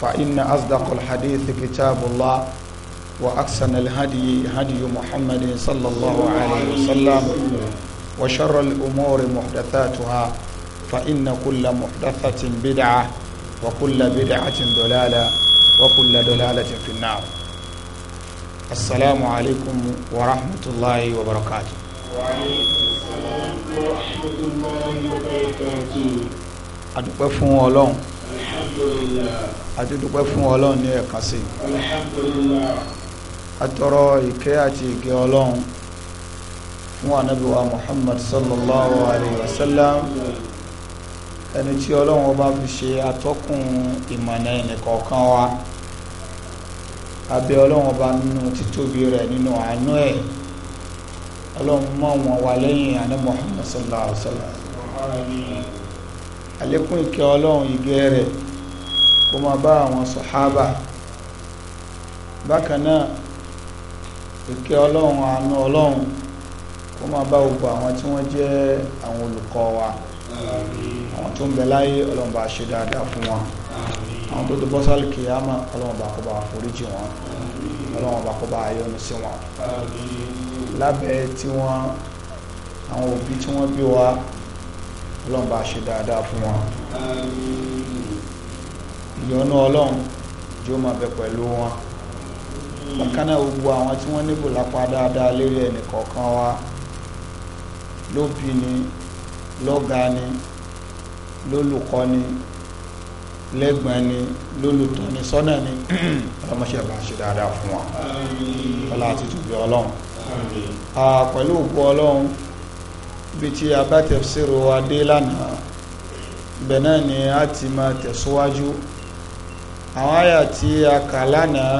فإن أصدق الحديث كتاب الله وأحسن الهدي هدي محمد صلى الله عليه وسلم وشر الأمور محدثاتها فإن كل محدثة بدعة وكل بدعة ضلالة وكل ضلالة في النار السلام عليكم ورحمة الله وبركاته وعليكم السلام ورحمة الله وبركاته أدوك فون àti dúpẹ́ fún ọlọ́run ní ẹ̀kan sí àtọrọ ìkẹ́ àti ìkẹ́ ọlọ́run fún ànábì Muhammad sallallahu alayhi wa sallam ẹni tí ọlọ́run ọba fi ṣe atọ́kùn ìmọ̀nà ẹnìkọ̀ọ̀kan wa abẹ́ ọlọ́run ọba nínú títóbi rẹ̀ nínú àánú ẹ̀ ọlọ́run mọ̀ wọn wà lẹ́yìn ànábì Muhammad sallallahu alayhi wa sallam àlékún ìkẹ́ ọlọ́run ìgẹ́ rẹ̀ kó máa bá àwọn sàhábà bákan náà ìkẹ́ ọlọ́run àánú ọlọ́run kó máa bá gbogbo àwọn tí wọ́n jẹ́ àwọn olùkọ́ wa àwọn tó ń bẹ láyé ọlọ́run bá ṣe dáadáa fún wọn àwọn tó tó bọ́ sálì kìyàmà ọlọ́run bá kó bá foríjì wọn ọlọ́run bá kó bá yọ́nú sí wọn lábẹ́ tí wọ́n àwọn òbí tí wọ́n bí wa ọlọ́run bá ṣe dáadáa fún wọn ìyọ́nú ọlọ́run jó ma bẹ pẹ̀lú wọn bákan náà gbogbo àwọn tí wọ́n níbò lápá dáadáa lérí ẹnì kọ̀ọ̀kan wa lóbi ni lọ́ga ni lólùkọ́ ni lẹ́gbọ̀n ni lólùtọ́ ni sọ́nà ni ọlọ́mọṣẹ́ bá ń ṣe dáadáa fún wa ọlá àti tùbí ọlọ́run pẹ̀lú òkú ọlọ́run bí tí a bá tafsiru wa dé lánàá ibẹ̀ náà ni a ti máa tẹ̀síwájú. So àwọn àyà tí a kà lánàá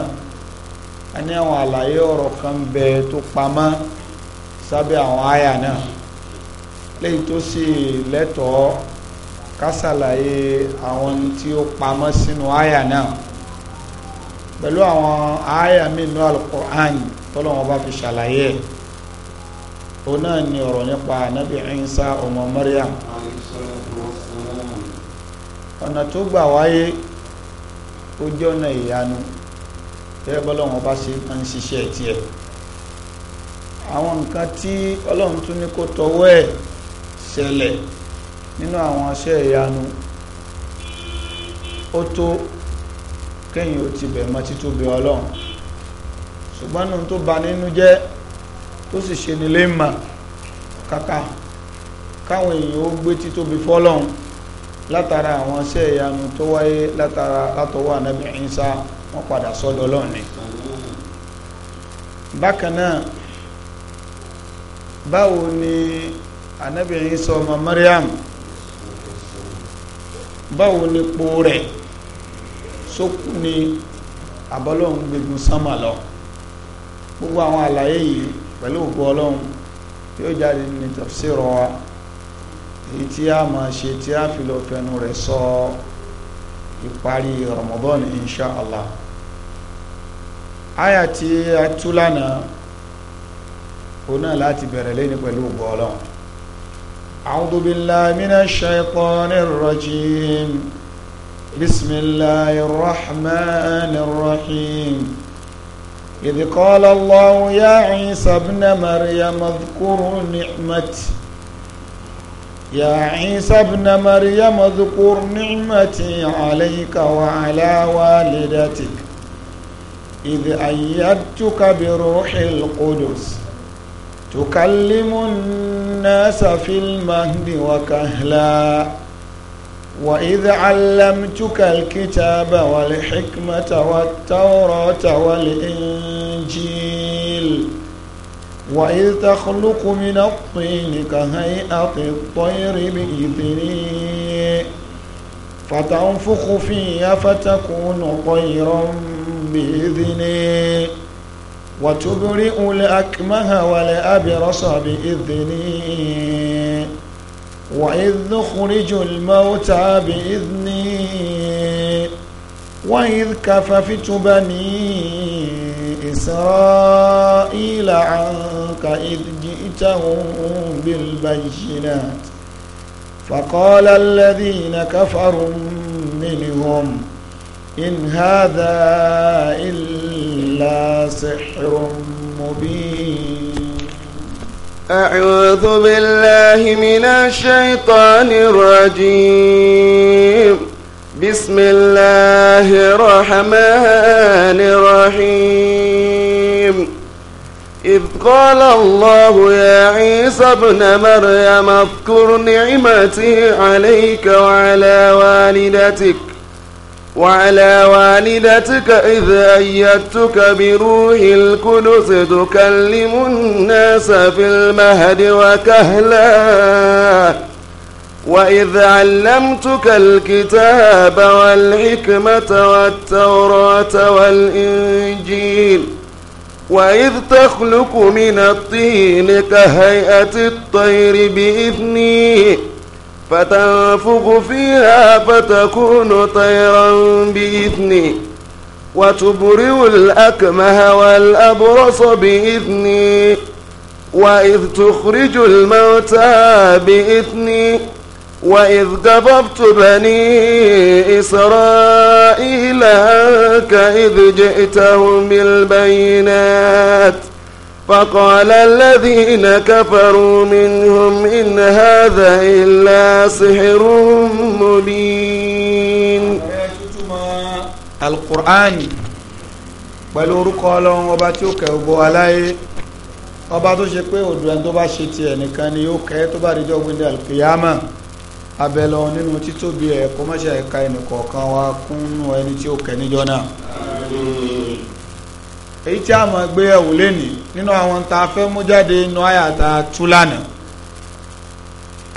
a ní àwọn àlàyé ọ̀rọ̀ kan bẹ tó pamọ́ sábẹ́ àwọn àyà náà léyìí tó sì lẹ́tọ̀ọ́ ká ṣàlàyé àwọn tí ó pamọ́ sínú àyà náà pẹ̀lú àwọn àyà mìínú alukur'an tọ́lọ́wọ́n bá fi ṣàlàyé ẹ̀ òun náà ni ọ̀rọ̀ nípa anabi Isa ọmọ Maryam ọ̀nà tó gbà wáyé ó jẹ́ ọ̀nà ìyanu tẹ́lẹ̀ bọ́ lọ́wọ́n bá ṣe máa ń ṣiṣẹ́ tiẹ̀ àwọn nǹkan tí ọlọ́run tún ní kó tọwọ́ ẹ̀ ṣẹlẹ̀ nínú àwọn iṣẹ́ ìyanu ó tó kéyìn ó ti bẹ̀rẹ̀ mọ́ títóbi ọlọ́run ṣùgbọ́n nù tó bà nínú jẹ́ tó sì ṣe nílé mà kàkà káwọn èèyàn ó gbé títóbi fọ́lọ́run látara àwọn iṣẹ́ ìyanu tó wáyé látara látọwọ́ ànábì Ìsá wọ́n padà sọ́dọ̀ Ọlọ́run ni bákan náà báwo ni ànábì Ìsá ọmọ Maryam báwo ni po rẹ̀ sókù ni àbọ́lọ́hún gbẹ̀gùn sánmà lọ gbogbo àwọn àlàyé yìí pẹ̀lú ògbó Ọlọ́run yóò jáde ní tafsir wa èyí tí a máa ṣe tí a fi lọ fẹnu rẹ̀ sọ ìparí Ramadan insha Allah aya tí a tú lánàá òun náà láti bẹ̀rẹ̀ lẹ́ni pẹ̀lú ògbọ́ ọlọ́run a'udhu billahi minash shaytanir rajim bismillahir rahmanir rahim idh ya Isa ibn Maryam adhkur ni'mati يا عيسى ابن مريم اذكر نعمتي عليك وعلى والدتك إذ أيدتك بروح القدس تكلم الناس في المهد وكهلا وإذ علمتك الكتاب والحكمة والتوراة والإنجيل وإذ تخلق من الطين كهيئة الطير بإذني فتنفخ فيها فتكون طيرا بإذني وتبرئ الأكمه والأبرص بإذني وإذ نخرج الموتى بإذني وإذ كففت بني إسرائيل عنك إذ جئتهم بالبينات فقال الذين كفروا منهم إن هذا إلا سحر مبين أعوذ بالله من الشيطان الرجيم بسم الله الرحمن الرحيم إذ قال الله يا عيسى ابن مريم اذكر نعمتي عليك وعلى والدتك وعلى والدتك إذ أيدتك بروح القدس تكلم الناس في المهد وكهلا وإذ علمتك الكتاب والحكمة والتوراة والإنجيل وإذ تخلق من الطين كهيئة الطير بإذني فتنفخ فيها فتكون طيرا بإذني وتبرئ الأكمه والأبرص بإذني وإذ تخرج الموتى بإذني وإذ كففت بني إسرائيل عنك إذ جئتهم بالبينات فقال الذين كفروا منهم إن هذا إلا سحر مبين القرآن pẹ̀lú orúkọ ọlọ́run ọba tí ó kẹ́ ògbó aláyé ọba tó ṣe pé òdùn ẹni tó bá ṣe tiẹ̀ nìkan ni yóò kẹ́ tó bá rí jọ́gbìn dẹ̀ alkiyama abẹ́lọ nínú títóbi ẹ̀ kó mọ́ṣẹ́ ẹ̀ka ẹnìkọ̀ọ̀kan wa kúnnú ẹni tí ó kẹ́ níjọ́ náà èyí tí a mọ̀ gbé ẹ̀wò lẹ́nìí nínú àwọn tá a fẹ́ mú jáde inú àyàtà túlànà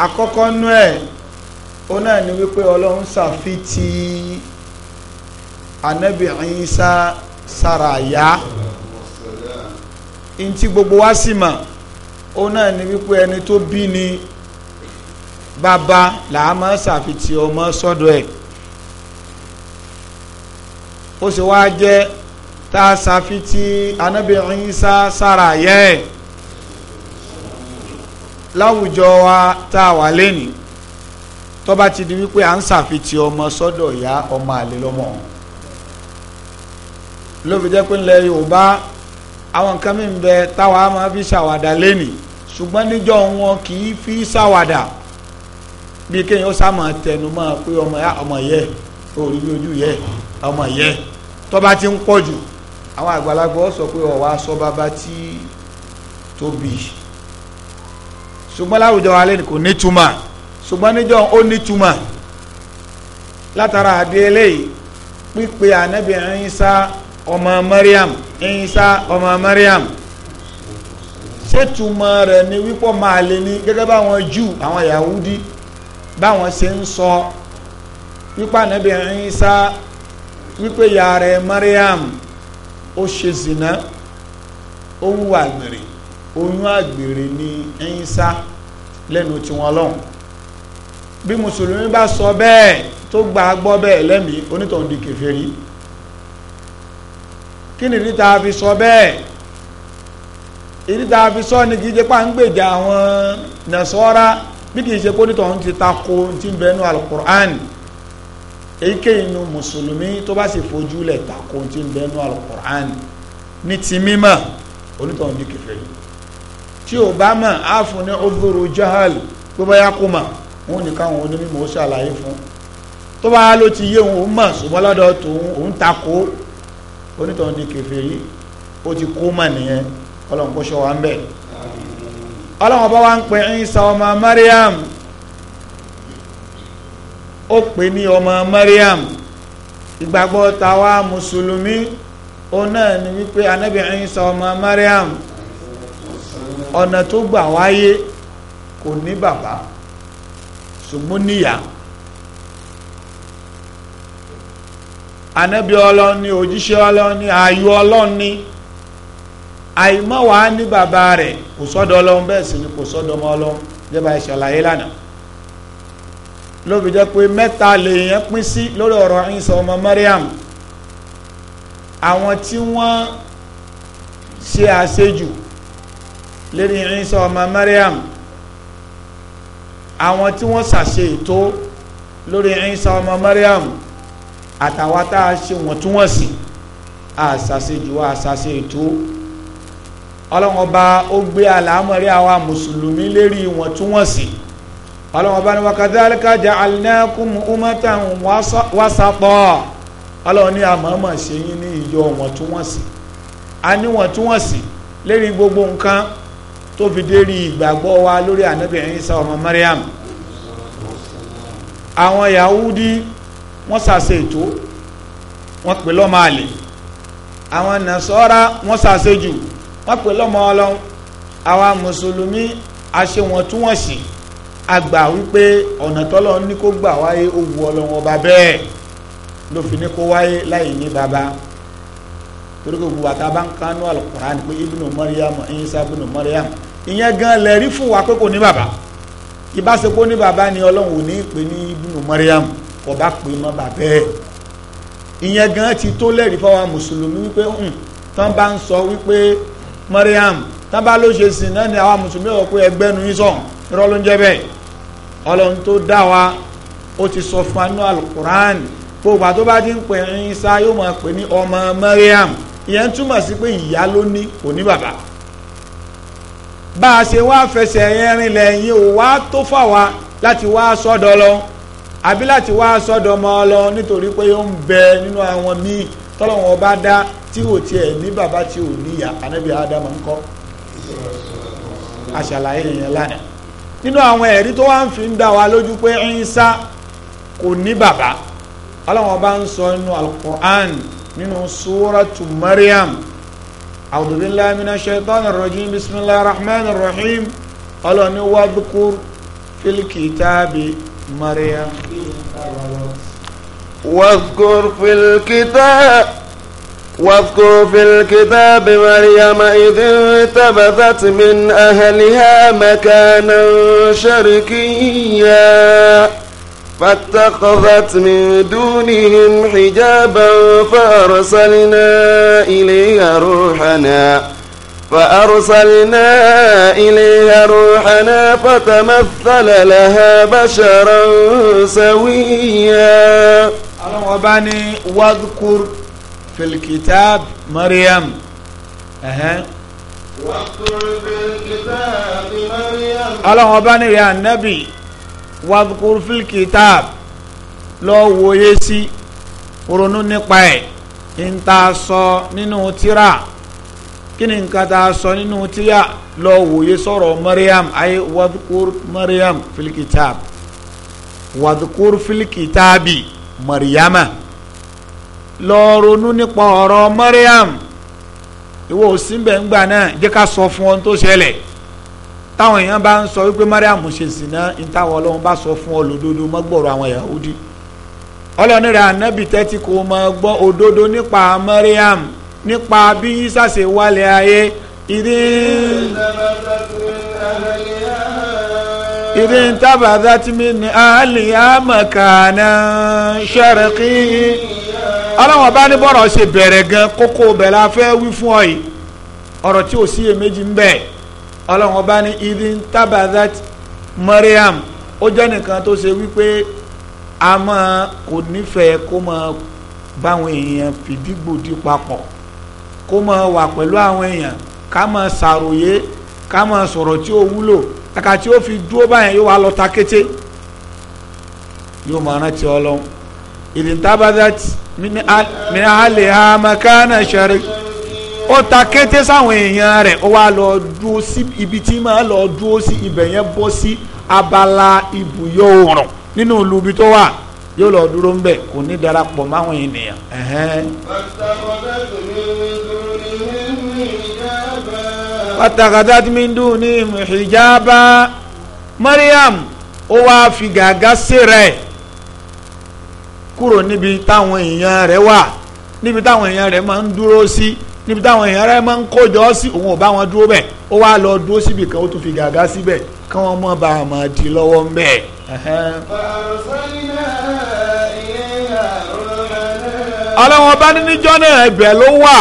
àkọ́kọ́ nú ẹ̀ ó náà ní wípé ọlọ́run ṣàfitì anabi Isa saraya ntí gbogbo wa sì mà ó náà ní wípé ẹni tó bí ni bàbá làá máa ṣàfitì ọmọ sọ́dọ̀ ẹ̀ ó sì wá jẹ́ tá a ṣàfitì Ànábì Ìsá sára yẹ ẹ̀ láwùjọ wa tá a wà lẹ́nìí tó bá ti di wípé à ń ṣàfitì ọmọ sọ́dọ̀ ìyá ọmọ àlè lọ́mọ ló jẹ́ pé ńlẹ̀ Yorùbá àwọn nǹkan mi bẹ táwa máa fi ṣàwàdà lẹ́nìí ṣùgbọ́n níjọ́ wọn kì í fi ṣàwàdà bí kéèyàn ó sáàmà tẹnu mọ́ pé ọmọ yá ọmọ yẹ orí bí ojú yẹ ọmọ yẹ tó bá ti ń pọ̀ jù àwọn àgbàlagbà sọ pé ọ̀wá sọ bàbá tí tóbi ṣùgbọ́n láwùjọ alẹ́ kò nítumọ̀ ṣùgbọ́n níjọ ó nítumọ̀ látara àdé eléyìí pípe ànábì Ìsá ọmọ Mariam Ìsá ọmọ Mariam ṣètumọ̀ rẹ̀ ni wípọ̀ máa lè ní gẹ́gẹ́ bá àwọn Júù àwọn Yahudi báwọn ṣe ń sọ wípé ànábì Ìsá wípé ìyá rẹ̀ Mariam ó ṣe zina ó ń wà àgbèrè oyún àgbèrè ní Ìsá lẹ́nu tiwọn lọ́hùn bí mùsùlùmí bá sọ bẹ́ẹ̀ tó gbà gbọ́ bẹ́ẹ̀ lẹ́mìí onítọ̀hún di kèfèrí kí ni níta fi sọ bẹ́ẹ̀ ìdí tá fi sọ ni kì jẹ́ pà àwọn nàṣọ́ra bí kì í ṣe kónítọ̀ ń ti tako ti ń bẹnu alukur'an èyíkéyìí nu mùsùlùmí tó bá sì fojú lẹ̀ tako ti ń bẹnu alukur'an ní ti mímọ̀ onítọ̀ ń di kèfèrí tí ò bá mọ̀ á fún ní ọdúró jahal gbogbo ya kó mọ̀ òun nìkan òun ní mímọ̀ ó ṣàlàyé fún tó bá ló ti yé òun mọ̀ ṣùgbọ́n lọ́dọ̀ tòun òun tako onítọ̀ ń di kèfèrí ó ti kó mọ̀ nìyẹn ọlọ́run wa ń bẹ̀rẹ̀ ọlọ́run bá wá ń pè Isa ọmọ Mariam ó pè ní ọmọ Mariam ìgbàgbọ́ tàwa mùsùlùmí ó náà ni wípé anábì Isa ọmọ Mariam ọ̀nà tó gbà wáyé kò ní bàbá ṣùgbọ́n níyà anábì ọlọ́run ni òjíṣẹ́ ọlọ́run ni àìmọ́ wa ní bàbá rẹ̀ kò sọ́dọ̀ ọlọ́run bẹ́ẹ̀ sì ni kò sọ́dọ̀ ọmọ ọlọ́run jẹba ìṣàlàyé lánàá lóbi jẹ́ pé mẹ́ta lèèyàn pín sí lórí ọ̀rọ̀ Ìsá ọmọ Mariam àwọn tí wọ́n ṣe àṣejù lórí Ìsá ọmọ Mariam àwọn tí wọ́n ṣàṣe ètò lórí Ìsá ọmọ Mariam àtàwọn tá a ṣe wọ̀ntúnwọ̀nsì àṣàṣejù àṣàṣe ètò ọlọ́run ọba ó gbé àlámọ̀rí àwa mùsùlùmí lérí ìwọ̀ntúnwọ̀nsì ọlọ́run ọba ní wa kadhalika ja'alnakum umatan wasata ọlọ́run ní àmọ́mọ́ ṣe yín ní ìjọ ìwọ̀ntúnwọ̀nsì a ní ìwọ̀ntúnwọ̀nsì lérí gbogbo nǹkan tó fi dérí ìgbàgbọ́ wa lórí ànábì Ìsá ọmọ Maryam àwọn Yahudi wọ́n ṣàṣe ètò wọ́n pè lọ́mọ àlè àwọn Nasara wọ́n ṣàṣe jù wọ́n pè lọ́mọ ọlọ́run àwa mùsùlùmí aṣèwọ̀ntúnwọ̀nsì àgbà wípé ọ̀nà tọ́lọ́run ní kó gbà wáyé ó wu ọlọ́run ọba bẹ́ẹ̀ ló fi ní kó wáyé láì ní baba torí kò gbogbo àti abáńkánú alukuran pé ibnu mariam isa ibnu mariam ìyẹn gan lẹ́rí fún wa pé kò ní baba ìbáṣepọ̀ ní baba ni ọlọ́run ò ní pè ní ibnu mariam kò bá pè mọ́ bàbá ẹ̀ ìyẹn gan ti tó lẹ́rìí fáwọn mùsùlùmí wípé tán bá ń sọ wípé Mariam tábà ló ṣe sìn náà ni àwa mùsùlùmí ò pé ẹgbẹ́ nu yín sàn irọ́ ló ń jẹ́ bẹ́ẹ̀ ọlọ́run tó dá wa ó ti sọ fún anú alukuran gbogbo àti tó bá ti ń pè ní isa yóò máa pè ní ọmọ Mariam ìyẹn túmọ̀ sí pé ìyá ló ní kò ní bàbá bá a ṣe wá fẹsẹ̀ yẹn rinlẹ̀ yìí ò wá tó fà wá láti wá sọ́dọ̀ lọ àbí láti wá sọ́dọ̀ ọmọ lọ nítorí pé ó ń bẹ nínú àwọn míì tọ́lọ́wọ́n bá dá tí ò tiẹ̀ ní bàbá tí ò níyà anábì adama ńkọ́ àṣàlàyé yẹn lánàá nínú àwọn ẹ̀rí tó wá ń fi ń dá wa lójú pé Ìsá kò ní bàbá ọlọ́wọ́n bá ń sọ nínú alukur'an nínú suratu Maryam a'udhu billahi minash shaitanir rajim bismillahir rahmanir rahim ọlọ́ni wadhkur fil kitabi Maryam. wadhkur fil kitabi. واذكر في الكتاب مريم إذ انتبذت من أهلها مكانا شركيا فاتخذت من دونهم حجابا فأرسلنا إليها روحنا فأرسلنا إليها روحنا فتمثل لها بشرا سويا. أنا وباني واذكر fil kitab Maryam ọlọ́run ọba ní ìrìn ànábì wadhkur fil kitab lọ wòye sí ronú nípa ẹ̀ ń ta sọ nínú tíra kí ni nǹkan ta sọ nínú tíra lọ wòye sọ̀rọ̀ Maryam ayé wadhkur Maryam fil kitab wadhkur fil kitabi Maryama lọ ronú nípa ọ̀rọ̀ Mariam ìwọ òsínbẹ̀ ńgbà náà jẹ́ ká sọ fún ọ tó ṣẹlẹ̀ táwọn èèyàn bá ń sọ wípé Mariam ṣe sìnà ìtawọ̀ ọlọ́run bá sọ fún ọ lòdodo mọ́gbọ̀rọ̀ àwọn Yahudi ọlọ́ni rẹ̀ ànábì tẹ́tí kò mọ gbọ́ òdodo nípa Mariam nípa bí Isa ṣe wálẹ̀ ayé ìdí ìdí ń tábàdá tí mi ní àlìyá mọ̀kànà ṣẹ́rẹ̀kì. ọlọ́wọ́n bá ní bọ́rọ̀ ṣe bẹ̀rẹ̀ gan kókó bẹ̀ la fẹ́ wí fún ọ yìí ọ̀rọ̀ tí ò sí méjì ń bẹ̀ ọlọ́wọ́n bá ní idin tabadat Mariam ó jẹ́ nìkan tó ṣe wípé a máa kò nífẹ̀ẹ́ kó máa báwọn èèyàn wà pẹ̀lú àwọn èèyàn ká máa fi dúró ìdìntábàdàt min ahliha makana sharq ó ta kété sáwọn èèyàn rẹ̀ ó wá lọ dúró sí ibi tí máa lọ dúró sí ibẹ̀ yẹn bọ́ sí abala ibùyọ oòrùn nínú ìlú ibi tó wà yóò lọ dúró ńbẹ̀ kò ní darapọ̀ máwọn ènìyàn. pàtàkàtà min dunihim hijaba Mariam ó wá fi gàgá sí rẹ̀. kúrò níbi táwọn èèyàn rẹ̀ wà níbi táwọn èèyàn rẹ̀ máa ń dúró sí níbi táwọn èèyàn rẹ̀ máa ń kójọ sí òun ò bá wọn dúró bẹ́ẹ̀ ó wá lọ dúró síbi kan ó tún fi gàgá síbẹ̀ kí wọ́n mọ̀ bá a máa di lọ́wọ́ ń ọlọ́wọ́n bá ní níjọ́ náà ẹ̀bẹ̀ ló wà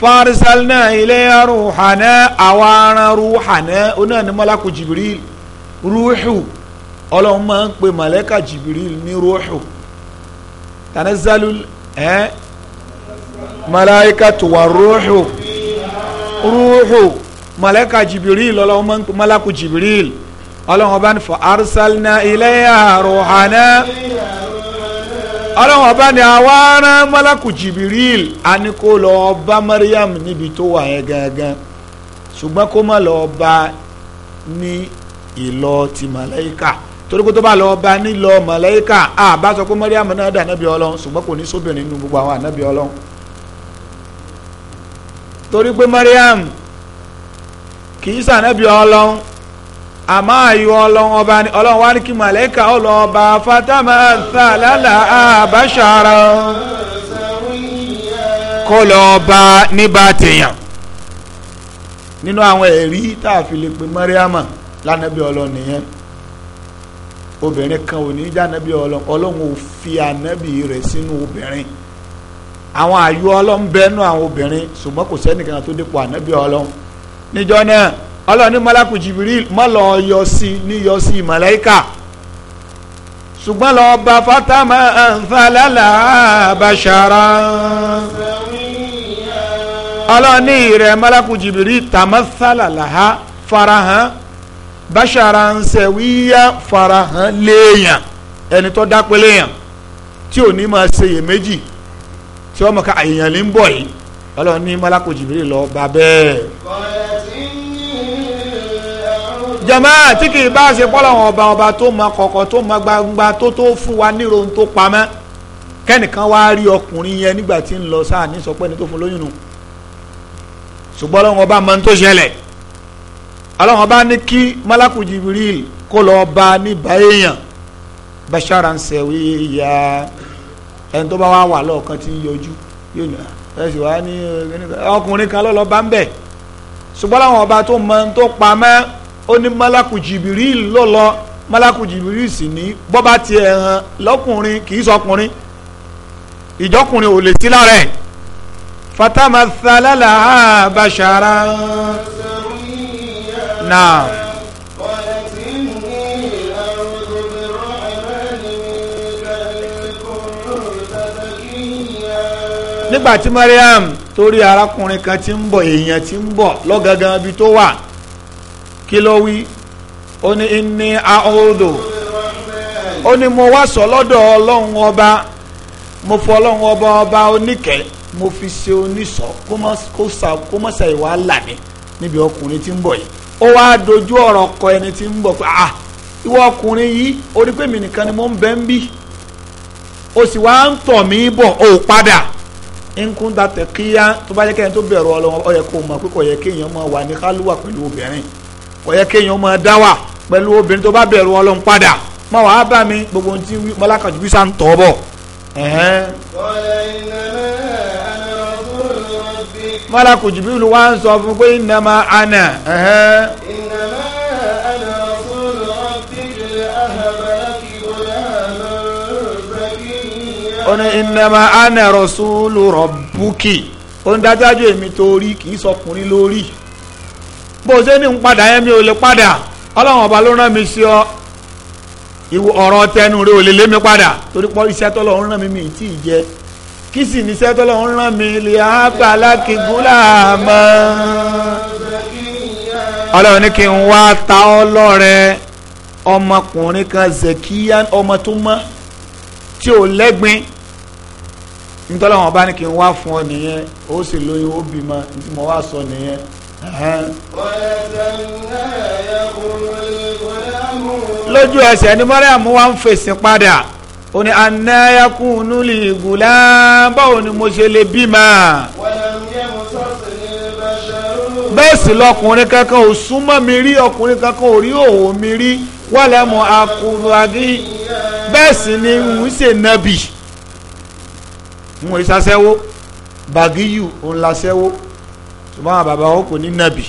farisalina ilé ruhana awaran ruhana onáà ní jibril ruhu ọlọ́wọ́n máa ń pe mọ̀lẹ́kà jibril ní ruhu tanazzalu ẹ malaikatu wa ruhu ruhu malaika jibril ọlọ́wọ́n malaku jibril ọlọ́wọ́n bá ní fa arsalna ilayha ruhana ọlọ́wọ́n bá ní awara malaku jibril àníkó lọ bá mariam níbi tó wà yẹn gangan ṣùgbọ́n kó má lọ bá ní ti malaika torí pé tó bá lọ bá nílọ mọ̀lẹ́kà á bá sọ pé Mariam náà dà nábì ọlọ́run ṣùgbọ́n kò ní sóbìnrin nínú gbogbo àwọn ànábì ọlọ́run torí pé Mariam kì í sànábì ọlọ́run àmọ́ àyù ọlọ́run ọba ni ọlọ́run wá ní kí mọ̀lẹ́kà ó lọ bá fatama thalala abashara kó lọ bá níbà tèèyàn nínú àwọn ẹ̀rí tá a fi lè pe Mariam lánàbì ọlọ́run nìyẹn. obìnrin kan ò ní í jànábì ọlọ́run ọlọ́run ò fi ànábì rẹ̀ sínú obìnrin àwọn àyù ọlọ́run bẹ́ẹ̀nu àwọn obìnrin ṣùgbọ́n kò sẹ́nìkan tó dépò ànábì ọlọ́run níjọ náà ọlọ́run ní malaku jibril má lọ yọ sí ní yọ sí màláíkà ṣùgbọ́n lọ bá fatama nfàlálà bàṣàrà ọlọ́run ní ìrẹ̀ malaku jibril farahàn. báṣara ń sẹ wíyá farahàn léèyàn ẹni tó dápẹ́ léèyàn tí ò ní máa ṣe iyèméjì tí ọmọ ká àyèyàn lè ń bọ̀ yìí ọlọ́run ní malako jìbìrì lọ bá bẹ́ẹ̀. jàmáà tí kì í bá ṣe pọ́lọ́ àwọn ọba ọba tó mọ kọ̀kọ̀ tó mọ gbangba tó tó fún wa ní rohun tó pamọ́ kẹ́nìkan wá rí ọkùnrin yẹn nígbà tí ń lọ sáà ní sọpẹ́ni tó fún lóyún nù ṣùgbọ́n ọlọ́run ọba mọ ní tó ṣẹlẹ̀ ọlọ́run bá ní kí malaku jibril kó lọ bá níbà èèyàn bashara ń sẹ̀wé ya ẹni tó bá wà wà lọ́ọ̀kan tí ń yọjú yóò ní ah, ẹsẹ̀ wá ní ọkùnrin kan lọ́ọ́ bá ń bẹ̀ ṣùgbọ́n láwọn ọba tó mọ tó pa mọ́ ó ní malaku jibril ló malaku jibril sì ní bọ́ba tiẹ̀ hàn lọ́kùnrin kì í sọkùnrin ìjọkùnrin ò lè sí lára ẹ̀ fatama thalala bashara. نعم قالت إني Mariam torí arákùnrin kan tí ń bọ̀ èèyàn tí ń bọ̀ lọ́gangan ibi tó wà kí ló wí ó ní inni a'udhu mo wá sọ lọ́dọ̀ ọlọ́run ọba mo fọ ọba ọba mo fi se oníṣọ́ kó mọ̀ ṣàìwá là mí níbi ọkùnrin ti n bọ̀ yìí ó wá dojú ọ̀ràn kọ ẹni tí ń bọ̀ pé ah ìwọ ọkùnrin yìí orí pé mi nìkan ni mo ń bẹ́ ń bí o sì wá ń tọ̀ mí bọ̀ o padà nkún da tẹ̀kíyá tó bá yẹ kẹ́yìn tó bẹ̀rù Ọlọ́run ó yẹ kó mọ̀ pé kò yẹ kéèyàn máa wà ní kálúwà pẹ̀lú obìnrin kò yẹ kéèyàn máa dá wà pẹ̀lú obìnrin tó bá bẹ̀rù Ọlọ́run padà má wàá bá mi gbogbo ohun tí mọ́lákàjú bí sá ń tọ́ bọ̀. malaku jibilu wa nsọ fún pé innama ana. innama ana rasulu rabbiki ahabalaki ghulaman zakiyya. ó ní ana rasulu rabbuki ó ń dájájú èmi torí kì í sọkùnrin lórí bó ṣe ní padà yẹn mi ò lè padà ọlọ́run ọba ló rán mi sí ọ ọ̀rọ̀ tẹnu rẹ ò lè lé mi padà torí pọ́ iṣẹ́ rán mi mi kí sì ní sẹ́tọ́lọ́ ń rán mi lè ápá alákìgúnlá mọ́. ọlọ́run ní kí n wá ta ọ́ lọ́rẹ ọmọkùnrin kan zekiya ọmọ tó mọ́ tí ò lẹ́gbin nítorí àwọn ọba ní kí n wá fún ọ nìyẹn ó sì lóyún ó bímọ tí mo wá sọ nìyẹn. lójú ẹsẹ̀ ni mọ́rẹ́àmù wá ń fèsì padà ó ní anáyàkùn nulí gùlá báwo ni mo ṣe lè bímọ. bẹ́ẹ̀ sì lọkùnrin kankan ò súnmọ́ mi rí ọkùnrin kankan ò rí òwò mi rí wàlẹ́ akuru adé bẹ́ẹ̀ sì ni n ṣe nàbì n ò ṣàṣẹ́wó bàgíyù òun làṣẹ́wó ṣùgbọ́n àwọn bàbá wọn kò ní nàbì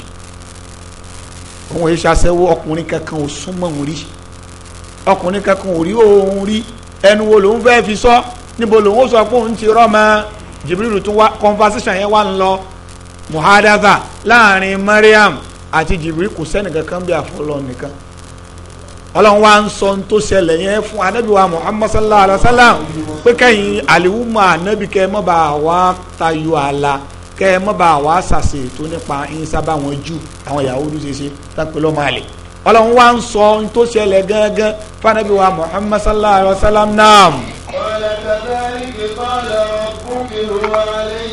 òun ò ṣàṣẹ́wó ọkùnrin kankan ò súnmọ́ òun rí ọkùnrin kankan ò rí òun rí ẹnu wo lòun fẹ́ẹ́ fi sọ níbo lòun ó sọ pé òun ti rọ́mọ Jibril tún wá conversation yẹn wà ń lọ muhadatha láàrin Mariam àti Jibril kò sẹ́nìkan kan bí àfọlọ́ nìkan ọlọ́run wa ń sọ tó ṣẹlẹ̀ yẹn fún anabi wa muhammad sallallahu alayhi wa sallam pé kẹ́yìn aliwuma anabi kẹ́ mọ́ bá wa tayọ àlà kẹ́ mọ́ bá wa ṣàṣètò nípa ìsábà wọn jù àwọn Yahudi ṣe ṣe tápẹ́ lọ́mọ àlè ọlọ́run wá ń sọ ohun tó ṣẹlẹ̀ gángan fanabi muhammad sallallahu alayhi wa sallam naam.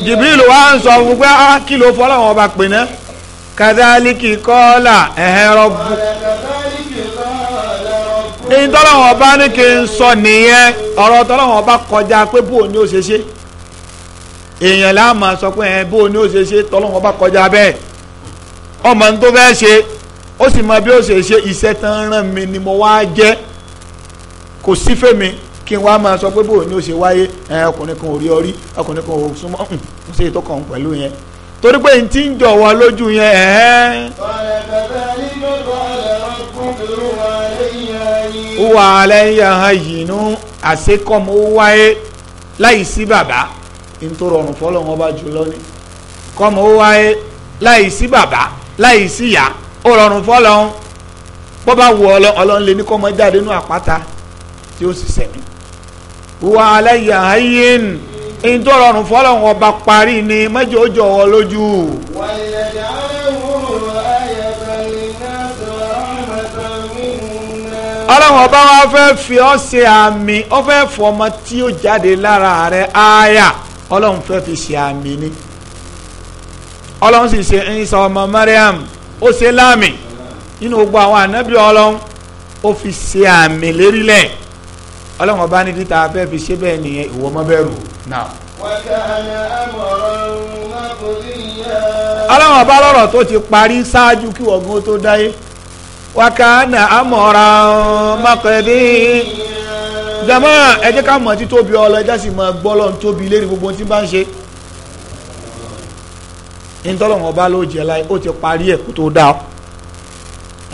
jibril wá ń sọ fún pé á ah, kí ló fọ́ ọlọ́run ọba pè ná kadhaliki qala ẹ̀hẹ́ rọ́bù. ní tọ́lọ́run ọba ní kí n sọ nìyẹn ọ̀rọ̀ tọ́lọ́run ọba kọjá pé bó o ní o ṣe ṣe èèyàn láàmà sọ pé bó o ní o ṣe ṣe tọ́lọ́run ọba kọjá bẹ́ẹ̀ ọmọ ní tó fẹ́ ṣe ó sì mọ bí ó ṣe ṣe iṣẹ́ tán rán mi ni mo wá jẹ́ kò sí fèmí kí n wá máa sọ pé bóun ni ó ṣe wáyé ẹ ọkùnrin kan ò rí ọrí ọkùnrin kan ò súnmọ́ ọ̀hún ó ṣe ètò kan pẹ̀lú yẹn torí pé n ti ń jọ wá lójú yẹn wà á lẹ́yìn ahọ́n yìí nú àṣekọ́mọ wáyé láì sí bàbá nítorí ọ̀rùn fọlọ́wọn ọba jùlọ ni kọ́mọ wáyé láì sí bàbá láì sí ìyá ó rọrùn fọlọ́n bó bá wù ọlọ́run lè ní kó mọ jáde nínú àpáta tí ó sì sẹ̀mí. wà á lẹ́yìn àyín ní tó rọrùn fọlọ́n ọba parí ni mẹ́jọ ó jọ ọ lójú. wà á lẹ́yìn àyín wò ayẹ̀fẹ́ lè ná sọ̀rọ̀ ọmọ sọ̀rọ̀ mi ọlọ́run ọba wa fẹ́ fi ọ́ ṣe àmì ọ fẹ́ fọ ọmọ tí ó jáde lára rẹ̀ ááyà ọlọ́run fẹ́ fi ṣe àmì ni ọlọ́run sì ṣe ń sọ ọmọ Mariam ó ṣe láàmì nínú gbogbo àwọn ànábì ọlọ́run ó fi ṣe àmì lérílẹ̀ ọlọ́run ọba ní títà abẹ́ fi ṣe bẹ́ẹ̀ nìyẹn ìwọ mọ́ bẹ́ẹ̀ rò náà. ọlọ́run ọba lọ́rọ̀ tó ti parí ṣáájú kí wọ̀gùn ó tó dáyé wákàánà amọ̀ra mọ́kàndé jama ẹ jẹ́ ká mọ̀ títóbi ọlọ́ ẹ jẹ́ sì mọ̀ gbọ́ lọ́n tóbi lérí gbogbo tí bá ń ṣe ntọ́lọ́wọ́n ọba ló jẹ láyé ó ti parí ẹ̀ kó tó dá ọ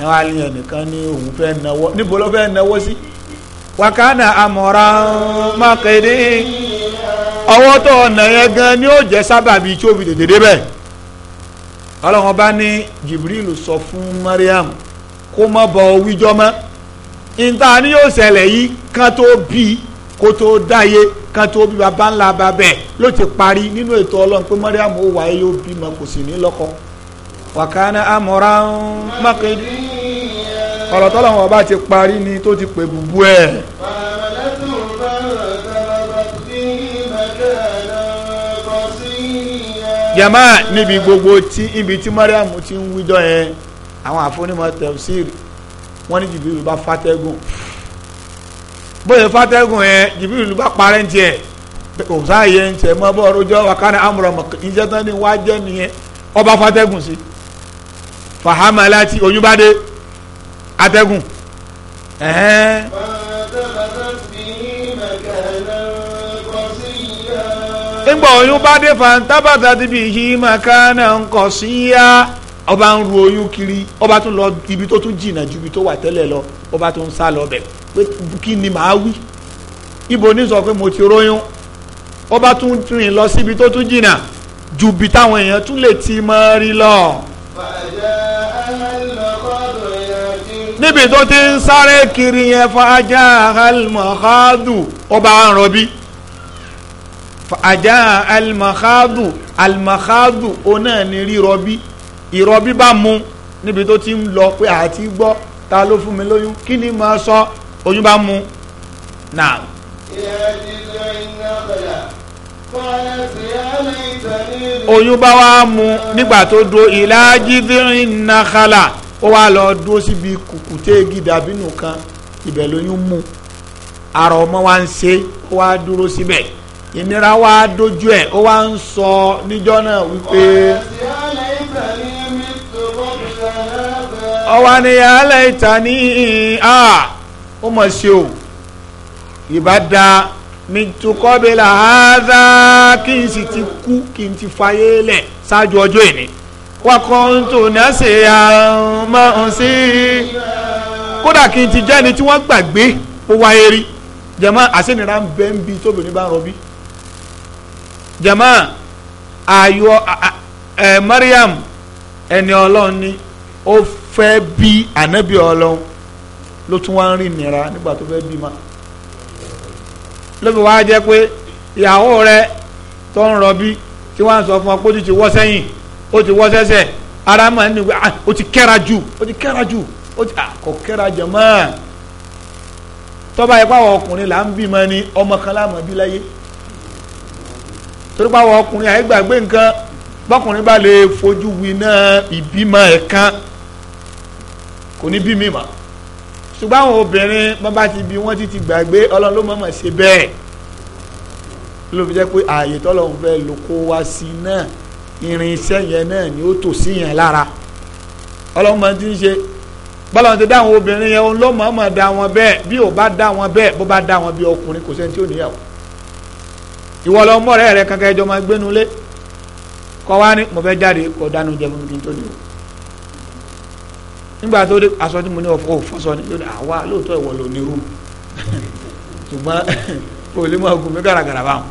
ẹ wá ní ẹnìkan ní òun fẹ́ náwó níbo ló fẹ́ náwó sí wakana amora mákèdè ọwọ́ tó ọ̀nà yẹn gan ni ó jẹ́ sábàbí tí ó fi tètè débẹ̀ ọlọ́wọ́n bá ní Jibril sọ fún Mariam kó má bọ̀ wíjọ́ mọ́ nta yóò ṣẹlẹ̀ yìí kan tó kó tó dáyé kan tó bí baba ńlá babẹ ló ti parí nínú ètò ọlọ́run pé mariam ó wáyé yóò bímọ kò sì ní lọ́kọ wàkánná amọ̀ra ń mákèdè ọ̀rọ̀ tọ́lọ́run ọba ti parí ni tó ti pè bùbú ẹ̀. jama níbi gbogbo tí ibi tí mariam ti ń wíjọ yẹn àwọn àfonímọ̀ tafsir wọ́n ní jìbìrì bá fàtẹ́gùn. bóyá fatẹ́gùn yẹn jìbìrì ló bá parẹ́ ní tiẹ̀ òòsà yẹn ń tẹ̀ wakana amúrọ̀mọ̀ iṣẹ́ tán ni wá ọba fatẹ́gùn sí fàhámà láti oyún bá dé atẹ́gùn. oyún bá dé fantabata ọba ń ru ọba tún lọ ibi tó tún jìnnà ọba tún ń sá lọ bẹ̀rẹ̀. pé kí ni màá wí ibo ní sọ pé mo ti róyún ó bá tún rìn lọ síbi tó tún jìnnà ju bí táwọn èèyàn tún lè ti mọ́ rí lọ. níbi tó ti ń sáré kiri yẹn fàájà almahadu ọba àròbí fàájà almahadu almahadu ọ̀nà ni rírọbí ìrọbí bá mu níbi tó ti ń lọ pé àti gbọ́ ta ló fún mi lóyún kí ni màá sọ. So oyún bá mú náà. oyún bá wá mú nígbà tó dúró ìlàjídìrín nàkàlà ó wá lọ dúró síbi kùkùté igi dàbínù kan ibẹ̀ lóyún mú ara ọmọ wa ń ṣe ó wá dúró síbẹ̀ ìnira wa dojú ẹ̀ ó wá ń sọ níjọ́ náà wípé. ọwọ́ ni yàrá ìtàn ní ìhìn. ó mọ̀ ṣe o ìbá da mìtúkọ́bẹ̀lá áádá kí n sì ti kú kí n ti fayé lẹ̀ ṣáájú ọjọ́ ìní wakọ̀ǹtò nàṣẹ àmọ́ sí i kódà kí n ti jẹ́ ẹni tí wọ́n gbàgbé ó wáyé rí jẹ̀mọ́ àṣẹnira ń bẹ́ ń bi tóbìnrin bá ń rọbí jẹ̀mọ́ ayọ̀ ẹ̀ Mariam ẹni ọlọ́run ni ó fẹ́ bí ànábì ọlọ́run ló tún wá ń rí nira nígbà tó fẹ́ bímọ lóbi wá jẹ́ pé ìyàwó rẹ tó ń rọbí tí wọ́n sọ fún ọ pé o ti wọ́ sẹ́yìn ó ti wọ́ sẹ́sẹ̀ ara máa ń nígbà ó ti kẹ́ra jù ó ti kẹ́ra jù ó ti ah, kò kẹ́ra jẹ̀ mọ́ tọ́ba yẹ pàwọ̀ ọkùnrin là ń bímọ ni ọmọ kan láàmú bí láyé torí pàwọ̀ ọkùnrin àìgbàgbé nǹkan bọ́kùnrin bá lè fojú winá ìbímọ ẹ̀kan kò ní bí mi mọ́ ṣùgbọ́n àwọn obìnrin bá bá ti bí wọ́n ti ti gbàgbé ọlọ́run ló mọ̀ọ́mọ̀ ṣe bẹ́ẹ̀ ló fi jẹ́ pé ààyè tọ́lọ́run fẹ́ ló kó wá sí náà irinṣẹ́ yẹn náà ni ó tò sí yẹn lára ọlọ́run máa ti ń ṣe bọ́lá ti dá àwọn obìnrin yẹn ló mọ̀ọ́mọ̀ dá wọn bẹ́ẹ̀ bí ò bá dá wọn bẹ́ẹ̀ bó bá dá wọn bí ọkùnrin kò sẹ́ni tí ò níyàwó ìwọ lọ mọ̀ọ́rẹ́ rẹ kankan ẹjọ́ máa gbénulé kọ́ wá ní mo fẹ́ jáde kọ́ dánú jẹ fún mi kí n tó níwò nígbà tó dé aṣọ tí mo ní ọ̀fọ̀ òfọsọ ni lónìí àwa lóòótọ́ ìwọ ló ní rúù ṣùgbọ́n kò lè máa gùn mí gàràgàrà báwọn.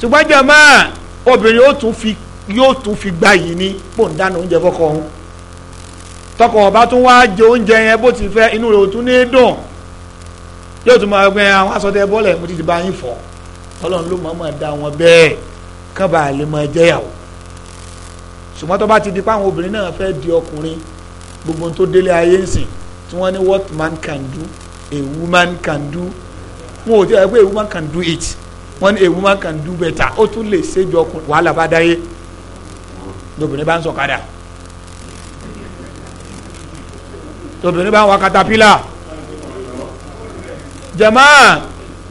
ṣùgbọ́n jọ̀mọ́ obìnrin yóò tún fi yóò tún fi gbá yìí ní pò ń dáná oúnjẹ fọkọ ọ̀hún tọkọ ọba tún wá jẹ oúnjẹ yẹn bó ti fẹ́ inú rẹ̀ ò tún ní dùn yóò tún máa gbẹ àwọn aṣọ tẹ bọ́ọ̀lù ẹ̀ mo ti ti bá yín fọ̀ ọlọ́run ló máa máa da wọn bẹ́ẹ̀ kán lè máa jẹ́yàwó ṣùgbọ́n tó bá ti di pé àwọn obìnrin náà fẹ́ di ọkùnrin gbogbo tó délé ayé ń sìn tí wọ́n ní what man can do a woman can do wọn ò tí a pé a woman can do it wọ́n ní a woman can do better ó tún lè ṣèjọ ọkùnrin wàhálà bá dáyé lóbìnrin bá ń sọ̀kadà lóbìnrin bá ń wa katapila Jama,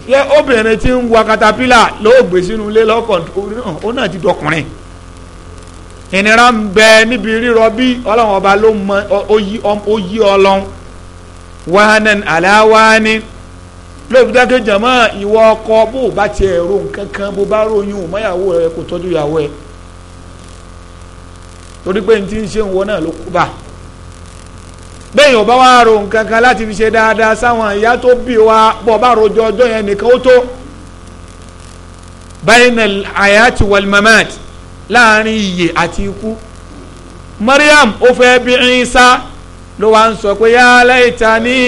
ṣé obìnrin tí ń wa katapila ló gbé sínú ilé lọ́kọ̀ọ́ náà ti dọkùnrin ìnira ń bẹ níbi rírọbí ọlọ́run ọba ló mọ ó yí ọlọ́run wáhánan aláwáání lóòbí dákẹ́ jọ̀mọ́ ìwọ ọkọ bó o bá tiẹ̀ ro nǹkan kan bó bá ròyìn mọ́yàwó rẹ kò tọ́jú ìyàwó ẹ torí pé n ti ń ṣe ń wọ náà ló kú bá bẹ́ẹ̀ ò bá wá ro nǹkan kan láti fi ṣe dáadáa sáwọn ìyá tó bí wa bọ̀ bá rojọ́ ọjọ́ yẹn nìkan ó tó bainal hayati wal mamati láàrin ìyè àti ikú Mariam ó fẹ́ bí Isa ló wá ń sọ pé ya laitani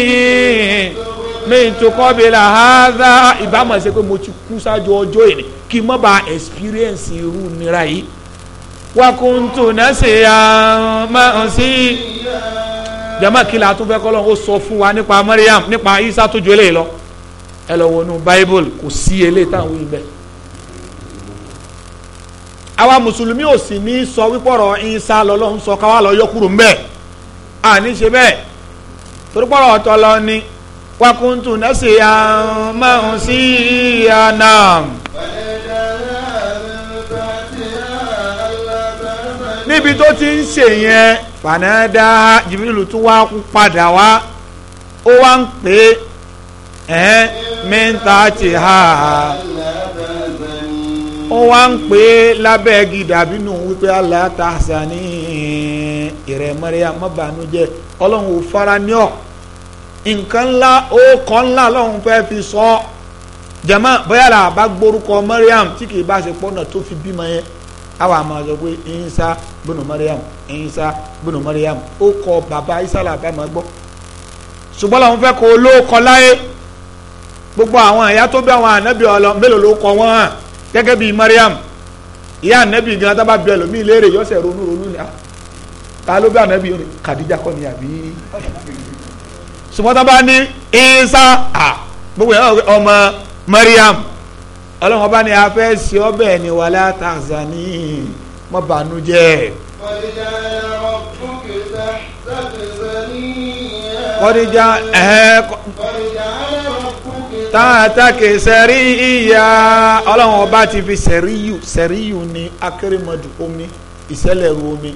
mitu qabla hadha ìbámu ṣe pé mo ti kú ṣáájú ọjọ́ ìní kí n má ba experience irú nira yìí wa kuntu nasiyan mansi jama kila tún fẹ́ kọ́lọ́ ó sọ fún wa nípa Mariam nípa Isa tó ju eléyìí lọ ẹ lọ wọnú Bible kò sí eléyìí táwọn yìí bẹ́ẹ̀ àwa mùsùlùmí ò sì ní sọ wípé ọ̀rọ̀ ìsá lọ́lọ́run sọ káwá lọ yọ kúrò ńbẹ̀ àní ṣe bẹ́ẹ̀ torí pọ̀rọ̀ ọ̀tọ̀ lọ ni wakuntu nẹ́sì àmọ́ sí àná. níbi tó ti ń ṣe yẹn fànàdà jìbìlù tún wá padà wá ó wá ń pè é mẹ́ta ti hà á ó wá ń pè é lábẹ́ igi dàbí nù wípé aláàtàṣà ní ìrẹ̀ mẹ́rẹ́yà mọ́bànújẹ́ ọlọ́run ò fara ní ọ̀ nǹkan ńlá ó kọ́ ńlá ọlọ́run fẹ́ fi sọ ọ́ jẹ̀mọ́ bóyá là bá gbórúkọ mẹ́rẹ́yàm tí kì í bá ṣe pọ́nà tó fi bímọ yẹn àwọn àmọ́ sọ pé ìyínsá gbónú mẹ́rẹ́yàm ìyínsá gbónú mẹ́rẹ́yàm ó kọ bàbá ìsàlà àbámọ́ gbọ́ ṣùgbọ́n làwọn fẹ́ kó ló kọ láyé gbogbo àwọn àyà tó bí àwọn ànábì ọlọ mélòó ló kọ wọ́n hàn gẹ́gẹ́ bíi Mariam ìyá anabi gan tábà bí ẹlòmíì léèrè yọ̀ọ́sẹ̀ ronú ronú ni ah, ta ló bí anabi rìn Kàdíjà kọ́ ni àbí ṣùgbọ́n tábà ní Ìsá à ah, gbogbo ẹ̀ ọmọ Mariam ọlọ́run ọba ni a fẹ́ ṣe ọbẹ̀ ni wàlá Tanzania mọ́ bànújẹ́. kọ́díjà ẹ̀ẹ́ kọ́díjà tààtàkì sẹ̀rí ìyá ọlọ́run ọba ti fi sẹ̀ríyù sẹ̀ríyù ní akérèmọdù omi ìṣẹ̀lẹ̀rù omi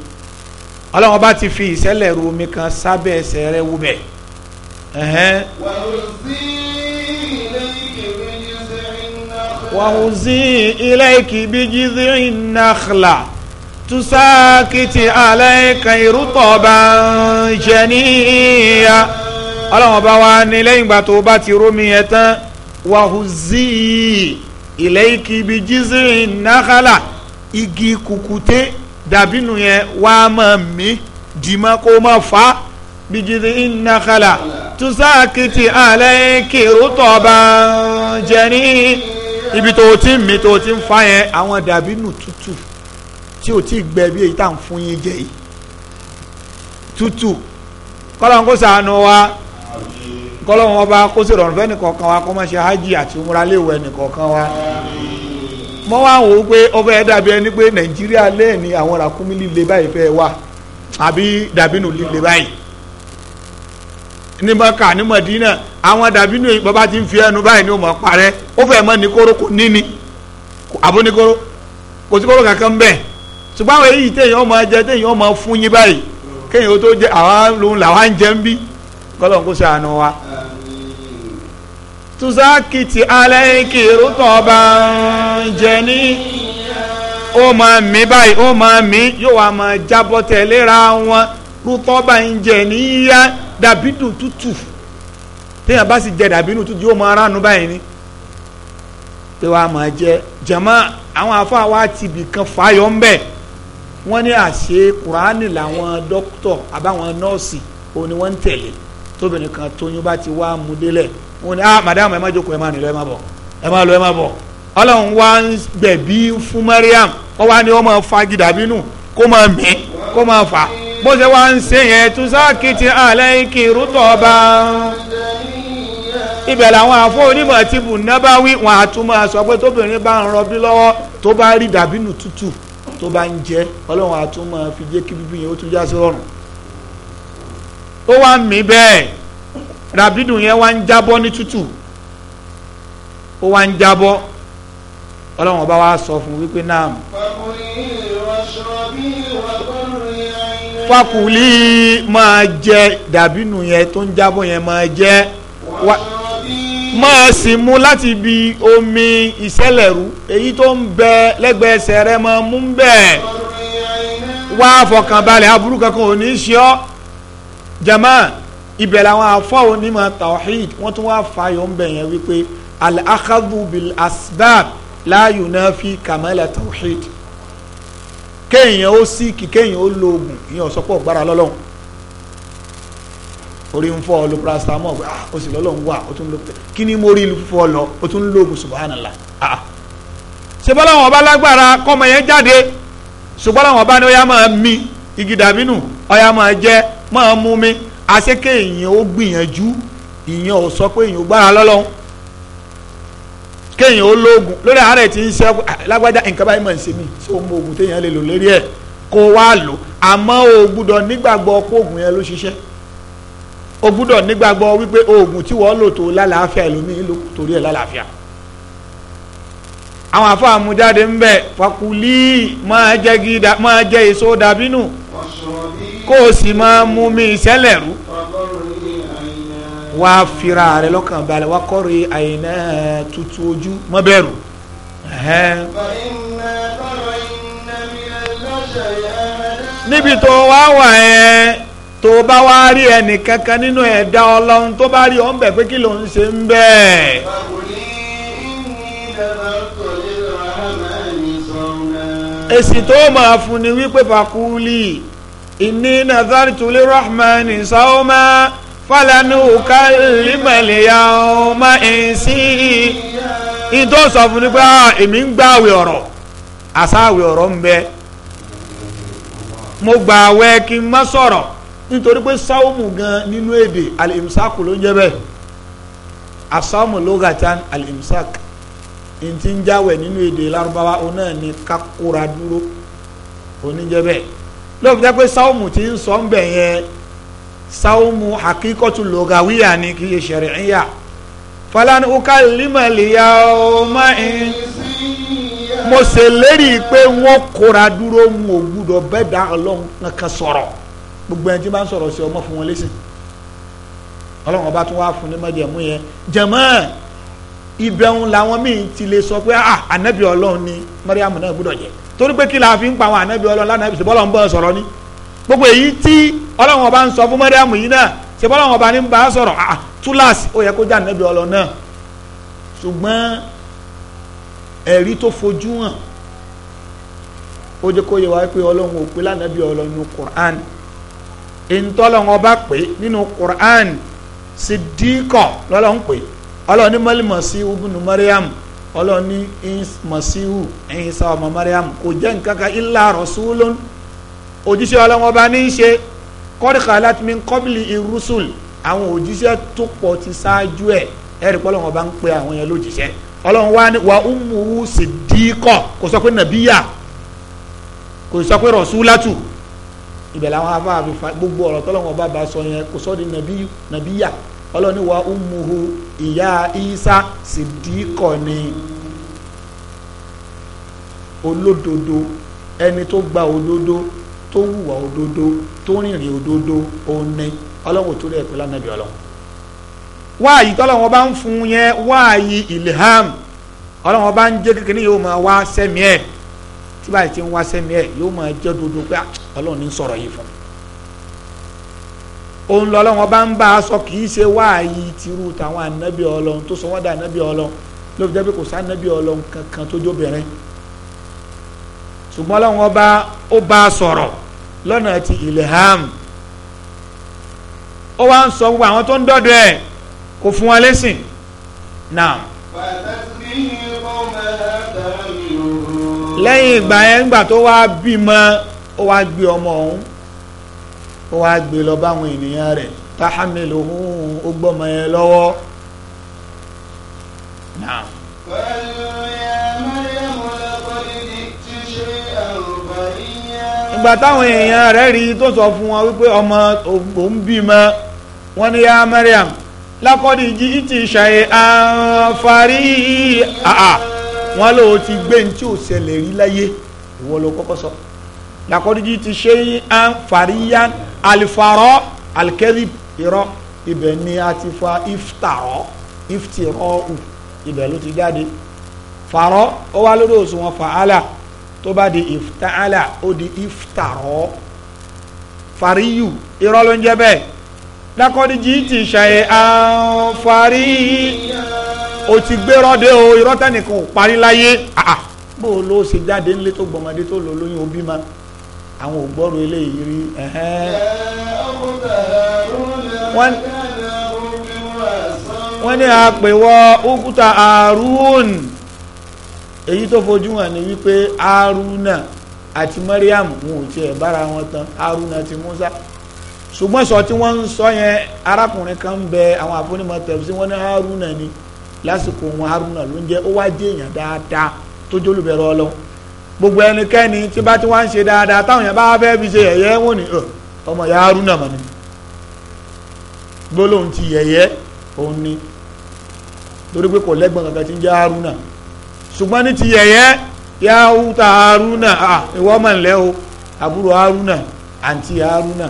ọlọ́run ọba ti fi ìṣẹ̀lẹ̀rù omi kan sábẹ́ ẹsẹ̀ rẹ̀ wúbẹ̀. wàhùzí ilé ìkìbí jíjí nàkhlà tùsákìtì aláìka ìrútọ̀ọ̀bà jẹ̀níyà ọlọ́run ọba wa ní lẹ́yìn ìgbà tó bá ti rómi yẹn tán wàhùzí ilayki bi jíze nàkàlà igi kùkùté dàbínú yẹn wà á máa mí dìímọ̀ kó má fa bi jíze nàkàlà tùsákìtì alayki rutaban jani ibi tó ti ń tó ti fa yẹn àwọn dàbínú tútù tí ò tí ì gbẹ bí èyí tá à ń fún yín jẹ yìí tútù kọ́lọ́n kó sànù wa. kọ́lọ́wọ́n ọba kó sì rọrùn fẹ́ni wa kó mọ́ ṣe hajj àti umra ẹnìkọ̀ọ̀kan wa mọ wá wò ó pé ọba ẹ dàbí ẹni pé nàìjíríà lẹ́ẹ̀ni àwọn ràkúnmí líle báyìí fẹ́ wà àbí dàbínú líle báyìí ní mọ́kà ní àwọn dàbínú bàbá ti ń fi ẹnu báyìí ni ó mọ̀ parẹ́ ó fẹ́ mọ́ kò ní ni àbó kò sí kóró kankan bẹ́ẹ̀ ṣùgbọ́n àwọn èyí tuzakiti alayki rutoban jẹni ó máa mí báyìí ó máa mí yóò wá máa jábọ́ tẹ̀léra wọn rutoban jẹni yá dàbídùn tútù téèyàn bá sì jẹ dàbídùn tútù yóò máa ránu báyìí ni pé wàá máa jẹ jama àwọn afa wa ti bì kan fàyọ ńbẹ wọn ní àṣẹ kuraani làwọn dókítọ àbáwọn nọọsì òun ni wọn ń tẹ̀lé tóbìnrin tóyún bá ti wá mú wọn ni ah madam ẹ má jókòó ẹ má nílò ẹ má bọ̀ ẹ má lọ ẹ má bọ̀ ọlọ́run wá ń gbẹ̀bí fún mariam ó wá ní ó máa fa gidabinu kó máa mí kó máa fà bó ṣe wá ń ṣe yẹn tùsákìtì alẹ́ kìrú tọ́ba ibẹ̀ làwọn àfọ onímọ̀ tí bùnábáwí wọn àtúmọ̀ sọ pé tóbìnrin bá ń rọbí lọ́wọ́ tó bá rí dàbínú tútù tó bá ń jẹ ọlọ́run àtúmọ̀ fi jẹ́ kí bíbí yẹn ó tún já sí ọrùn ó wá ń mí bẹ́ẹ̀ ràbídù yẹn wá ń jábọ́ ní tútù ó wá ń jábọ́ ọlọ́run ọba wa sọ fún wípé náà. fakuli máa jẹ dàbínù yẹn tó ń jábọ́ yẹn máa jẹ máa sì mú láti bi omi ìṣẹ̀lẹ̀rú èyí tó ń bẹ lẹ́gbẹ̀ẹ́ ẹsẹ̀ rẹ máa mú bẹ́ẹ̀ wá fọkànbalẹ̀ aburú kankan ò ní í ṣe ọ́ jama ibẹ̀ làwọn afọ́ onímọ̀ tawhid wọ́n tún wáá fààyò ń bẹ̀ yẹn wípé al-akhadhu bil asbab la yunafi kamala tawhid kéèyàn ó síkì kéèyàn ó lo oògùn ìyẹn ò sọ pé ọ̀gbára orí ń fọ́ ọ lo paracetamol pé ah o sì lọ́lọ́run wà o tún lo kí ni mo rí fọ́ ọ lọ o tún lo oògùn subhanallah ah, ah. ṣe bọ́lá wọn ọba lágbára kọ́mọ yẹn jáde ṣùgbọ́n àwọn ọba ni ó máa mi igi dàbínú ó yá máa jẹ máa mú mi Aseke èèyàn ó gbìyànjú ìyẹn ò sọ pé èèyàn ò gbára lọ́lọ́run kéèyàn ó lóògùn lórí àárẹ̀ tí ń ṣe lágbájá nǹkan báyìí mọ̀ ń ṣe mí ṣé o mọ oògùn téèyàn lè lò lérí ẹ̀ kó wá lò àmọ́ o gbúdọ̀ nígbàgbọ́ pé oògùn yẹn ló ṣiṣẹ́ o gbúdọ̀ nígbàgbọ́ wípé oògùn tí wọ́n lò tó lálàáfíà ẹlòmíín ló torí ẹ̀ lálàáfíà àwọn afọ àmújáde ń bẹ fakuli máa jẹ gíga máa jẹ èso dàbínú kó o sì máa mú mi ìṣẹ̀lẹ̀ rú wá fira rẹ lọ́kàn balẹ̀ wá kọ́re àyìnà tutù ojú mọ́ bẹ̀rù. níbi tó wá wà ẹ́ tó bá wá rí ẹnì kankan nínú ẹ̀dá ọlọ́run tó bá rí ọ̀ ń bẹ̀ pé kí ló ń ṣe ń bẹ̀. èsì tó máa fún ni wípé fakúlì inni nazartu lirrahmani sawma falanu kalimali yawma insi in tó sọ fún mi pé ah, èmi ń gba àwẹ̀ ọ̀rọ̀ àṣà àwẹ̀ ọ̀rọ̀ ń bẹ mo gba àwẹ̀ kí n má sọ̀rọ̀ nítorí pé sáwùmù gan nínú èdè alimsaku ló ń jẹ́ bẹ́ẹ̀ asáwùmù lógatan alimsak n ti ń jáwẹ̀ nínú èdè Lárúbáwá ọ ni kakura dúró oníjẹ́ bẹ́ẹ̀ lóòótọ́ jẹ́ pé sáwùmù ti ń sọ ń bẹ̀ yẹn sáwùmù hakíkọ́tù lọ́gàwíyà ni kì í ṣẹ̀ríyà falan ukalimaliya ọmọ in mo ṣe lérí pé wọ́n kóra dúró ń wò gbúdọ̀ bẹ́ẹ̀ dá ọlọ́run kankan sọ̀rọ̀ gbogbo ẹni tí bá ń sọ̀rọ̀ sí ọmọ fún wọn lẹ́sìn ọlọ́run ọba tún wá fún ní mọ́jẹ̀mú yẹn jẹ̀mọ́ ibẹ̀ làwọn míì ti lè sọ pé ah ànábì ọlọ́run ni mọ́ríàmù náà gbúdọ̀ jẹ́ torí pé kí la fi ń pa àwọn ànábì ọlọ́run lánàá ṣe bọ́lọ̀ ń bọ́ sọ̀rọ̀ ni gbogbo èyí tí ọlọ́run ọba ń sọ fún mẹ́rẹ́mù yìí náà ṣe bọ́lọ̀ ọba ní ń bá a sọ̀rọ̀ ah túláàsì ó yẹ kó jẹ́ ànábì ọlọ́run náà ṣùgbọ́n ẹ̀rí tó fojú hàn ó jẹ́ kó yẹ wá pé ọlọ́run ò pé lánàbì ọlọ́run nínú Qur'an ìntọ́lọ́run ọba pé nínú Qur'an Siddiqa lọ́lọ́run pé ọlọ́run ní ọlọ́ni masihu Isa ọmọ mariam kò jẹ́ nǹkan kan illa rasulun òjíṣẹ́ ọlọ́wọ́n bá ní í ṣe kọ́ríkà láti mi kọ́bìlì irúsùl àwọn òjíṣẹ́ tó pọ̀ ti ṣáájú ẹ̀ ẹ̀rí pé ọlọ́wọ́n bá ń pe àwọn yẹn lójíṣẹ́ ọlọ́wọ́n wá ní wa umuhu siddiqa kò sọ pé nàbíyà kò sọ pé rasulatu ibẹ̀ làwọn afáàfin gbogbo ọ̀rọ̀ tọ́lọ́wọ́n bá ba sọ yẹn kò sọ ọlọ́ni wa umuhu ìyá isa sidikọ ni olódodo ẹni tó gba òdodo tó hùwà òdodo tó rìnrìn òdodo òní ọlọ́wọ́ tó rẹ̀ pẹ̀lú anabi ọlọ́wọ́ wáàyí tọ́lọ́wọ́ bá ń fún yẹn wáàyí ilham ọlọ́wọ́ bá ń jẹ́ kékeré yóò máa wá sẹ́mi ẹ̀ tí báyìí ti ń wá sẹ́mi ẹ̀ yóò máa jẹ́ dodo pé ah, ọlọ́run ní sọ̀rọ̀ yìí fún mi òun lọ́lọ́wọ́n bá ń bá a sọ kì í ṣe wáàyí tirú tàwọn ànábì ọlọ́run tó sọ wọ́n ànábì ọlọ́run ló fi jẹ́ kò sá ànábì ọlọ́run kankan tó jóbìnrin ṣùgbọ́n lọ́wọ́n bá ó bá a sọ̀rọ̀ lọ́nà ti ilham ó wá ń sọ gbogbo àwọn tó ń dọ́dọ̀ ẹ̀ kò fún lẹ́sìn náà. lẹ́yìn ìgbà yẹn tó wá bímọ ó wá gbé ọmọ ọ̀hún ó wá gbé lọ báwọn ènìyàn rẹ̀ táhámìlì ohun ó gbọ́mọ yẹn lọ́wọ́ náà. ìgbà táwọn èèyàn rẹ̀ rí tó sọ fún wọn wípé ọmọ òun bímọ wọn ní yá Mariam lákọ́dí jí ti ṣàyè àǹfààrí àà wọn lòó ti gbé ní tí ò ṣẹlẹ̀ rí láyé ìwọ ló kọ́kọ́ sọ. So lakọdiji ti ṣe an fariyan alifarọ alikẹri irọ́ ibẹ̀ ni a ti fa iftarọ iftirọ u ibẹ̀ ló ti jáde farọ ó wá lórí òṣùwọ̀n fàálà tó bá di iftaala ó di iftarọ fariyu irọ́ ló ń jẹ́ bẹ́ẹ̀ lakọdiji ti ṣe an fari o ti gbérọ́ de o irọ́ tẹnìkan ò parí láyé ah, ah. bó o ló ṣe jáde ńlẹ́ tó gbọmọdé tó lò lóyún òbí ma. àwọn ògbọ́rọ̀ eléyìí rí wọ́n ní àpèwọ́ òkúta àrùn èyí tó fojú hàn ní wípé aruna àti mariam wọn ò tiẹ̀ bára wọn tán aruna ti musa ṣùgbọ́n sọ tí wọ́n ń sọ yẹn arákùnrin kan ń bẹ àwọn àfúnimọ̀ tẹ̀sí wọn aruna ni lásìkò wọn wá dáadáa tó gbogbo ẹnikẹ́ni tí bá ti wá ń ṣe dáadáa táwọn yẹn bá fẹ́ fi ṣe yẹ̀yẹ́ wọ́n ní ọmọ ìyá Haruna mọ̀ ni gbólóhùn ti yẹ̀yẹ́ òun ni torí pé kò lẹ́gbọ̀n kankan tí ń jẹ́ Haruna ṣùgbọ́n ní ti yẹ̀yẹ́ yahuta Haruna ah, ah ìwọ mọ̀ nílẹ̀ o àbúrò Haruna àǹtí Haruna.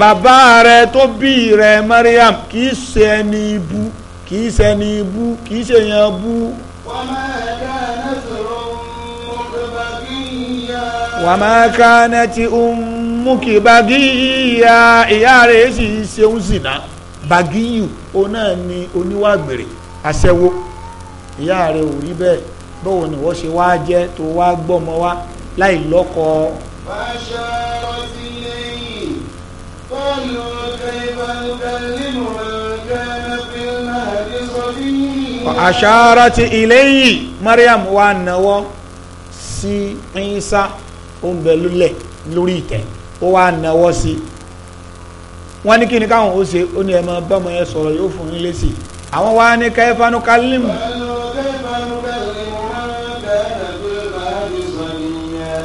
bàbá rẹ tó bí rẹ Mariam kì í ṣe ẹni ibú kì í ṣẹni bú kì í ṣe yan bú. wà á máa ká nẹ́tí mú kí bagíyà ìyá rẹ̀ sì ṣeun sìnà bagíyù òun náà ni oníwàgbèrè aṣẹ́wó ìyá rẹ̀ ò rí bẹ́ẹ̀ báwo ni wọ́n ṣe wá jẹ́ tó wá gbọ́mọ wá láì lọ́kọ. wá ṣọ́ọ́ lẹ́yìn kọ́ọ̀lù kẹ́ẹ̀bà lùkà nínú ọ̀gá náà asharati ilayhi Mariam wa nawọ́ sí Isa ó ń bẹ lulẹ̀ lórí ìtẹ́ ó wá nawọ́ sí wọ́n ní kí ni káwọn ó ṣe ó ní ẹ máa bọ́mọ yẹn sọ̀rọ̀ yóò fún yín lésì àwọn wa ní kẹfanu kalimu.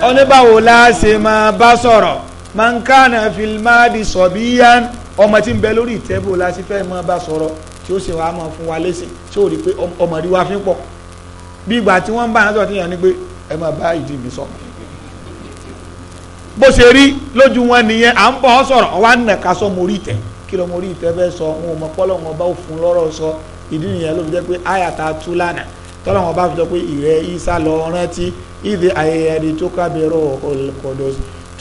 oníbàwò láàṣẹ máa bá sọ̀rọ̀ mankana filmadi sọ̀bíyàn ọmọ tí ń bẹ lórí ìtẹ́ láti fẹ́ máa bá sọ̀rọ̀ tí ó sì wá mọ̀ fún wa lẹ́sìn tí ó rí pé ọmọ rí wa fi ń pọ̀ bí tí wọ́n ń bá àtọ̀ tíyàn ni pé ẹ máa bá sọ. bó ṣe rí lójú wọn nìyẹn à ń bọ̀ sọ mo rí kí sọ wọn ò mọ wọn sọ ìdí nìyẹn ló fi pé àyà ta tú lánàá wọn bá fi pé ìrẹ́ lọ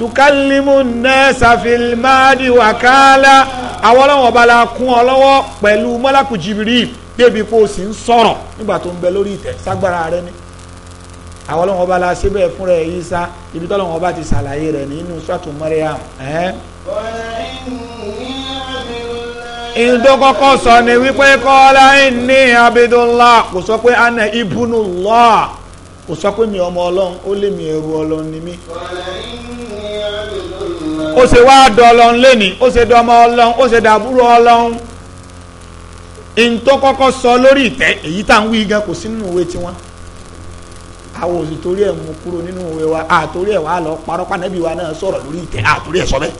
tukalimu nẹ́ẹ̀sà filimadi wakala àwọn ọlọ́wọ́n bá la kún ọ lọ́wọ́ pẹ̀lú mọ́lákù jìbìrì débi kó nigba to ń sọ̀rọ̀ nígbà tó ń bẹ lórí ìtẹ̀ ságbára rẹ ni àwọn ọlọ́wọ́n bá la ṣe bẹ́ẹ̀ fún rẹ̀ yìí sá ibi tọ́lọ́wọ́n bá ti ṣàlàyé rẹ̀ nínú sọ́tún mọ́ríyàm. ìdókòkò sọ ni wípé kọ́lá ní abidullah kò sọ pé ana ibunu lọ́ọ̀ kò sọ pé mi ọmọ ọlọrun ó lé mi ẹrú ọlọrun ni mí. ó ṣe wá dọ ọlọ́run lẹ́nìí ó ṣe dọmọ ọlọ́run ó ṣe dàbúrò ọlọ́run ntọ́ kọ́kọ́ sọ lórí ìtẹ́ èyí tá à ń wí gan kò sí nínú ìwé tiwọn àwọn òsì torí ẹ̀ mú kúrò nínú ìwé wa àtòrí ẹ̀ wà lọ parọ́ pànẹ́bí wa náà sọ̀rọ̀ lórí ìtẹ́ àtòrí ẹ̀ sọ bẹ́ẹ̀.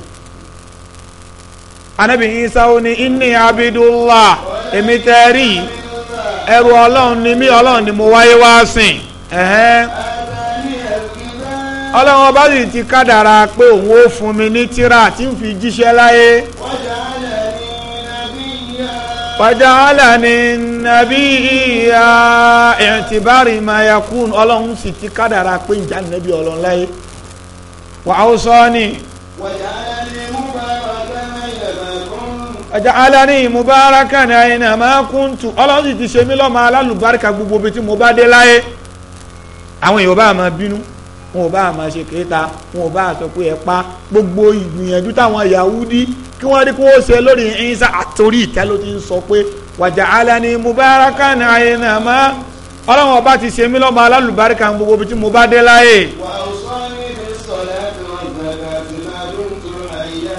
anabi isa ó ní inni abidullah èmi tẹ́ rí ẹrù ọlọ́run ni mí ọlọ́run ni mo wáyé wá sìn. ọlọ́run ọba yìí ti kádàrá pé òun ó fún mi ní tíra tí ń fi jíṣẹ́ láyé. wàjàálàní nàbí ìyá ẹ̀ǹtìbárì máa yakun ọlọ́run sì ti kádàrá pé ìjà nàbí ọlọ́run láyé. wà á sọ ni. wàjàálàní mubaraka ní àyìnà máa kún tù ọlọ́run sì ti ṣe mí lọ́mọ alálùbáríkà gbogbo bí tí mo bá dé láyé. àwọn èèyàn máa bínú wọn ò bá àmọ́ ṣe kéta wọn ò bá sọ pé ẹ pa gbogbo ìgbìyànjú táwọn Yahudi kí wọ́n rí kí wọ́n ṣe lórí ẹ̀yìnsá àtòrí ìtẹ́ ló ti ń sọ pé wàjà alẹ́ ni mubaraka ni ayé náà mọ́ ọlọ́run ọba ti ṣe mí lọ́mọ alálùbáríkà gbogbo ibi tí mo bá dé láyè.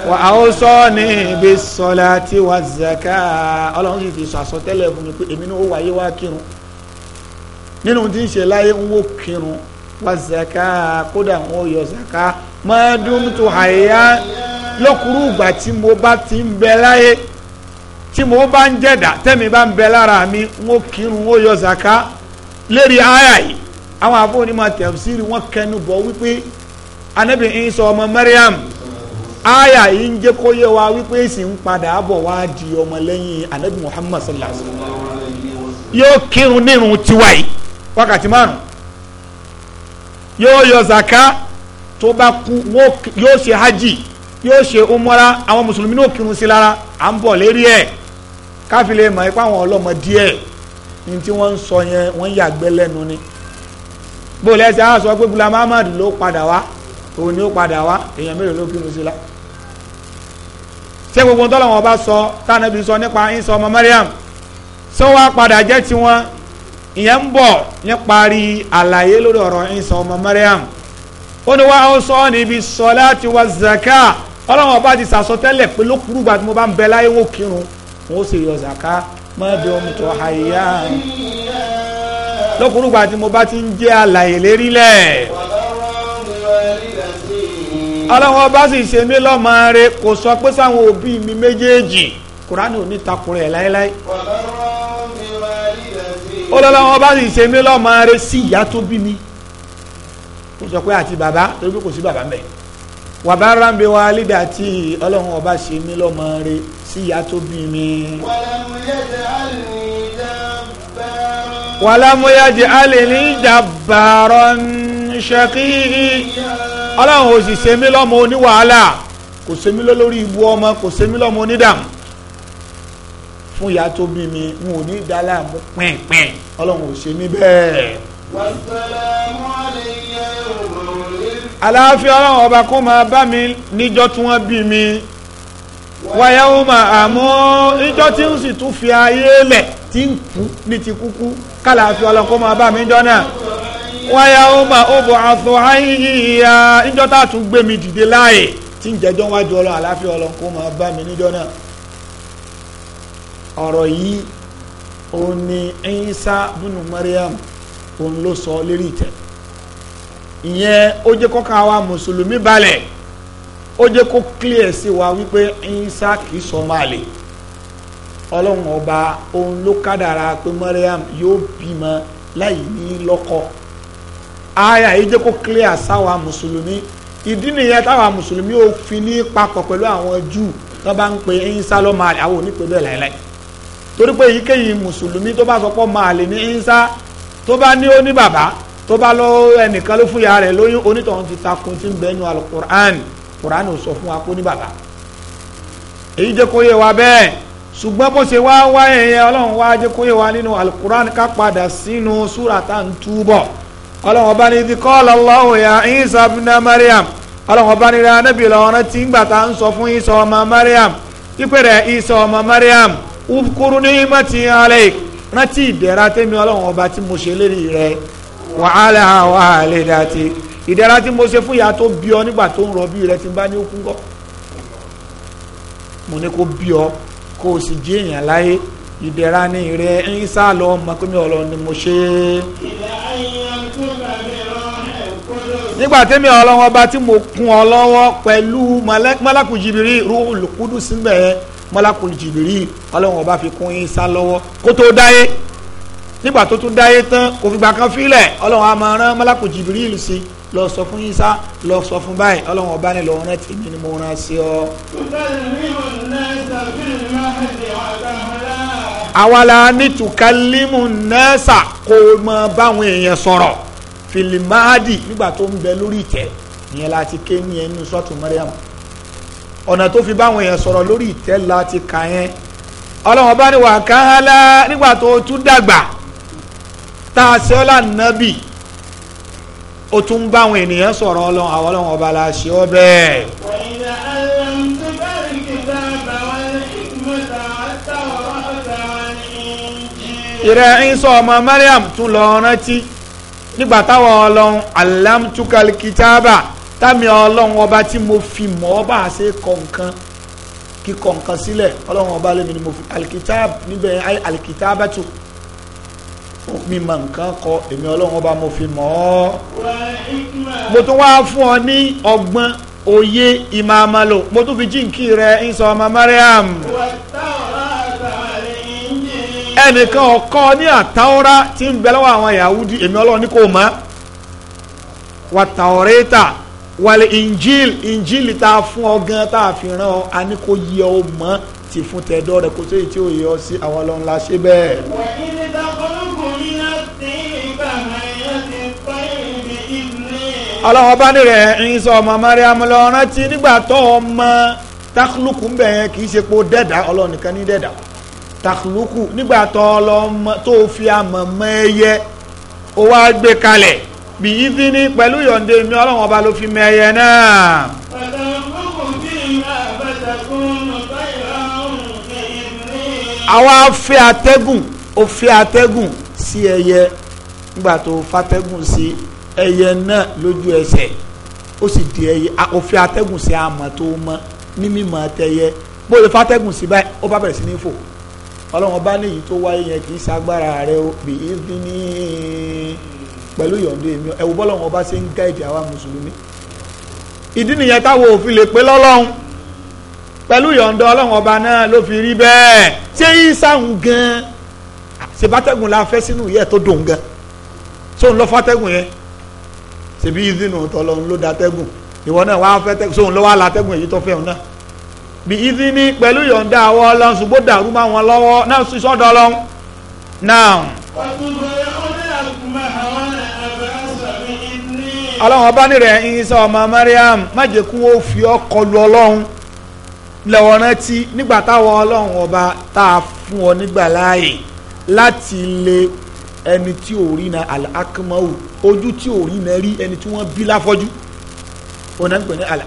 wà á ó sọ ní ibi sọlá tí wà zaka ọlọ́run sì ti sọ àsọtẹ́lẹ̀ fún mi pé èmi ni ó wáyé wá kírun nínú tí ń ṣe láyé ń wó kírun Wazaka kódà wọn ò yọ zàká máa dùn tó àyà lọ́kùnrin ìgbà tí mo bá ti ń bẹ láyé tí mo bá ń jẹ̀dá tẹ́mi bá ń bẹ lára mi wọn kírun wọn yọ zàká lérí àyà yìí àwọn afọ́nimọ̀ tẹ̀síìrì wọn kẹnu bọ̀ wípé anabi Isa ọmọ Mariam aya yìí ń jẹ́ kó yé wa wípé sì ń padà bọ̀ wá di ọmọ lẹ́yìn anabi Muhammad sallallahu alayhi wa sallam yóò kírun nírun tiwa yìí wákàtí márùn-ún yóò yọ zaka tó bá kú yóò ṣe hajj yóò ṣe umara àwọn mùsùlùmí náà kírun sí lára à ń bọ̀ lérí ẹ̀ káfílẹ̀ mọ̀ ipá àwọn ọlọ́mọ díẹ̀ ní tí wọ́n ń sọ yẹn wọ́n yàgbẹ́ lẹ́nu ni bó lẹ́sẹ̀ á sọ pé Ghulam Ahmad ló padà wá òun ni ó padà wá èèyàn mélòó ló kírun sí la ṣé gbogbo tọ́lọ̀ wọn bá sọ tánàbí sọ nípa ìsọ ọmọ Mariam sọ wá padà jẹ́ tiwọn ìyẹn ń bọ̀ níparí àlàyé lórí ọ̀rọ̀ Ìsá ọmọ Mariam ó ní wá ó sọ ọ́ níbi sọlá ti zaka ọlọ́run ọba ti sàsọtẹ́lẹ̀ pé mo bá ń bẹ láyé wò kírun ma sì yọ zaka ọmọ ti ń jẹ́ àlàyé ọba sì ṣe mí lọ́mọ sọ pé sáwọn òbí mi méjèèjì ò ní takùrẹ̀ láéláé. ọlọ́lọ́ wọn bá sì ṣe mí lọ́mọ rẹ sí ìyá tó bí mi ó sọ pé àti bàbá torí pé kò sí bàbá mẹ́ wà bá rámbé wa lídà tí ọlọ́run ọba ṣe mí lọ́mọ rẹ sí ìyá tó bí mi. wàlámúyájẹ alẹ́ni ìjàbàrọ̀ ṣẹ́kí ọlọ́run ò sì ṣe mí lọ́mọ oníwàhálà kò ṣe mí lọ́lórí ibu ọmọ kò ṣe mí lọ́mọ onídàmú fún ìyá tó bí mi n ò ní dá láàmú pínpín ọlọ́run ò ṣe mí bẹ́ẹ̀. aláàfin ọlọ́run ọba kó máa bá mi níjọ́ tí wọ́n bí mi wáyà ó máa àmọ́ níjọ́ tí ń sì tún fi ayé lẹ̀ tí ń kú ní ti kúkú kálàáfin ọlọ́run kó máa bá mi jọ náà wáyà ó máa ó bọ̀ àtọ̀ ayíyá níjọ́ tá a tún gbé mi dìde láàyè tí ń jẹjọ́ wájú ọlọ́run àláfin ọlọ́run kó máa bá mi níjọ́ náà. ọ̀rọ̀ yìí òun ni Isa bùnú Mariam òun ló sọ lérí tẹ. ìyẹn ó jẹ́ kọ́ka wa mùsùlùmí balẹ̀ ó jẹ́ kó clear sí wa wípé kì í sọ máa lè ọlọ́run ọba òun ló kádàrá pé Mariam yóò bímọ láì ní lọ́kọ jẹ́ kó clear sáwa mùsùlùmí ìdí nìyẹn táwa mùsùlùmí ò fi ní papọ̀ pẹ̀lú àwọn tó bá ń pe àwọn ò ní pe bẹ́ẹ̀ torí pé èyíkéyìí mùsùlùmí tó bá sọ pé máa lè ní ínsá tó bá ní ó ní bàbá tó bá lọ ẹnìkan ló fún ìyá rẹ̀ lóyún onítọ̀hún ti takun tí ń bẹnu alukur'an kur'an ò sọ fún wa kó ní bàbá èyí jẹ́ kó yé wa bẹ́ẹ̀ ṣùgbọ́n bó ṣe wá wá ẹ̀yẹ ọlọ́run wá jẹ́ kó yé wa nínú alukur'an ká padà sínú súrà tá à ń túbọ̀ ọlọ́run ọba ní ibi qala Allahu ya Isa ibn Maryam ọlọ́run ọba ní ra anábìlẹ̀ ọ̀rẹ́ tí ń gbà tá à ń sọ fún Isa ọmọ Maryam pípẹ́ rẹ̀ ọmọ Maryam ukuru ti mati alek rántí ìdẹ̀ra tẹ́mi ọlọ́run ọba tí mo ṣe lérí rẹ wàhálà wàhálà dàtí ìdẹ̀ra tí mo ṣe fún ìyá tó bí ọ nígbà tó ń ti bá ní okun kọ́ mo ní kó bí ọ kó o sì jí èèyàn láyé ìdẹ̀ra ní rẹ ń sá lọ ọlọ́run ni mo ṣe nígbà tẹ́mi ọlọ́run ọba tí mo kún ọ lọ́wọ́ pẹ̀lú malakujibiri mọ́lákùnrin jìbìrì ọlọ́run ọba fi kún Ìsá lọ́wọ́ kó tó dáyé nígbà tó tún dáyé tán kò fìgbà kan fílẹ̀ ọlọ́run a máa rán mọ́lákùnrin jìbìrì sí lọ sọ fún Ìsá lọ sọ fún báyìí ọlọ́run ọba ni lọ́wọ́n rẹ̀ tèmi ni mo rán sí ọ. àwa la ní tùkálímù nẹ́ẹ̀sà kó mọ báwọn èèyàn sọ̀rọ̀ fìlìmáàdì nígbà tó ń bẹ lórí ìtẹ́ ìyẹn láti ké ní ẹnu sọ́tún Mọ́ríàmù ọ̀nà tó fi báwọn èèyàn sọ̀rọ̀ lórí ìtẹ́ la ti kà yẹn ọlọ́wọ́n bá ní wà káhálà nígbà tó tún dàgbà tá a ṣe ọ́ là nábì ó tún ń báwọn ènìyàn sọ̀rọ̀ ọlọ́run àwọn ọlọ́run ọba la ṣe ọ́ bẹ́ẹ̀. ìrẹ̀ ìsọ̀ ọmọ Mariam tún lọ rántí nígbà táwọn ọlọ́run alamtukal tàmí ọlọ́run ọba tí mo fi mọ̀ ọ́ bá a ṣe kọ nǹkan kíkọ nǹkan sílẹ̀ ọba lèmi ni mo fi alikitab níbẹ̀ alikitabatu mi mọ̀ nǹkan kọ èmi ọlọ́run ọba mo fi mọ̀ ọ́ mo tún wá fún ọ ní ọgbọ́n òye ìmàmàlò mo tún fi jíǹkì rẹ ń sọ ọmọ Mariam ẹnìkan ọkọ ní àtàwọ́rá tí ń bẹ lọ́wọ́ àwọn Yahudi èmi ọlọ́run ní kò mọ̀ wàtàwọ́rẹ́ta wàlẹ̀ injil injil tá a fún ọ gan tá a fi rán ọ a ní kó yẹ ọ mọ́ ti fún tẹ̀dọ́ rẹ kó sóyè tí ò yẹ sí àwọn ọlọ́run la ṣe bẹ́ẹ̀. wà á ilé dàgbọ́nùkù ní láti ìgbà àyà ti pa èrè ilé. ọlọ́wọ́ bá ní rẹ̀ ń sọ ọmọ mariam lọ rántí nígbà tó ọmọ takluku ń bẹ̀ yẹn kì í ṣe pé ó dẹ̀dá ọlọ́run nìkan ní dẹ̀dá takluku nígbà tó ọlọ́mọ tó fi amọ̀ mọ́ ẹyẹ ó wá gbé kalẹ̀ bí ìdí ní pẹ̀lú yọ̀ǹde mi ọlọ́run ọba ló fi mẹ́yẹ náà. àwa fẹ́ atẹ́gùn ó fẹ́ atẹ́gùn sí ẹyẹ nígbà tó fatẹ́gùn sí ẹyẹ náà lójú ẹsẹ̀ ó sì di ẹyẹ ó fẹ́ atẹ́gùn sí àmọ́ tó mọ́ ní mímọ́ tẹyẹ bó lè fatẹ́gùn sí báyìí ó bá bẹ̀rẹ̀ sí ní fò ọlọ́run ọba ní èyí tó wáyé yẹn kì í ṣagbára rẹ ó bì í dín ní pẹ̀lú yọ̀ǹde èmi ẹ̀wù bọ́lọ́hún ọba ṣe ń gáìdì àwa mùsùlùmí ìdí nìyẹn táwọn òfin lè pé lọ́lọ́hún pẹ̀lú yọ̀ǹde ọlọ́hún ọba náà ló fi rí bẹ́ẹ̀ ṣé ìsáhùn gan-an ṣèbátẹ́gùn la fẹ́ sínú ìyẹ́ tó dùn gan sóun lọ́ fàtẹ́gùn yẹn ṣèbí ìdínú tọ́lọ́hún ló datẹ́gùn ìwọ náà wàá fẹ́ tẹ́gùn sóun lọ́wọ́ alátẹ́gùn èyí tó fẹ́ òun náà bí ìdíní pẹ̀lú yọ̀ǹda àwọn ọlọ́run ṣùgbọ́n dàrú náà. ọlọ́run ọba nírẹ̀ ìyínsá ọmọ Mariam má jẹ́ kí wọ́n fi ọ́ kọlu ọlọ́run lẹ́wọ̀n rántí nígbà táwọn ọlọ́run ọba tá a fún ọ nígbà láàyè láti lè ẹni tí ò rí na al-akmaw ojú tí ò rí na rí ẹni tí wọ́n bí láfọ́jú ọ̀nà ní al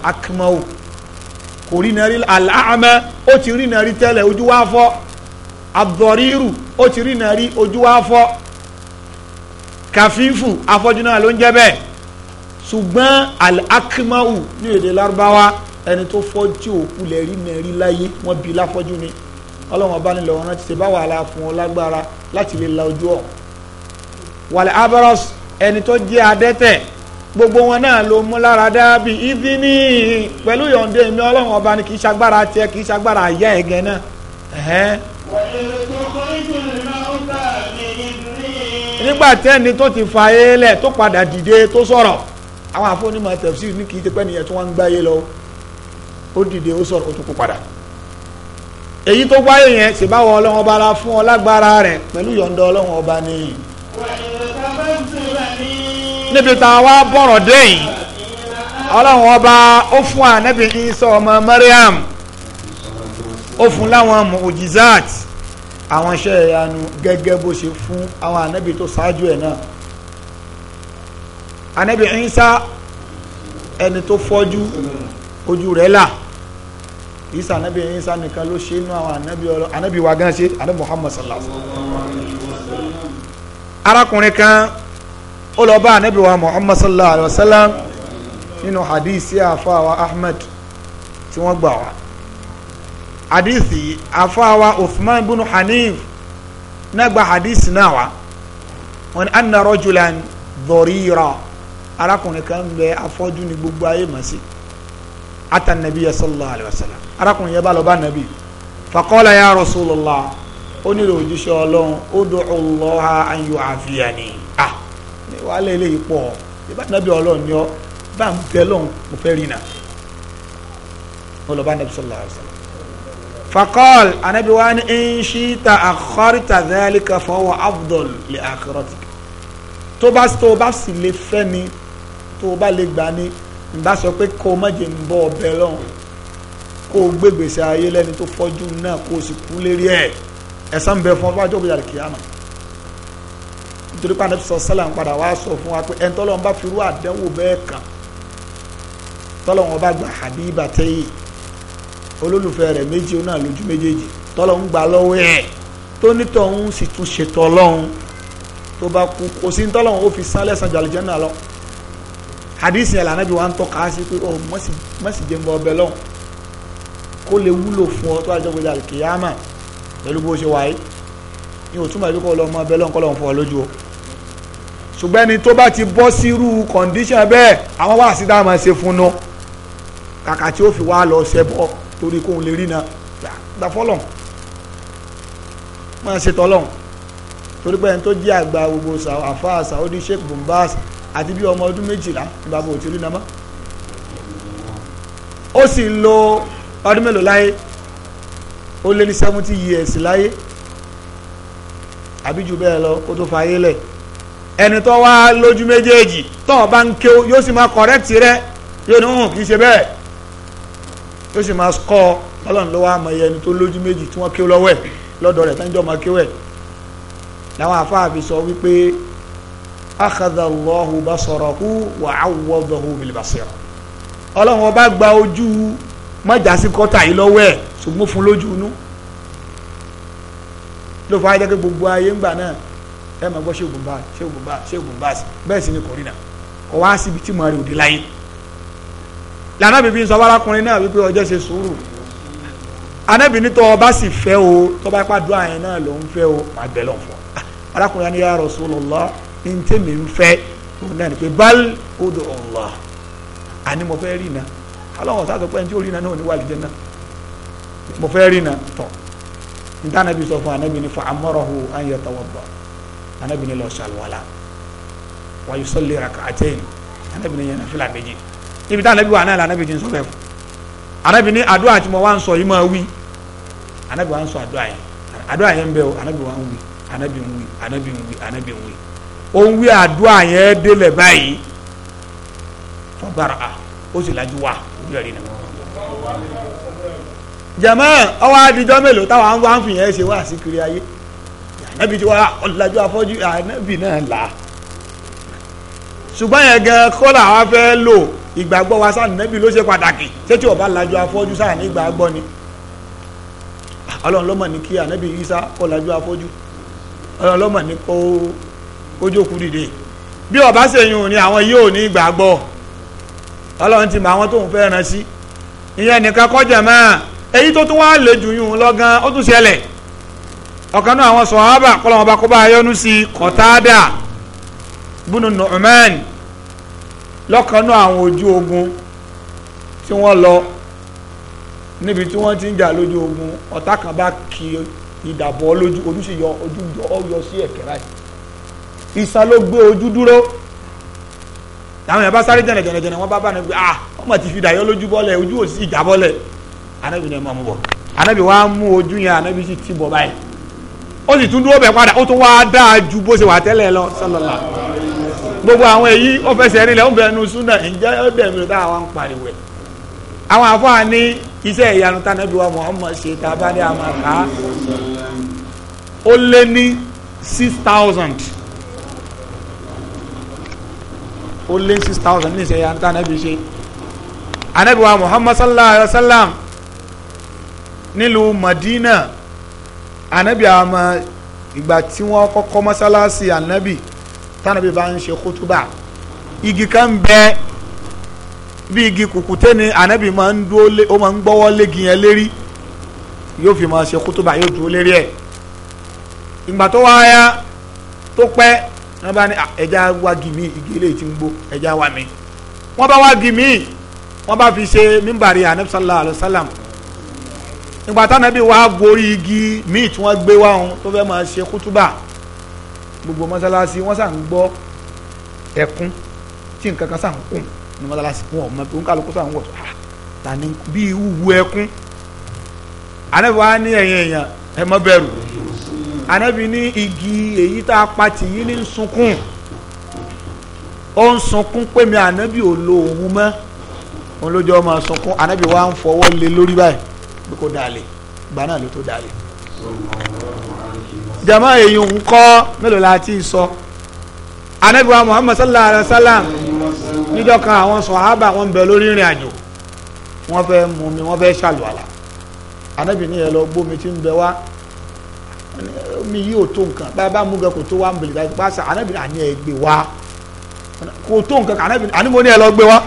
kò rí na rí al ó ti rí na rí tẹ́lẹ̀ ojú wa fọ́ ad ó ti rí na rí ojú wa fọ́ kàfífù afọ́jú náà ló ń jẹ́ bẹ́ẹ̀ ṣùgbọ́n al-akmahu ní èdè lárúbáwá ẹni tó fọ́jú òkú lẹ́rí mẹ́rí láyé wọ́n bí láfọ́jú ni ọlọ́wọ́n bá nílò ọ̀ràn ti ṣe bá wàhálà fún ọ lágbára láti lè la ojú ọ̀ wàlẹ̀ abaros ẹni tó jẹ́ adẹ́tẹ̀ gbogbo wọn náà ló mú lára dábì ìdíní pẹ̀lú yọ̀ǹde mi ọlọ́run ọba ni kì í ṣagbára tiẹ̀ kì í ṣagbára àyà ẹ̀gẹ́ náà. nígbà tẹ́ni tó ti fa eélẹ̀ tó padà dìde tó sọ̀rọ̀ àwọn àfọ́nímọ̀ tafsir ní kì í ti pẹ́ nìyẹn tí wọ́n ń gbáyé lọ ó dìde ó sọ̀rọ̀ ó tún kó padà èyí tó gbáyé yẹn sì báwọ ọlọ́wọ́n ọba la fún ọ lágbára rẹ̀ pẹ̀lú yọ̀ǹda ọlọ́wọ́n ọba ni. níbi tá wá bọ̀rọ̀ dé yìí ọlọ́wọ́n ọba ó fún ànábì Isa ọmọ Maryam ó fún láwọn mu'jizat àwọn iṣẹ́ ìyanu gẹ́gẹ́ bó ṣe fún àwọn ànábì tó ṣáájú ẹ̀ náà anabi Isa ẹni tó fọ́jú ojú rẹ̀ là Isa anabi Isa nìkan ló ṣe inú àwọn anabi ọlọ anabi wa gan ṣe anabi Muhammad sallallahu alaihi wasallam arákùnrin kan ó lọ bá anabi wa Muhammad sallallahu alaihi wasallam nínú hadisi àfọwà Ahmed tí wọ́n gbà wá hadisi àfọwà Uthman ibn Hanif náà hadisi náà wá wọn ni anna rajulan arákùnrin kan ń bẹ afọ́jú ni gbogbo ayé mọ̀ sí atanabi ya sallallahu alayhi wa sallam arákùnrin yẹn bá lọ bá nabi faqala ya rasulallah ó nílò ojúṣe ọlọ́run ud'u Allaha an yu'afiyani ah wàá lé eléyìí pọ̀ ìbá nabi ọlọ́run ni ọ bá ń tẹ lọ́run mo fẹ́ rí nà ó lọ bá nabi sallallahu alayhi wa sallam faqala anabi wa ni in shi'ta akharta dhalika fahuwa afdal li akhiratik tó bá tó bá sì lè fẹ́ mi tó o bá lè gbà ní ìgbà sọ pé kó o má jẹ́ ń bọ́ ọbẹ̀ lọ́hùn kó o gbé gbèsè ayé lẹ́ni tó fọ́jú náà kó o sì kú lérí ẹ̀ ẹ̀san ń bẹ fún ọ fún ajọ́ òkúta kìámà nítorí pé anabi sọ sálà ń padà wá sọ fún wa pé ẹni tọ́lọ́run bá firú àdánwò bẹ́ẹ̀ kàn tọ́lọ́run bá gba Habiba tẹ́yì olólùfẹ́ rẹ̀ méjì ó náà lójú méjèèjì tọ́lọ́run gbà lọ́wọ́ ẹ̀ tónítọ̀hún sì tún ṣètò ọlọ́run tó bá kú kò sí tọ́lọ́run ó fi sálẹ̀ sàn jàlẹ̀jẹ̀ náà lọ hadith yẹn lànà bí wàá ń tọ́ka sí pé ọ oh, mọ̀sí jẹ́ ń bọ ọbẹ̀ lọ́hùn kó lè wúlò fún ọ tó àjọ gbèjà kìyàmà pẹ̀lú bó ṣe wáyé ní òtúmọ̀ ìbí kọ́ lọ ọmọ ọbẹ̀ lọ́hùn kọ́ lọ́hùn fún ọ lójú o ṣùgbọ́n ẹni tó bá ti bọ́ sírú kọ̀ǹdíṣàn bẹ́ẹ̀ àwọn wáàsí dá máa ṣe fún un kàkà tí ó fi wá lọ ṣẹbọ torí kóun lè rí na gbà fọlọ́n máa ṣe tọ́lọ́n torí pé ẹni tó jẹ́ àgbà gbogbo àfa Saudi Sheikh Bombas àti bí ọmọ ọdún méjìlá ní bàbá ò ti rí nàmọ́ ó sì lo ọdún mélòó láyé ó lé ní seventy years láyé àbí jù bẹ́ẹ̀ lọ kó tó fa ayé lẹ̀ ẹni tó wá lójú méjèèjì tó o bá ń ké o yóò sì máa correct rẹ yóò ní hùn kì í ṣe bẹ́ẹ̀ yóò sì máa score ọlọ́run ló wá ẹni tó lójú méjì tí wọ́n ké lọ́wọ́ ẹ̀ lọ́dọ̀ rẹ̀ tán máa ké wẹ̀ làwọn àfáà fi sọ wípé akhadha Allahu basarahu wa awwadahu bil basira ọlọ́run ọba gba ojú mọ́jàsí kọ́tà yìí lọ́wọ́ ẹ̀ ṣùgbọ́n fún lójú inú ló fà á jẹ́ pé gbogbo ayé ńgbà náà ẹ máa gbọ́ ṣéògùn bá ṣéògùn bá ṣéògùn bá bẹ́ẹ̀ sì ni kò rí nà kò wá síbi tí mo rí òde láyé lànà bíbí ń sọ wárakùnrin náà wípé ọjọ́ ṣe sùúrù anábìíní tó ọba sì fẹ́ o tó bá pàdúrà yẹn náà ló fẹ́ o màá bẹ̀ lọ́n fún ọ arákùnrin yẹn ni ya ntẹ́mi ń fẹ́ òun náà ni pé bal odò Allah àní mo fẹ́ rí iná ọlọ́wọ́n sáà sọ pé ẹni tí ó rí iná náà ní wàlú jẹ́ náà mo fẹ́ rí iná tọ̀ níta anabi sọ fún anabi ni fa amarahu an yatawadda anabi ni lọ ṣàlùwàlà wa yusalli rak'atayn anabi ni yẹn fìlà méjì níbi tí anabi wà náà anabi ti sọ bẹ́ẹ̀ anabi ni àdúrà tí mo wá ń sọ yìí máa wí anabi wà ń sọ àdúrà yẹn àdúrà yẹn bẹ́ẹ̀ o anabi wà ń wí anabi ń wí anabi ń wí anabi ń wí ó ń wí àdúrà yẹn délẹ̀ báyìí tọ́gbàrà ó sì lajú wa ojú ẹ̀rí náà. jama ọwọ́ adijọ́ mélòó táwọn àwọn àwọn fìyẹn ṣe wá sí kiri ayé ànábì tí wọ́n ọ̀làjú afọ́jú ànábì náà là á ṣùgbọ́n yẹn gan kọ́là wa fẹ́ lò ìgbàgbọ́ wa sáà nẹ́bí ló ṣe pàtàkì ṣé ọba lajú afọ́jú sáà ní ìgbàgbọ́ ni ọlọ́run ló mọ̀ ní kí ànábì Ìsá kọ́ lajú afọ́jú ọlọ́run ló ní kó ó jókòó dìde bí ọba ṣèyún òní àwọn yóò ní ìgbàgbọ́ ọlọ́run ti mọ àwọn tóun fẹ́ ràn sí ìyẹn nìkan kọjá mọ́ èyí tó tún wá lè jù yún lọ́gán ó tún ṣẹlẹ̀ ọ̀kan náà àwọn sọ̀hábà kọ́lọ́ wọn bá kó bá ayọ́nu sí kọ́tádà bùnú nùmẹ́n lọ́kan náà àwọn ojú ogun tí wọ́n lọ níbi tí wọ́n ti ń jà lójú ogun ọ̀tá kan bá kí ìdàbọ̀ lójú ojúṣe yọ ojú yọ sí ẹ̀kẹ́ báyìí ìsan ló gbé ojú dúró àwọn yàrá bá sáré jẹnẹ jẹnẹ jẹnẹ wọn bá bá nàgbé ah wọn mà ti fi dàyọ lójú bọ́lẹ̀ ojú ò sí ìjà bọ́lẹ̀ anabi ni ẹ máa mú bọ̀ anabi wa mú ojú yẹn anabi sì ti bọ̀ báyìí ó sì tún dúró bẹ̀ padà ó tún wá dáa ju bó ṣe wà tẹ́lẹ̀ lọ sọlọ́la gbogbo àwọn èyí ó fẹsẹ̀ rinlẹ̀ ó bẹ̀rù súnà ǹjẹ́ ó dẹ̀ mi táwọn ń pariwo ẹ̀ àwọn àfọwà ní iṣẹ́ ìyanu tánàbí wa Muhammad ṣe tá a bá ní àmàkà ó lé ní six thousand ó lé six thousand ní ìṣẹ̀yà níta anábì ṣe anábì muhammad sallallahu alayhi wa sallam nílùú madina anábì àmọ́ ìgbà tí wọ́n kọ́kọ́ mọ́sálásí anábì tánàbì bá ń ṣe kútúbà igi kan bẹ́ẹ̀ bí igi kùkùté ni ànábì máa ń dúró lé ó máa ń gbọ́wọ́ légi yẹn lérí yóò fi máa ṣe kútúbà yóò dúró lérí ẹ̀ ìgbà tó wáyá tó pẹ́ wọ́n bá ní ah, ẹja wági mi igi eléyìí ti ń gbó ẹja wá mi wọ́n bá wági mi wọ́n bá fi ṣe mímbàrí anabi sallallahu alayhi wa sallam nígbà tánabi wá gorí igi míì tí wọ́n gbé wá òun tó fẹ́ máa ṣe kútúbà gbogbo mọ́sálásí wọ́n sàn ń gbọ́ ẹkún tí nǹkan kan sàn ń ní mọ́sálásí wọn ò mọ pé oníkàlùkù sàn ń wọ̀ ah, tani bí wúwo ẹkún anabi wa ní ẹ̀yìn èèyàn ẹ má bẹ̀rù ànábì ní igi èyí tá a pa tì yí ní sunkún ó ń sunkún pé mi ànábì ò lo òun mọ́ òun lójú ọmọ sunkún ànábì wa ń fọwọ́ lé lórí báyìí pé kò dalẹ̀ ìgbà náà ló tó dalẹ̀ jama èyí ń kọ́ mélòó la ti sọ ànábì wa Muhammad sallallahu alayhi wa sallam níjọ́ kan àwọn sọ̀hábà wọn bẹ lórí ìrìn àjò wọ́n fẹ́ mú mi wọ́n fẹ́ ṣàlùwàlà ànábì ní ẹ lọ gbómi tí ń bẹ wá mi yìí ò tó nǹkan bá a bá mú gan kò tó wá ń bèlè ká bá a sà anábìrin àní ẹ gbé wá kò tó nǹkan anábìrin àní mo ní ẹ lọ gbé wá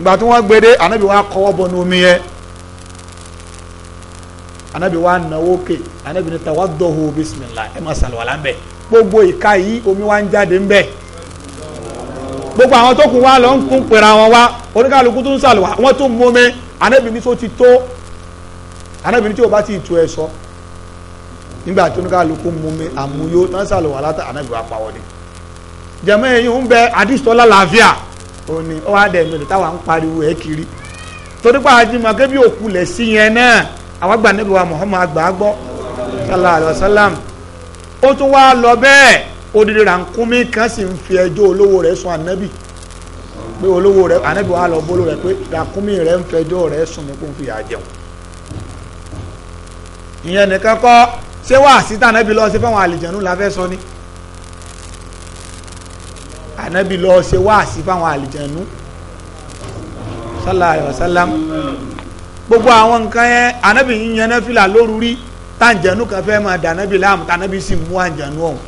ìgbà tí wọ́n gbé dé anábìrin wa kọ́wọ́ bọnú omi yẹn anabi wa nawó ke anabi ni tawadọhu bisimilah ẹ ma salwala mbẹ gbogbo ìka yìí omi wa ń jáde gbogbo àwọn tó kù wa lọ ń kún pèrè àwọn wa oníkàlùkù tó ń salwa wọn tó mú mi anabi ni tó ti tó anabi ni tí o bá ti tu ẹ sọ nígbà tó ní kálukú mú mi amuyo tán sàlùwà látà ànábì wa pàwọ́ ni jẹ̀mọ́ ẹ̀yin ń bẹ àdìsọ́lá làáfíà ó ní ó wá dẹ̀ mẹ́rin táwa ń pariwo ẹ̀ kiri torí pa àjùmọ̀ kébí òkú lẹ̀ sí yẹn náà àwọn àgbà níbi wa Muhammad àgbà gbọ́ sallallahu alayhi wa sallam ó tún wá lọ bẹ́ẹ̀ odidi rànkúnmí kan sì ń fi ẹjọ́ olówó rẹ̀ sùn ànábì pé olówó rẹ̀ ànábì wa lọ bólú rẹ̀ pé rànkúnmí rẹ̀ ń fẹjọ́ rẹ̀ sùn mí kó ń fi yà jẹun ìyẹn nìkan kọ́ ṣé wà síta ànábì lọ́ọ́ ṣe fáwọn àlìjẹ̀nù la fẹ́ sọ ni ànábì lọ́ọ́ ṣe wà sí fáwọn àlìjẹ̀nù sallallahu alayhi wa sallam gbogbo àwọn nǹkan yẹn ànábì yín yẹn náfìlà lóru rí tàǹjẹ̀nù kan fẹ́ máa dànábì láàmú tànábì sì mú àǹjẹ̀nù ọ̀hún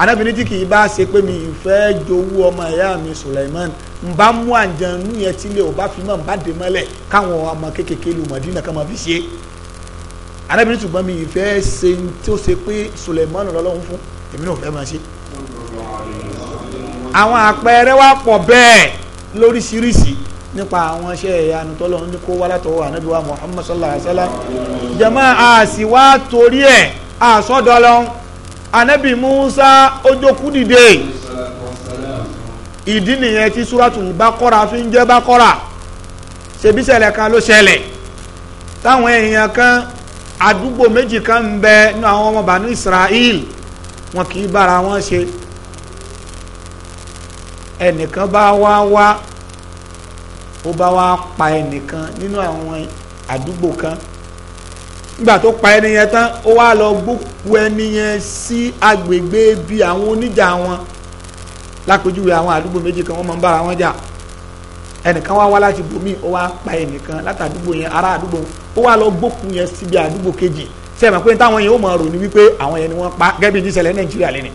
ànábì ní tí kì í bá ṣe pé mi ìfẹ́ jowú ọmọ ẹ̀yà mi Suleiman n bá mú àǹjẹ̀nù yẹn sílẹ̀ ò bá fi mọ̀ n bá dè mọ́lẹ̀ káwọn ọmọ kéékèèké lu kan máa fi ṣe é arábìnrin ṣùgbọ́n mi ìfẹ́ ṣe tí ó ṣe pé Suleiman lọ́lọ́run fún èmi náà fẹ́ máa ṣe. àwọn àpẹẹrẹ wa pọ̀ bẹ́ẹ̀ lóríṣiríṣi nípa àwọn iṣẹ́ ìyanu tọ́lọ́run ní kó wá látọwọ́ ànábì wa Muhammad sallallahu alayhi wa sallam jama àṣì wa torí ẹ̀ àṣọ́dọ̀ lọ ànábì Musa ojókù dìde ìdí nìyẹn tí suratul Baqara fi ń jẹ́ Baqara ṣebí ṣẹlẹ̀ kan ló ṣẹlẹ̀ táwọn èèyàn kan àdúgbò méjì kan ń bẹ nínú àwọn ọmọ bàánú Israel wọn kì í bára wọn ṣe ẹnìkan bá wá wá ó bá wá pa ẹnìkan nínú àwọn àdúgbò kan nígbà tó pa ẹni yẹn tán ó wá lọ gbókú ẹni yẹn sí agbègbè bíi àwọn oníjà wọn lápèjúwe àwọn àdúgbò méjì kan wọ́n máa ń bára wọn jà. Ja ẹnìkan wá wá láti bomi ó wá pa ẹnìkan látàdúgbò yẹn ará àdúgbò ó wá lọ gbókun yẹn síbi àdúgbò kejì sẹ́mi pé táwọn yẹn ó máa rò ní wípé àwọn yẹn ni wọ́n pa gẹ́gẹ́ bí ìdísẹ̀lẹ̀ nàìjíríà lẹ́nu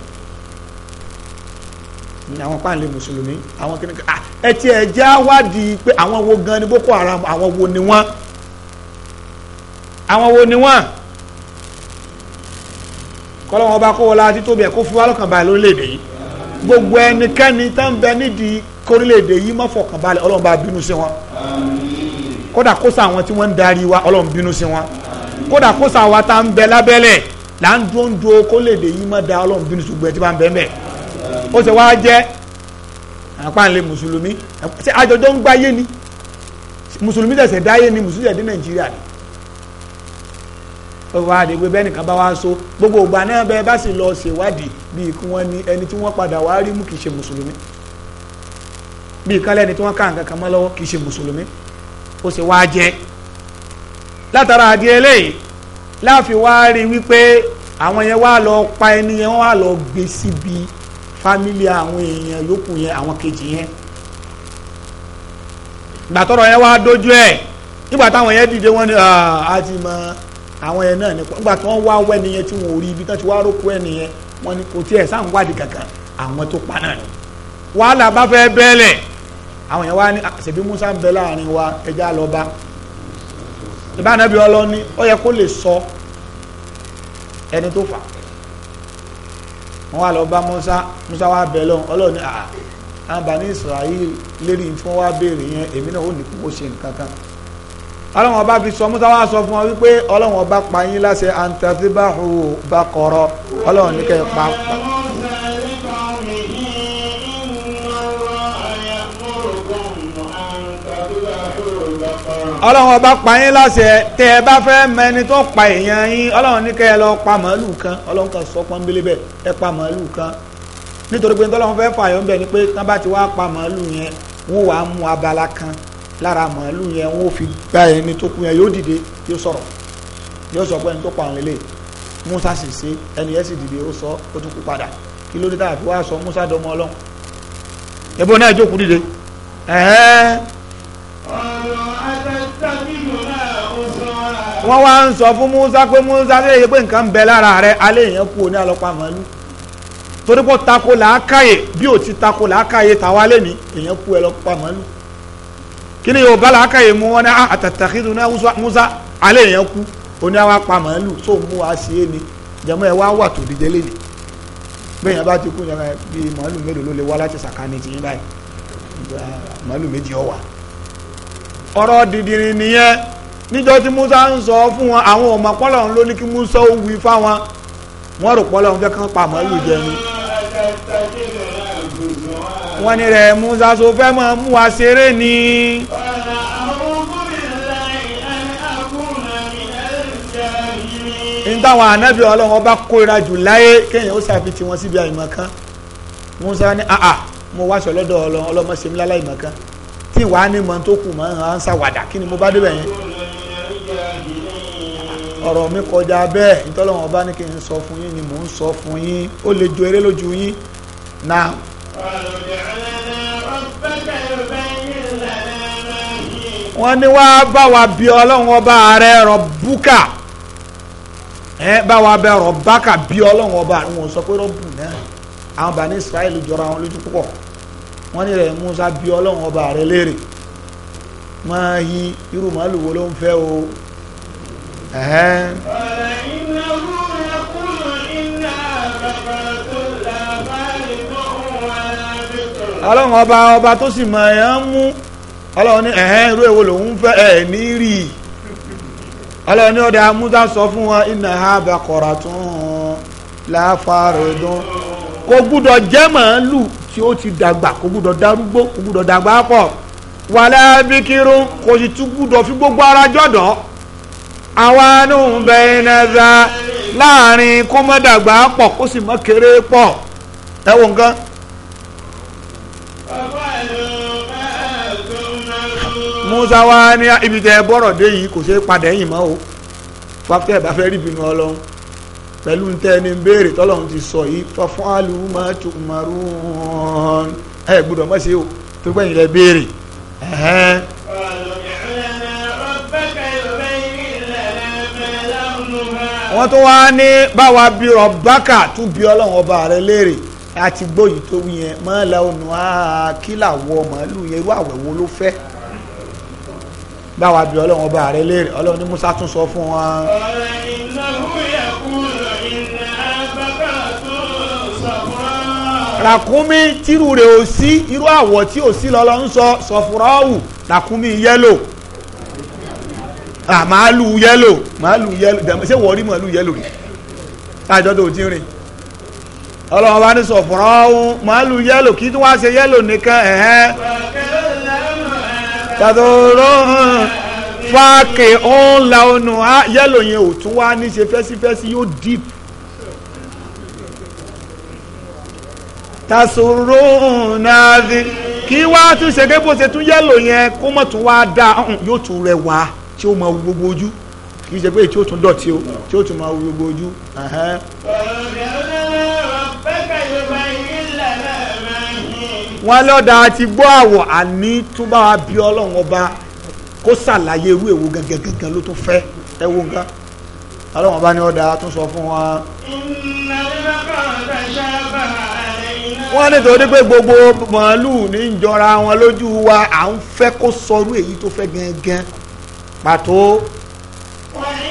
àwọn páàlì mùsùlùmí àwọn kìnnìkan ah ẹ ti ẹ jẹ́ àwádìí pé àwọn wo gan ni boko haram àwọn wo ni wọ́n àwọn wo ni wọ́n kọ́lọ́wọ́n bá kó wọlé àti tóbi ẹ̀ kó fún wa lọ́kàn báyìí lórílẹ̀‐èdè yìí gbogbo ẹnikẹ́ni tá ń bẹ nídìí kórílẹ̀-èdè yìí má fọkànbalẹ̀ ọlọ́run bá bínú sí wọn kódà kó sa àwọn tí wọ́n ń darí wa ọlọ́run bínú sí wọn kódà kó sa àwa tá ń bẹ lábẹ́lẹ̀ là ń dúró ń dúró kórílẹ̀ yìí má da ọlọ́run bínú sí gbogbo ẹ tí ń bẹ ó ṣe wá jẹ́ àpáǹlẹ̀ mùsùlùmí àjọjọ́ ń gbáyé ni mùsùlùmí tẹ̀sẹ̀ dáyé ni mùsùlùmí tẹ̀sẹ̀ dé nàìjíríà ni fọwọ́ àdégbé bẹ́ẹ̀ nìkan bá wá so gbogbo ìgbà náà bẹ́ẹ̀ bá sì lọ ṣèwádìí bíi kí wọ́n ní ẹni tí wọ́n padà wá rí mú kì í ṣe mùsùlùmí bíi kálẹ̀ ẹni tí wọ́n ká nǹkan kan mọ́ lọ́wọ́ kì í ṣe mùsùlùmí ó ṣe wá jẹ́ látara àdí eléyìí láàfin wá rí wípé àwọn yẹn wá lọ pa ẹni yẹn wá lọ gbé síbi fámílì àwọn èèyàn yòókù yẹn àwọn kejì yẹn gbàtọ́rọ̀ yẹn wá dójú ẹ̀ nígbà táwọn yẹn dìde wọ́n ní àti ah, mọ́ àwọn ẹ̀ náà nípa nígbà tí wọ́n wá wẹ́ nìyẹn tí wọ́n ò rí ibi tán ti wá rókú ẹ̀ nìyẹn wọ́n ní kò tiẹ̀ sáà ń wádìí kankan àwọn tó pa náà ni. wàhálà bá fẹ́ bẹ́ẹ̀lẹ̀ àwọn yẹn wá ní ṣèbí Musa ń bẹ láàrin wa ẹja lọ bá ìbánabi ọlọ́ni ó yẹ kó lè sọ ẹni tó fà wọ́n wá lọ bá Musa Musa wá bẹ̀ lọ́hùn ọlọ́ni àà àǹbá ní Israel lérí tí wọ́n wá béèrè yẹn èmi náà ó ọlọ́run ọba fi sọ musa wá sọ fún wọn wípé ọlọ́run ọba pa yín láṣẹ antafibahu bakọrọ ọlọ́run ní kẹ́ pa. ọlọ́run ọba pa yín láṣẹ tẹ ẹ bá fẹ́ mẹni tó pa èèyàn yín ọlọ́run ní kẹ́ ẹ lọ pa màálù kan ọlọ́run kan sọ pọ́nbélé bẹ́ẹ̀ ẹ pa màálù kan nítorí pé tọ́lọ́run fẹ́ fààyàn bẹ́ẹ̀ ni pé tán bá ti wá pa màálù yẹn wọ́n wàá mú abala kan lára màálù yẹn wọn ò fi gba ẹni tó kú yẹn yóò dìde yóò sọ̀rọ̀ yóò sọ pé ẹni tó pa àwọn eléyìí musa sì ṣe ẹni yẹn sì dìde ó sọ ó tún kú padà kí ló dé tá a fi wá sọ musa dọmọ Ọlọ́run ẹbọ náà jókòó dìde ẹ̀ẹ́n. ọ̀rọ̀ àtẹ̀síwájú náà ó sọ ọ́ra. wọ́n wá ń sọ fún musa pé musa ṣe é pé nǹkan ń bẹ lára rẹ alẹ́ yẹn kú ní alọ́pàá màálù torí pé tako làákàyè bí ò ti tako làákàyè tàwa lẹ́ni èèyàn kú ẹ lọ́pàá màálù kí ni yóò bá làákàyè mu wọn ní ah, àtàtàkìdùn náà musa alẹ́ yẹn kú ó ní àwa tó mú wa sí é ni jẹmọ ẹ wá wà tó dìde lélẹ̀ bẹ́ẹ̀ yẹn bá ti kú yàrá bíi màálù mélòó ló lè wá láti sàkání ti yín báyìí màálù méjì ọwà ọ̀rọ̀ dìdìrín nìyẹn níjọ́ tí musa ń sọ fún wọn àwọn ọmọ pọlọrun ló ní kí musa ó wí fáwọn wọn rò pọlọrun fẹ́ kàn pa màálù jẹ ni wọ́n ní rẹ̀ musa so fẹ́ mọ́ mú wa ṣeré ni. n táwọn anábì ọlọ́run ọba kórira jù láyé kéèyàn ó ṣàfihàn tiwọn síbi àìmọ̀kan musa ní àà mo wáṣọ lọ́dọ̀ ọlọ́run ọlọ́mọ ṣe mí láláì mọ̀kan tí wàá ní mọ̀ tó kù mọ̀ ń ṣàwàdà kí ni mo bá débẹ̀ yẹn ọ̀rọ̀ mi kọjá bẹ́ẹ̀ ntọ́lọ́wọ́n ọba ní kí n sọ fún yín ni mò ń sọ fún yín ó lè ju eré lójú yín náà wọ́n ní wá bá wa bí ọlọ́run ọba rẹ rọ búkà ẹ bá wa bẹ rọ bákà bí ọlọ́run ọba rẹ wọ́n sọ pé rọ́bù náà àwọn bá ní Israẹli jọra wọn lójú púpọ̀ wọ́n ní rẹ̀ Musa bí ọlọ́run ọba rẹ léèrè máa yí irú màálù wo ló ń fẹ́ o. ọ̀rẹ́ ọlọ́run ọba ọba tó sì mọ̀ ẹ̀ ń mú ọlọ́run ní ẹ̀hẹ́n irú èwo lòun fẹ́ ẹ̀ ní rí i ọlọ́run ní ọ̀dà amúdá sọ fún wọn iná ha bàkọ̀rà tún láfàrẹ̀dán kò gbúdọ̀ jẹ́ màálù tí ó ti dàgbà kò gbúdọ̀ darúgbó kò gbúdọ̀ dàgbà pọ̀ wàlẹ́ bíkírún kò sì tún gbúdọ̀ fi gbogbo ara jọ̀dọ̀ àwọn anú bẹ́ẹ̀ náà láàrin kó má dàgbà pọ̀ kó sì má kéré pọ̀ ẹ wo nǹkan musa wa ní ibi tẹ bọ́rọ̀ dé yìí kò ṣe padà ẹ̀yìn mọ́ o fàtẹ́ bá fẹ́ rí ìbínú ọlọ́run pẹ̀lú ń tẹ́ ní béèrè tọ́lọ́run ti sọ yìí fọ́fún àlùmọ́ tùmọ̀rún ẹ gbọ́dọ̀ mọ̀ sí o tó gbẹ̀yìn lẹ béèrè. wọ́n tún wá ní báwa bí rọ̀bákà tún bí ọlọ́run ọba rẹ léèrè àti gbóyè tó wí yẹn mọ́lá ọ̀nà àkílà wọ màálù yẹn irú àwẹ̀ wo ló fẹ́ báwa bí ọlọ́run ọba rẹ léèrè ọlọ́run ní Musa tún sọ fún wọn. ràkúnmí tírù rẹ̀ ò sí irú àwọ̀ tí ò sí lọ́lọ́ sọ sọ̀fúnráwù ràkúnmí yẹ́lò ah, màálù yẹ́lò màálù yẹ́lò ṣé wọ́n rí màálù yẹ́lò rí àjọ́dọ̀ òjì rìn ọlọ́run bá ní sọ̀fọ̀rọ̀ ọ̀hún màálù yẹ́lò kí tí wọ́n á ṣe yẹ́lò nìkan ẹ̀hẹ́. tàdóró fáàkì òun la ọ̀nà yẹ́lò yẹn ò tún wá ní ṣe fẹ́sífẹ́sí yóò deep. tàsòrò nàdí kí wá tún ṣe pé bó ṣe tún yẹ́lò yẹn kó mọ̀ tún wá dá yóò tún rẹwà tí ó mọ gbogbo ojú kì í ṣe pé tí ó tún dọ̀tí tí ó tún mọ gbogbo ojú wọ́n lọ́dà ti gbọ́ àwọ̀ àní tó bá wa bí ọlọ́run ọba kó ṣàlàyé irú èwo gẹ́gẹ́ gẹ́gẹ́ ló tó fẹ́ ẹ wo nǹkan ọlọ́run ọba ni ọ̀dà tó sọ fún wa. wọ́n ní torí pé gbogbo màálùú ní ń jọra wọn lójú wa à ń fẹ́ kó sọrú èyí tó fẹ́ gangan pàtó. wọ́n ní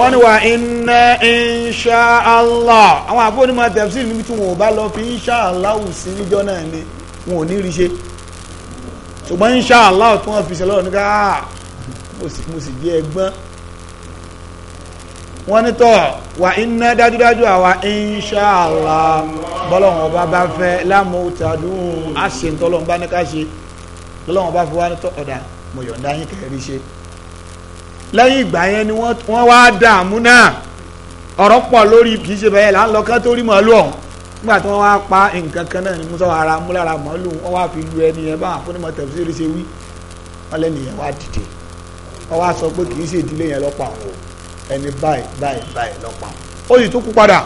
wọ́n ní wà iná inṣàlá àwọn àfọ́nimọ̀ tẹ̀síìlì níbi tí wọn ò bá lọ fi inṣàlá wù sí níjọ́ náà ni wọn ò ní rí ṣe ṣùgbọ́n inṣàlá tí wọ́n fi ṣe lọ́rọ̀ nígbà mo sì jẹ́ ẹgbọ́n wọ́n ní tọ́ wà iná dájúdájú àwa inṣàlá bọ́lọ́wọ́n ọba bá fẹ́ lámòtàdún àṣẹ ńtọ́lọ́wọ́n bá lọ́wọ́n bá fi wá ní tọ́ ọ̀dà mọ̀yọ̀ǹda yín kẹrin ṣe lẹ́yìn ìgbà yẹn ni wọ́n wá dààmú náà ọ̀rọ̀ pọ̀ lórí kì í ṣe bẹ́ẹ̀ là ń lọ kán tó rí màálù ọ̀hún nígbà tí wọ́n wá pa nǹkan kan náà ni musa ara múlára màálù wọ́n wá fi lu ẹni yẹn báwọn afúnimọ̀ tẹ̀síìrì ṣe wí wọ́n lẹ́nu yẹn wá dìde wọ́n wá sọ pé kì í ṣe ìdílé yẹn lọ́pọ̀ àwọn o ẹni báyìí báyìí báyìí lọ́pọ̀ àwọn ó sì tún kú padà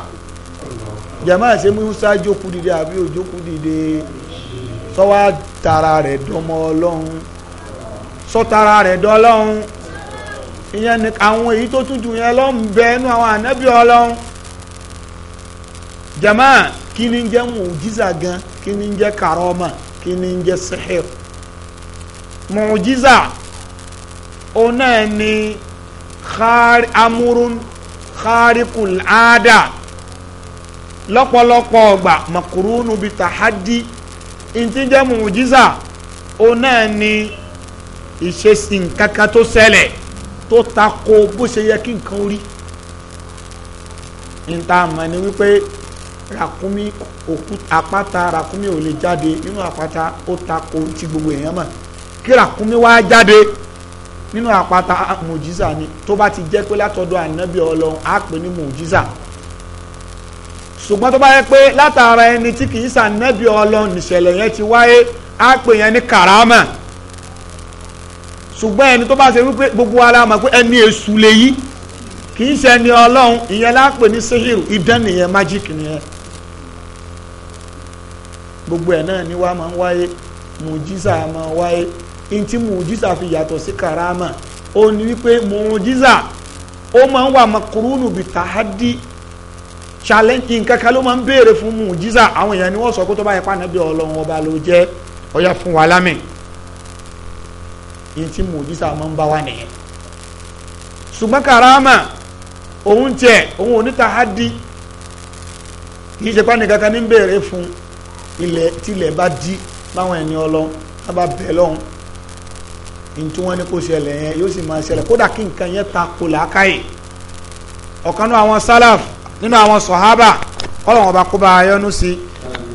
jẹ̀mọ́ àṣẹ musa jókòó dìde ìyẹn ni àwọn èyí tó tún jù yẹn lọ ń bẹ inú àwọn ànábì ọlọ́run jama kí ni ń jẹ́ mùjíza gan kí ni ń jẹ́ karọ́mà kí ni ń jẹ́ sihir mùjíza òun náà ni amúrún kharikul ada lọ́pọ̀lọpọ̀ ọgbà makurunu bi tahadi ntí jẹ́ mùjíza òun náà ni ìṣesìn kankan tó ṣẹlẹ̀ tó tako bó ṣe yẹ kí nǹkan orí níta mọ̀ ni wípé ràkúnmí òkúta àpáta ràkúnmí ò lè jáde nínú àpáta ó tako ti gbogbo èèyàn mọ̀ kí ràkúnmí wá jáde nínú àpáta mòjísà ni tó bá ti jẹ́ pé látọ̀dọ̀ ànábì ọlọ́run á pè ní mòjísà ṣùgbọ́n tó bá yẹ pé látara ẹni tí kì í sànẹ́bí ọlọ́run ìṣẹ̀lẹ̀ yẹn ti wáyé á pè yẹn ní kàrámà ṣùgbọ́n ẹni tó bá ṣe wípé gbogbo ara mọ̀ pé ẹni èṣù lèyí kì í ṣe ẹni ọlọ́run ìyẹn lápè ní sehiru idán nìyẹn magic nìyẹn gbogbo ẹ̀ náà ni wá máa ń wáyé mùjísà máa ń wáyé ntí mùjísà fi yàtọ̀ sí karama ó ní wípé mùjísà ó máa ń wà makurunu bi tahadi challenge nǹkan kan ló máa ń béèrè fún mùjísà àwọn èèyàn ni wọ́n sọ pé tó bá yẹ pa ànábì ọlọ́run ọba ló jẹ́ ọ̀yà fún wa lámì yìí tí mùjísà máa ń bá wa nìyẹn ṣùgbọ́n karama òun tiẹ̀ òun oníta hadi kì í ṣe pàdé kankan ní béèrè fún ilẹ̀ tilẹ̀ bá di báwọn ẹni ọlọ́run bá bá bẹ̀ lọ́hùn ní tí wọ́n ní kó ṣẹlẹ̀ yẹn yóò sì máa ṣẹlẹ̀ kódà kí nǹkan yẹn ta kò láákàyè ọ̀kan nínú àwọn sálàf nínú àwọn sọ̀hábà kọ́lọ̀wọ́n bá kó bá ayọ́nu sí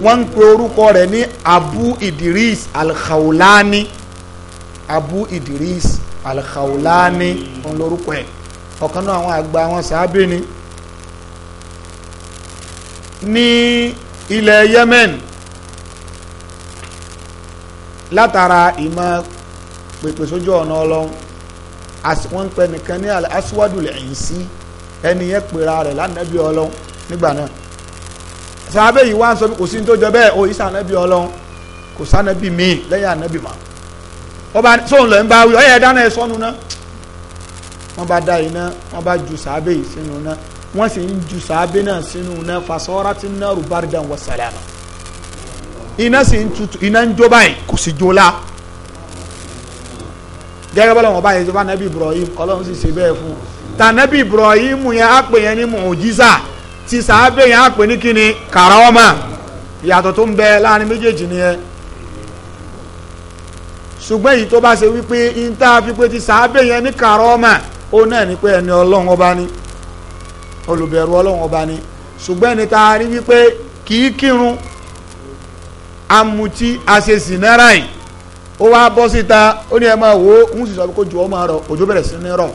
wọ́n ń pe orúkọ rẹ̀ ní Abu Idris Al-Khawlani abu idris alkhawlani òun lorúkọ ẹ̀ ọ̀kan náà àwọn àgbà àwọn sàábé ni ní ilẹ̀ yemen látara ìmọ̀ pèpè sójú ọ̀nà ọlọ́run wọ́n ń pẹ́ nìkan ní aswadu lẹ́yìn sí ẹni yẹn pera rẹ̀ lánàbí ọlọ́run nígbà náà sàábé yìí wá ń sọ pé kò sí ní tó jọ bẹ́ẹ̀ o ìsànàbí ọlọ́run kò sànàbí míì lẹ́yìn ànàbí màá ọba sóun lọ ń bá wí ọyẹ dáná ẹ sọnù náà wọ́n bá da iná wọ́n bá ju sàábé yìí sínú iná wọ́n sì ń ju sàábé náà sínú iná fasọ́ra ti ná rúbárídà wọ sàlámà iná sì ń tutù iná ń jó báyìí kò sì jó la gẹ́gẹ́ bọ́lá wọn báyìí sọ́ba nàbí Ibrahim ọlọ́run sì ṣe bẹ́ẹ̀ fún un ta nàbí Ibrahim yẹn á pè yẹn ní mọ̀ọ́jísà ti sàábé yẹn á pè ní kíni kàrọ́ọ̀mà ìyàtọ̀ tó ń bẹ láàrin méjèèjì nìyẹn ṣùgbọ́n èyí tó bá ṣe wípé níta fi ti sàábẹ̀ yẹn ní kàrọ́ọ̀mà ó náà ní pé ẹni ọlọ́run ọba ni olùbẹ̀rù ọlọ́run ọba ni ṣùgbọ́n ẹni tá a rí wípé kì í kírun amutí aṣèṣì náírà yìí ó wá bọ́ síta ó ní ẹ máa wò ó ń sì sọ pé kó ju ọmọ rọ òjò bẹ̀rẹ̀ sí ní rọ̀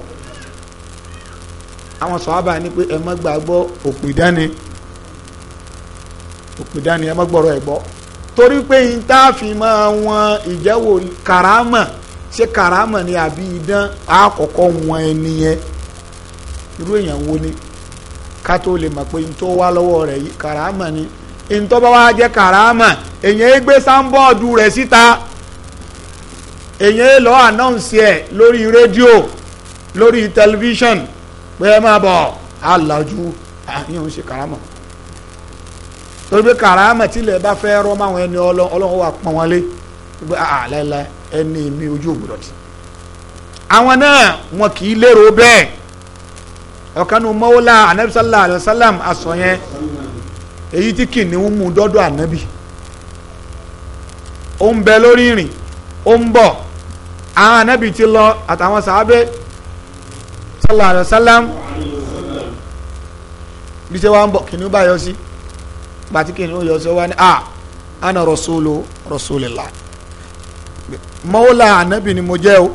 àwọn sọ̀hábà ní pé ẹ má gbàgbọ́ òpìdánì òpìdánì ẹ má gbọ́rọ̀ ẹ̀ gbọ́ torí pé n tá a fi máa wọn ìjẹ́wò karama ṣé karama ni àbí idán a kọ́kọ́ wọn ẹni yẹn irú èèyàn wo ni ká tó lè mọ̀ pé n tó wá lọ́wọ́ rẹ̀ yìí karama ni n tó bá wá jẹ́ karama èèyàn é gbé sáńbọ́ọ̀dù rẹ̀ síta èèyàn é lọ ànáùnsì ẹ̀ lórí rédíò lórí tẹlifíṣàn pé ẹ máa bọ̀ alájú àyàn ṣe karama torí pé karama tilẹ̀ bá fẹ́ rọ́ máwọn ẹni ọlọ́run wà pọ́n wọn lé pé àlẹ́lẹ́ ẹni mi ojú òbúdọ̀ ti àwọn náà wọn kì í lérò bẹ́ẹ̀ ọ̀kanu mọ́wọ́lá anabi sallallahu alayhi wa sallam asọ yẹn èyí tí kìnìún mú dọ́dọ̀ anabi ó ń bẹ lórí ìrìn ó ń bọ̀ àwọn anabi ti lọ àtàwọn sàábẹ́ sallallahu alayhi bí ṣe wá ń bọ̀ kìnìún bá yọ sí. Si gbàtí kìnìún yọ sọ wá ni a ah, ana rọ̀ṣọ́lù rọ̀ṣọ́lùlá mọ́wọ́lá ni mo jẹ́ o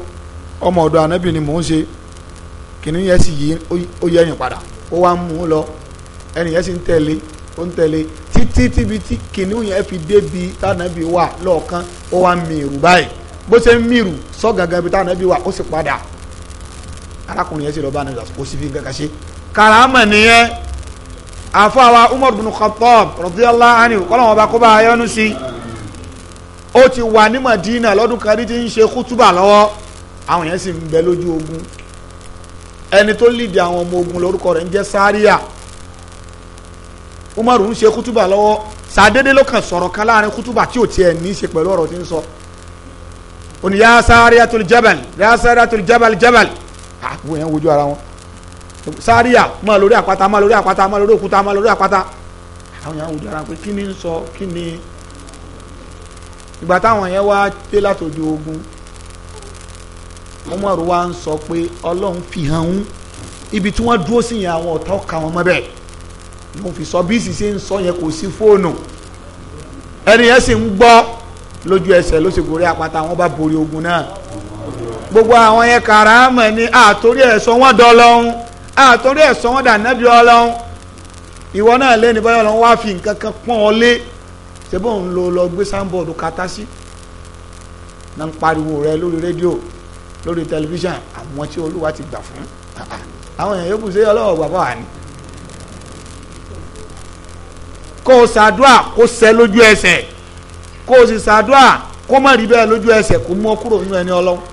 ọmọ ọ̀dọ̀ ni mò ń ṣe kìnìún yẹn sì yí ó yẹ padà ó wá ń mú un lọ ẹnì yẹn sì ń tẹ̀lé ó ń tẹ̀lé títí tíbi tí kìnìún yẹn fi débi tànábì wà lọ́ọ̀kan ó wá lọ bá fi gàgà àfáwa Umar bin Khattab radiyallahu anhu kọ́lọ́wọ́n ọba kó bá a yọ́nú sí i ó ti wà ní Madina lọ́dún kan ní ti ń ṣe kútúbà lọ́wọ́ àwọn yẹn sì ń bẹ lójú ogun ẹni tó lìdí àwọn ọmọ ogun lórúkọ rẹ̀ ń jẹ́ sáríà Umar ń ṣe kútúbà lọ́wọ́ sàdédé ló kàn sọ̀rọ̀ kan láàrin kútúbà tí ò tiẹ̀ ní í ṣe pẹ̀lú ọ̀rọ̀ tí ń sọ òní sáríà tó lè jabal yá sáríà tó lè jabal jabal ah, àbúrò yẹn wojú ara wọn sáríà máa lórí àpáta máa lórí àpáta máa lórí òkúta máa lórí àpáta àwọn yàrá wùdí ara pé kí ni ń sọ kí ni ìgbà táwọn yẹn wá dé látòjú ogun Umaru wa ń sọ pé Ọlọ́run fi hàn ń ibi tí wọ́n dúró sí yẹn àwọn ọ̀tá ka wọn mọ́ bẹ́ẹ̀ ni wọ́n fi sọ bí sì ṣe ń sọ yẹn kò sí fóònù ẹni yẹn sì ń gbọ́ lójú ẹsẹ̀ ló sì gorí àpáta wọn bá borí ogun náà gbogbo àwọn yẹn kàràmọ̀ ni àtòrí ẹ̀ sọ wọ́n dọ́ lọ́hún àtọ́rí ẹ̀ sọ wọ́n dà nábì ọlọ́run ìwọ náà lẹ́ni bọ́yá ọlọ́run wá fi nǹkan kan pọ́n ọ lé ṣé bóun lo lọ gbé sáńbọ̀dù kata sí náà ń pariwo rẹ lórí rédíò lórí tẹlifíṣàn àwọn tí olúwa ti gbà fún ah, ah. àwọn èèyàn yókù sí ọlọ́wọ́ gbà bá wà ní. kó o ṣàdúà kó ṣẹ lójú ẹsẹ̀ kó o sì ṣàdúà kó má rí bẹ́ẹ̀ lójú ẹsẹ̀ kó mú ọ kúrò nínú ẹni ọlọ́run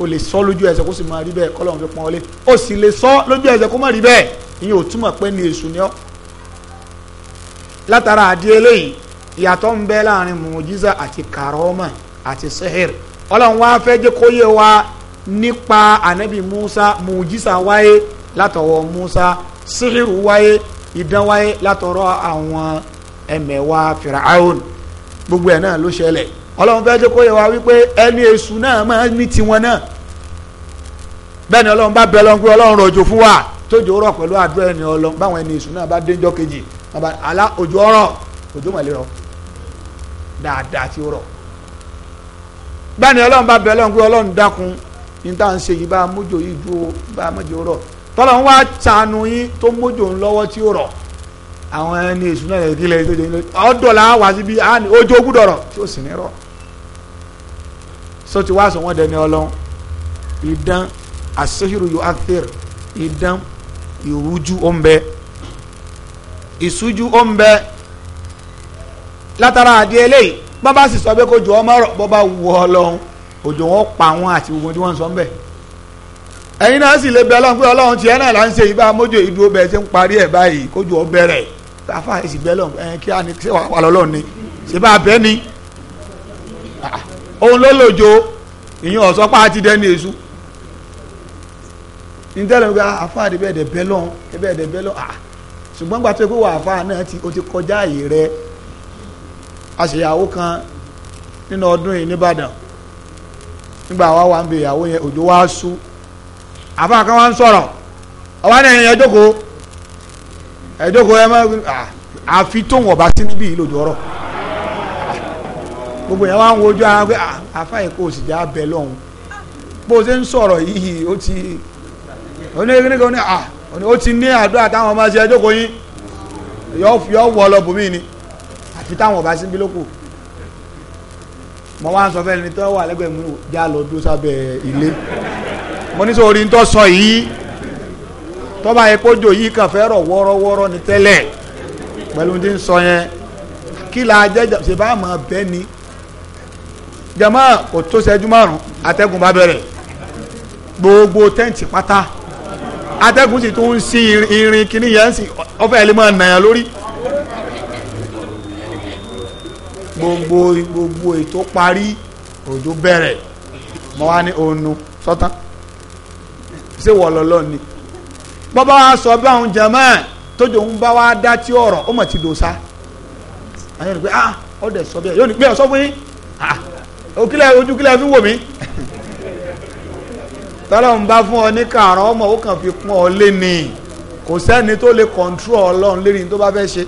o lè sọ lójú ẹsẹ̀ kó sì máa rí bẹ́ẹ̀ kọ́lọ́run fi pọ́n ọ lé o sì lè sọ lójú ẹsẹ̀ kó má rí bẹ́ẹ̀ ìyẹn ò túmọ̀ pé ní èṣù ni ọ́ látara àdí eléyìí ìyàtọ̀ ń bẹ láàrin mùjíza àti kàrọ́mà àti sehir ọlọ́run wá fẹ́ jẹ́ kó yé wa nípa anabi musa mùjíza wáyé látọwọ́ musa sehir wáyé idán wáyé látọrọ àwọn ẹmẹ̀wà fìràhàn gbogbo ẹ̀ náà ló ṣẹlẹ̀ ọlọ́run fẹ́ jẹ́ kó yẹ wá wípé ẹni èṣù náà máa ní tiwọn náà bẹ́ẹ̀ ni ọlọ́run bá bẹ lọ́n pé ọlọ́run rọ̀jò fún wa tójò rọ̀ pẹ̀lú àdúrà ẹni ọlọ́run báwọn ẹni èṣù náà bá dé ńjọ́ kejì àlá òjò ọ̀rọ̀ òjò mọ̀lẹ́ rọ̀ dáadáa ti rọ̀ bẹ́ẹ̀ ni ọlọ́run bá bẹ lọ́n pé ọlọ́run dákun ní tá à ń ṣe yìí bá a mójò yìí dúró bá a mójò rọ̀ tọ́lọ́run wá tànù yín tó mójò ń lọ́wọ́ tí ó rọ̀ àwọn ẹni èṣù náà lè kí lè tó jẹ́ ọ̀dọ̀ làwọn wá síbi òjò gbúdọ̀ rọ̀ tí ó sì ní rọ̀ sọ ti wá sọ wọn dẹni Ọlọ́run idán asehiru yu athir idán ìrújú ó ń bẹ ìsújú ó ń bẹ látara àdé eléyìí bàbá sì sọ pé kó jọ ọmọ rọ bọba wù ọ lọhùn òjò wọn pa wọn àti gbogbo tí wọn sọ ń bẹ ẹ̀yin náà sì lè bẹ Ọlọ́run pé Ọlọ́run tiẹ̀ náà là ń ṣe ìbá mójú ìdúró bẹ́ẹ̀ ṣe ń parí ẹ̀ báyìí kó jọ ọ bẹ̀rẹ̀ tàfà èsì bẹ ẹ kí á ní ṣé wàá wà lọlọrun ni ṣé bá a bẹ ni òun ló lòjó ìyẹn ọ̀sọ́ pa àti dẹ́ni èṣù ní tẹ́lẹ̀ nípa ah, àfáà níbẹ̀ ẹ̀dẹ̀ bẹ́ lọ́n ẹ̀dẹ̀ bẹ́ lọ́n à ah, ṣùgbọ́n gbàtọ́ pé wà àfáà náà ti o ti kọjá àyè rẹ àṣeyàwó kan nínú ọdún yìí nìbàdàn nígbà wa wà ń ìyàwó yẹn òjò sú àfáà kan wá ń sọ̀rọ̀ ọwọ́ náà ah, àfi tóun ọ̀bá sí níbí ọ̀rọ̀ gbogbo yẹn wá ń wojú ara pé àfáà èkó ò sì já bẹ lọ́hùn bó o ṣe ń sọ̀rọ̀ yìí ó ti oníkíníkà ó ní à ó ti ní àdúrà táwọn ọmọ ṣe ẹjọ́ kò yín yọ wọ ọlọ́bùnmí ni àfi táwọn ọba síbi lóko mo wá ń sọ fẹ́ ni tó wà lẹ́gbẹ̀ẹ́ mi já lọ dúró sábẹ́ ilé mo ní sọ orin tó sọ yìí tọ́ba yẹn kójó yìí kàn fẹ́ rọ̀ wọ́rọ́wọ́rọ́ ni tẹ́lẹ̀ pẹ̀lú ti ń sọ yẹn kí la jẹ́ ṣe bá mọ̀ bẹ́ẹ̀ ni jama kò tó ṣẹ́jú márùn atẹ́gùn bá bẹ̀rẹ̀ gbogbo tẹ́ǹtì pátá atẹ́gùn sì tún ń sí irin kìíní yẹn ń sì ọ̀fẹ́ ẹ̀ lè máa nàyàn lórí gbogbo gbogbo ètò parí òjò bẹ̀rẹ̀ mo wá ní onu sọ́tán ṣé wọ́n lọ́lọ́ ni bọ́bá wa sọ bí àwọn jama tójò ń bá wa dá tí ọ̀rọ̀ ó mọ̀ ti dòsa àyẹ̀wò pé ah ọ̀dẹ̀ sọ bẹ́ẹ̀ yóò ní pé ọ̀sọ́ fún yín ah òkìlẹ̀ ojú kílẹ̀ fi wò mí tọ́lọ́run bá fún ọ ní kàrán ọmọ ó kàn fi pọ́n ọ lé ni kò sẹ́ni tó lè kọ̀ǹtúrò ọlọ́run lérí tó bá fẹ́ ṣe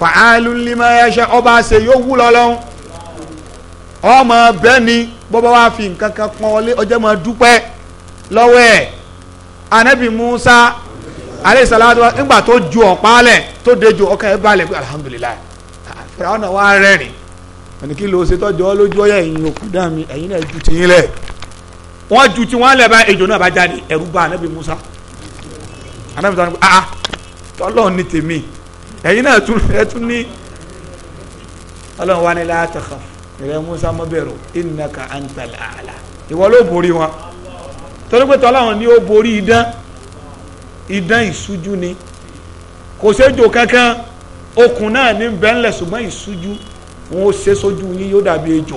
fàálù lima ẹṣẹ ọba ṣe yóò wú lọ́lọ́run ọmọ bẹ́ẹ̀ ni bọ́bá wa fi nǹkan kan pọ́n ọ lé ọjọ́ máa dúpẹ́ lọ́wọ́ ẹ̀ anabi musa aleyhi salatu wa nígbà tó ju ọ̀pá lẹ̀ tó dejò ọkàn ẹ̀ balẹ̀ pé alihamudulilayi fìràwọ̀n rẹ́rìn ẹni kí ló ṣe tọ́jọ́ lójú ọ̀yà ẹ̀yìn òkúdá mi ẹ̀yìn náà ju tiyín lẹ̀ wọ́n ju tí wọ́n lẹ̀ bá ejò náà bá jáde ẹ̀rú bá anabi musa anabi sọ ah tọ́lọ́ ah, ní tèmi ẹ̀yìn náà ẹ tún ní ọlọ́run wa ni la takhaf ẹ̀rẹ́ musa má bẹ̀rù innaka antal a'la ìwọ ló borí wọn torí pé tọ́láwọn ni ó borí idán idán ìṣújú ni kò séjò kankan okùn náà ní bẹ́ńlẹ̀ ṣùgbọ́n ìṣújú wọn ó ṣe sójú yín yóò dàbí ejò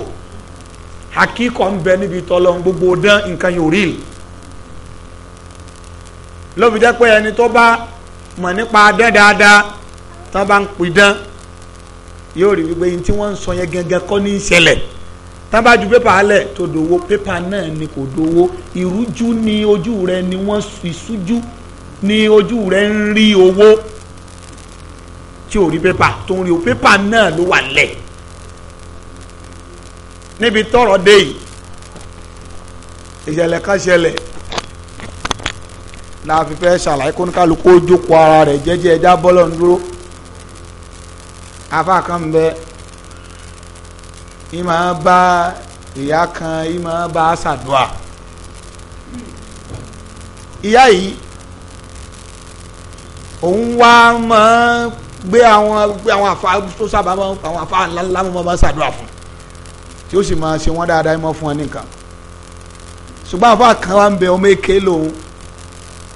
akíkọ̀ ń bẹ níbi tọ́lọ́ gbogbo dán nǹkan yóò rí lóbi jẹ́ pé ẹni tó bá mọ̀ nípa dán dáadáa tán bá ń pidán yóò rí wípé yín tí wọ́n ń sọ yẹn gangan kọ́ ní ìṣẹ̀lẹ̀ tán bá ju pépà alẹ̀ tó dòwó pépà náà ni kò dòwó ìrújú ni ojú rẹ ni wọ́n ìṣújú ni ojú rẹ ń rí owó tí ò rí pépà tó ń rí o pépà náà ló wà lẹ́ẹ̀ níbi tọ́rọ̀ dé yìí ìṣẹ̀lẹ̀ kan ṣẹlẹ̀ la fi fẹ́ ṣàlàyé kó ní kálukú ojókòó ara rẹ̀ jẹ́jẹ́ ẹja bọ́lọ̀ ń dúró afa kan bẹ ìmọ̀ bá ìyá kan ìmọ̀ bá ṣàdúà ìyá yìí òun wá máa gbé àwọn gbé àwọn àfa tó sábà máa àwọn àfa ńláńlá máa ṣàdúà fún tí ó sì máa ṣe wọ́n dáadáa ẹ mọ́ fún wọn nìkan ṣùgbọ́n àfa kan wá ń bẹ ọmọ èké lòun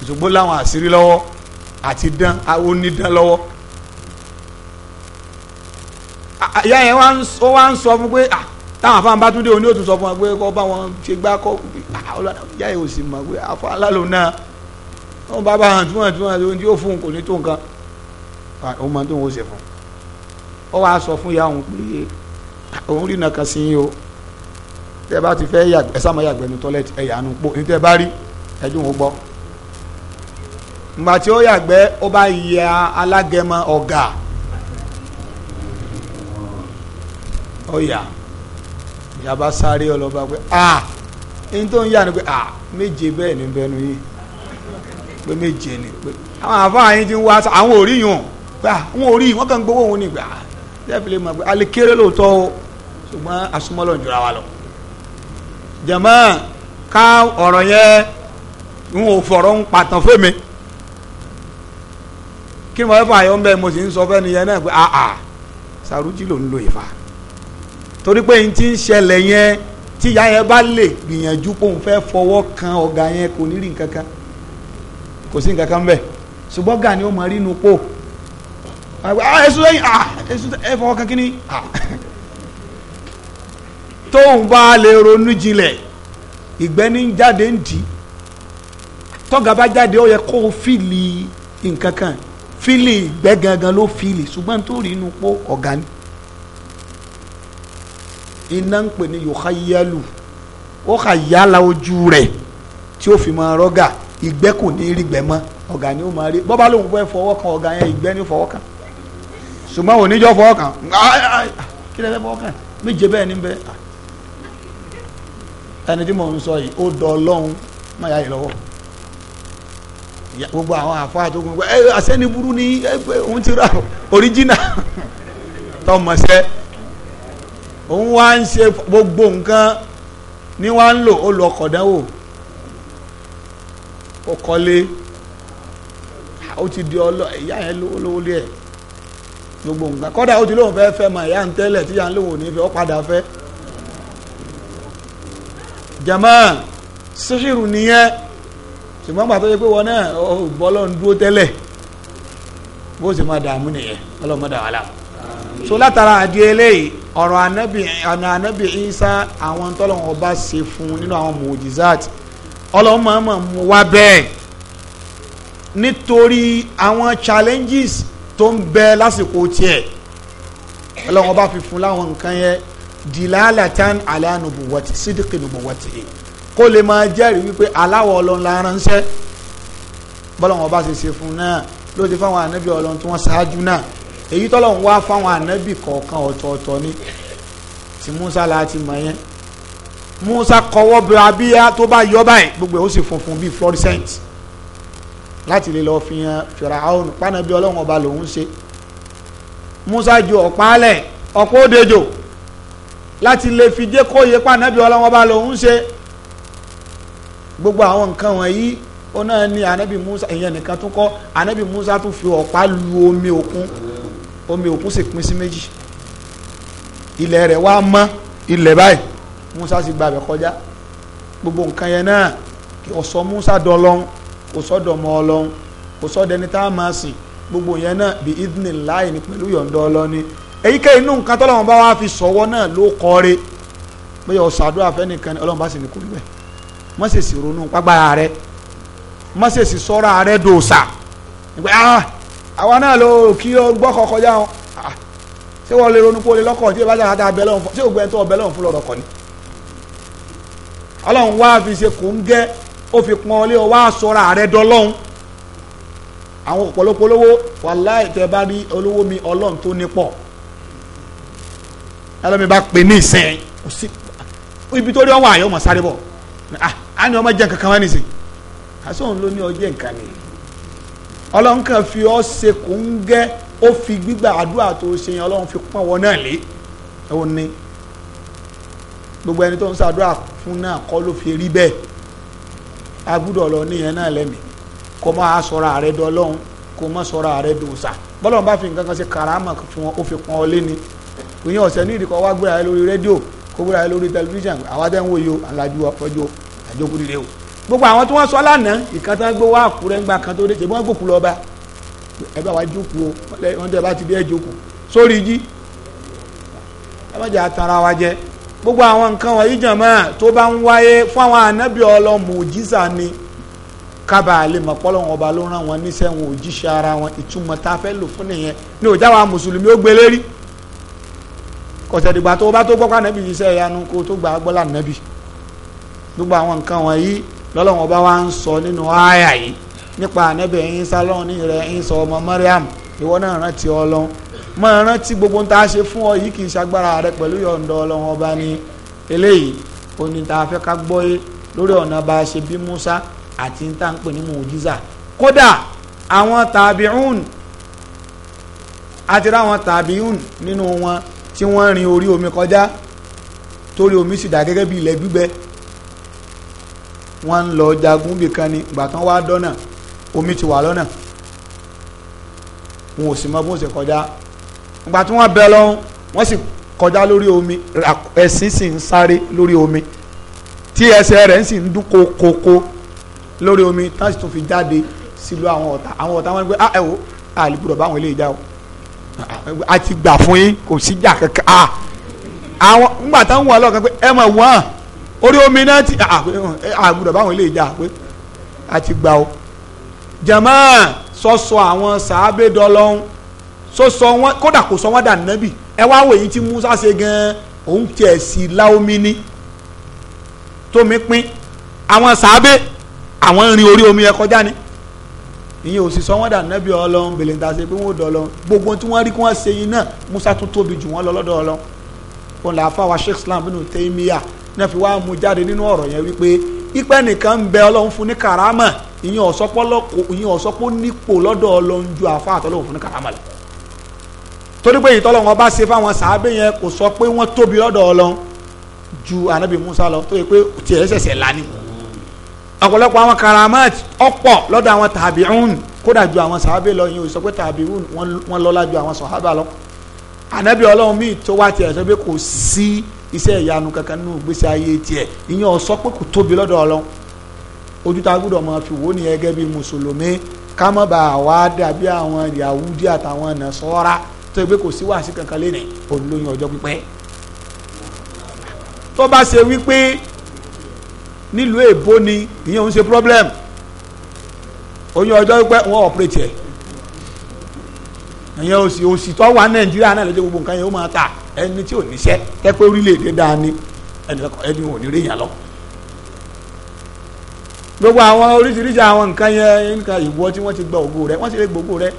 ṣùgbọ́n láwọn àṣírí lọ́wọ́ àti dán onídán lọ́wọ́ ìyá yẹn ó wá ń sọ fún pé táwọn afáàn bá tún dé òní ó tún sọ fún wọn pé kọ́ bá wọn ṣe gbá kọ́ ìyá yẹn ò sì mọ̀ pé afọ alálò náà wọn bá bá hàn túmọ̀ túmọ̀ ohun tí ó fún un kò ní tó nǹkan ó mọ tó ń wọ́n ṣe fún un ó wá sọ fún ìyá òun pé òun rí nàkan sí yín o tẹ bá ti fẹ́ yàgbẹ́ ẹ sáà máa yàgbẹ́ nu tọ́lẹ̀tì ẹ̀yà nu pò ní tẹ bá rí ẹdùn ó gbọ́ ìgbà ó yàgbẹ́ ó bá ya alágẹmọ ọ̀gà ọ̀yà ìyàbá sáré ọlọ́ba pé ah ní tó ń yà ni pé ah méje bẹ́ẹ̀ ni bẹ́ẹ̀ nu yìí pé méje ni pé àwọn àfáà yín ti ń wá àwọn ò rí yùn pé àwọn ò yìí wọ́n kàn ń gbowó òun ni pé ah tẹ́ẹ̀fì lè mọ̀ pé alẹ́ kéré lóòótọ́ o ṣùgbọ́n asúmọ́lọ̀ ń jura wa lọ. jẹ̀mọ́ ká ọ̀rọ̀ yẹn n ò fọ̀rọ̀ ń pàtàn fẹ́mi kí ni mo fẹ́ fà yọ ń bẹ́ẹ̀ mo sì ń sọ fẹ́ nìyẹn náà pé àà sàrújì ló ń lo ìfà torí pé n ti ń ṣẹlẹ̀ yẹn tí ìyá yẹn bá lè gbìyànjú pé òun fẹ́ fọwọ́ kan ọ̀gá yẹn kò ní rí nǹkan kan kò sí nǹkan kan bẹ́ẹ̀ ṣùgbọ́n ọ̀gá ni ó mọ rí inú pò ẹ sún lẹ́yìn fọwọ́ kan kí ni tóun bá lè ronú jinlẹ̀ ìgbẹ́ ní jáde ń dì í bá jáde ó yẹ kó o fìlì nǹkan kan fìlì ìgbẹ́ gangan ló fìlì ṣùgbọ́n tó rí inú pó ọ̀gá ni iná ń pè ní yòókàyálù ó kà yálà ojú rẹ̀ tí ó fi máa rọ́gà ìgbẹ́ kò ní rí gbẹ́ mọ́ ọ̀gá ni ó máa rí bọ́bá lòun fẹ́ fọwọ́ kan ọ̀gá yẹn ìgbẹ́ ni fọwọ́ kan ṣùgbọ́n òníjọ́ fọwọ́ kan kí lè fẹ́ fọwọ́ kan méje bẹ́ẹ̀ ni bẹ́ẹ̀ ẹni tí mò ń sọ yìí ó dọ ọlọ́run má yà yìí lọ́wọ́ gbogbo àwọn àfáà tó kún ẹ asẹ́ni burú ni òun ti ra oríjìnà tọmọṣẹ́ òun wá ń ṣe gbogbo nǹkan ni wá ń lò ó lọ ọkọ̀ dánwò ó kọ́lé ó ti di ọlọ ìyá yẹn lówó lé ẹ̀ gbogbo nǹkan kọ́dà ó ti lóun fẹ́ fẹ́ mọ ìyá ń tẹ́lẹ̀ tíyà ń lòun ò ní fẹ́ ó padà fẹ́ jama sihiru nìyẹn ṣùgbọ́n gbàtọ́ yẹ pé wọn náà bọ́lọ̀ ń dúró tẹ́lẹ̀ bó ṣe máa dààmú nìyẹn ọlọ́run má dà wá láàmú. so látara àdí eléyìí ọ̀rọ̀ anabi ọ̀nà anabi isa àwọn tọ́lọ́run ọba ṣe fún nínú àwọn mojizat ọlọ́run máa mọ̀ mú wá bẹ́ẹ̀ nítorí àwọn challenges tó ń bẹ lásìkò tiẹ̀ ọlọ́run ọba fi fún láwọn nǹkan yẹn dilalatan ala nubuwati sidiki nubuwati e kó lè máa jẹ́rìí wípé aláwọ̀ ọlọ́run la ránṣẹ́ bọ́lọ́wọ́n bá ṣe ṣe fún náà ló ti fáwọn ànábì ọlọ́run tí wọ́n ṣáájú náà èyí tọ́lọ́run wá fáwọn ànábì kọ̀ọ̀kan ọ̀tọ̀ọ̀tọ̀ ni tí Musa la ti mọ̀ yẹn Musa kọwọ́ bí abíyá tó bá yọ báyìí gbogbo ẹ̀ ó sì funfun bíi fluorescent láti lè lọ́ọ́ fi hàn Fíráúnù pànàbí ọlọ́run ọba lòún ṣe Musa ju ọ̀pá alẹ̀ ọ̀pọ̀ òdejò láti lè fi dé kóye pànàbí ọlọ́wọ́n bá lòun ṣe gbogbo àwọn nǹkan wọ̀nyí ó náà ní anabi musa ìyẹn nìkan tún kọ́ anabi musa tún fi ọ̀pá lu omi òkun omi òkun sì pín sí méjì ilẹ̀ rẹ̀ wá mọ́ ilẹ̀ báyìí musa sì gbàbẹ̀ kọjá gbogbo nǹkan yẹn náà ó sọ musa dọlọ́n ó sọ dọmọ ọlọ́n ó sọ dẹni tá a máa sìn gbogbo yẹn náà bí idnillahi ni pẹ̀lú yọ̀ǹda ọlọ́ni èyíkéyìí inú nǹkan tọ́lọ́wọ́n bá wá fi sọ̀wọ́ náà ló kọ́re pé ọ̀sàdúrà fẹ́nìkan ọlọ́run bá sì ní kó rí bẹ́ẹ̀ má sì sì ronú pàgbára rẹ má sì sì sọ́ra rẹ dòòsà ìgbà ah àwa náà ló kí ó gbọ́ kọkọjá wọn ah ṣé wọ́n lè ronú kó lè lọ́kọ̀ tí ó bá jà dáadáa bẹ́ẹ̀ lọ́hùn ṣé ògbẹ́ tó ọbẹ̀ lọ́hùn fún lọ́rọ̀ kọ́ ni. ọlọ́run wá fi ṣe kò ń gẹ́ ó fi pọn ọ lé ọ wá sọ́ra rẹ dọ́lọ́hùn àwọn ọ̀pọ̀lọpọ̀ olówó wàláì tẹ́ rí olówó mi ọlọ́run tó nípọ̀ ẹlẹ́mi bá pè ní ìsìn ibi tó rí ọwọ́ àyọ̀ mọ̀ sáré bọ̀ á ah, ní ọmọ jẹ́ nǹkan wá nìsín àsọ̀hún ló ní ọjẹ́ nǹkan ni ọlọ́nkàn fi ọ́ ṣe kò ń gẹ́ ó fi gbígbà àdúrà tó ṣe yẹn ọlọ́run fi pọ́n wọn náà lé ẹ̀wọ̀n ni gbogbo ẹni tó ń ṣàdúrà fún náà kọ́ ló fi rí bẹ́ẹ̀ a gbúdọ̀ lọ níyẹn náà lẹ́mìí kó máa sọ̀rọ̀ ààrẹ dọ́lọ́run kó má sọ̀rọ̀ ààrẹ dòòṣà bọ́lọ́run bá fi nǹkan kan ṣe kàrámà fún wọn ó fi pọ́n ọ lé ni ìyẹn ọ̀sẹ̀ ní ìdíkọ̀ wá gbéra ẹ lórí rédíò kó gbéra ẹ lórí tẹlifíṣàn àwa tẹ́ ń wo yo alájú ọjọ́ àjọkú rire o gbogbo àwọn tí wọ́n sọ lánàá ìkan tán gbé wá àkúrẹ́ ńgbà kan tó dé ṣe wọ́n gòkú lọ́ba ẹ bá wa jókòó wọ́n tẹ́ bá ti dé ẹ jókòó sórí jí ẹ má wa jẹ́ gbogbo àwọn nǹkan wọ̀nyí jàmáà tó bá ń wáyé fún àwọn ànábì ọlọ́mù ọba ló rán wọn níṣẹ́ wọn òjíṣẹ́ ara wọn ìtumọ̀ tá a fẹ́ lò fún nìyẹn ní òjá wa mùsùlùmí ó gbé lérí kọ̀sẹ̀ dìgbà tó o bá tó gbọ́ pànàbí yìí sẹ́ ìyanu kó o tó gbà á gbọ́ lànàbí gbogbo àwọn nǹkan wọ̀nyí lọ́lọ́wọ́n bá wa ń sọ nínú àyà yìí nípa ànẹ́bẹ̀ ẹ̀yin sálọ́ọ̀ ní rẹ̀ ẹ̀yin sọ ọmọ Mariam ìwọ náà rántí Ọlọ́run máa rántí gbogbo ń tá a ṣe fún ọ yìí kì í ṣagbára rẹ pẹ̀lú yọ̀ǹda Ọlọ́run ọba ni eléyìí oní tá fẹ́ ká gbọ́ yé lórí ọ̀nà bá ṣe bí Musa àti ń tá ní mùjíza kódà àwọn tàbíùn àti ráwọn tàbíùn nínú wọn tí wọ́n rin orí omi kọjá torí omi sì dà gẹ́gẹ́ bí ilẹ̀ gbígbẹ wọ́n ń lọ jagun bí kan ni ìgbà kan wá dọ́nà omi ti wà lọ́nà wọn ò sì mọ bó ṣe kọjá ìgbà tí wọ́n bẹ lọ́hún wọ́n sì kọjá lórí omi ẹṣin sì ń sáré lórí omi tí ẹsẹ̀ rẹ̀ sì ń dún kokoko lórí omi tá sì tún fi jáde sílùú àwọn ọ̀tá àwọn ọ̀tá wọn gbé ah ẹ wo àlùbùdọ̀ báwọn eléyìí já o a ti gbà fún yín kò sí jà kankan a ah, àwọn ngbà táwọn wà lọ́kàn pé ẹ mọ̀ wọ́n orí omi náà ti ah, ah, àgùdọ̀ báwọn ilé ìjà pé a ti gbà o jama sọsọ àwọn sàábé dọlọ́hún sọsọ wọn kódà kò sọ wọn dà nábì ẹ wá wòye tí Musa ṣe gan òun tiẹ̀ sí láomi ní tómi pín àwọn sàábé àwọn rìn orí omi ẹ kọjá ni ìyẹn ò sì sọ wọn dà nẹ́bí ọlọ́run bèlè ta ṣe pé wọn ò dọ̀ gbogbo tí wọ́n rí kí wọ́n ṣe yín náà musa tún tóbi jù wọ́n lọ lọ́dọ̀ ọlọ́run òun là á fà wá sheikh islam nínú tẹ́míyà náà fi wá mú jáde nínú ọ̀rọ̀ yẹn wípé ipẹ́ nìkan ń bẹ ọlọ́run fún ní karama ìyẹn ọ̀sọ́pọ̀ nípò lọ́dọ̀ ọlọ́run ju àfa àtọ́lọ́run fún ní karama lọ torí pé ìtọ́lọ́ wọn bá ṣe fáwọn sàábẹ́ yẹn kò sọ pé wọ́n tóbi lọ́dọ̀ ọlọ́run ju anabi musa lọ tó yẹ pé tiẹ̀ ṣẹ̀ṣẹ̀ lánìí ọ̀pọ̀lọpọ̀ àwọn karamat ọ̀pọ̀ lọ́dọ̀ àwọn tàbíùn kódà ju àwọn sàábẹ̀ lọ yìí ó sọ pé tàbíùn wọn lọ́lá ju àwọn sàábà lọ ànábì ọlọ́run míì tó wá tiẹ̀ sọ pé kò sí iṣẹ́ ìyanu kankan nínú ìgbésí ayé tiẹ̀ ìyẹn ó sọ pé kò tóbi lọ́dọ̀ ọlọ́run ojú tá a gbọ́dọ̀ máa fi wò ní ẹgẹ́ bíi mùsùlùmí ká má bàa wá dàbí àwọn yahudi àtàwọn nàṣọ́ra tó yẹ pé kò sí wàásì kankan lé ní òun lóyún ọjọ́ pípẹ́ tó bá ṣe wípé nílùú èbó ni ìyẹn ń ṣe problem oyún ọjọ́ pẹ́ wọ́n ọ̀pẹ̀rẹ̀tì ẹ̀ ìyẹn òsì òsì tó wà nàìjíríà náà lọ́jọ́ gbogbo nǹkan yẹn ó máa ta ẹni tí ò níṣẹ́ tẹ́pẹ́ orílẹ̀-èdè dáa ni ẹni ò ní rí yàn lọ. gbogbo àwọn oríṣiríṣi àwọn nǹkan yẹn nǹkan ìwọ tí wọ́n ti gba ògo rẹ wọ́n sì lè gbogbo rẹ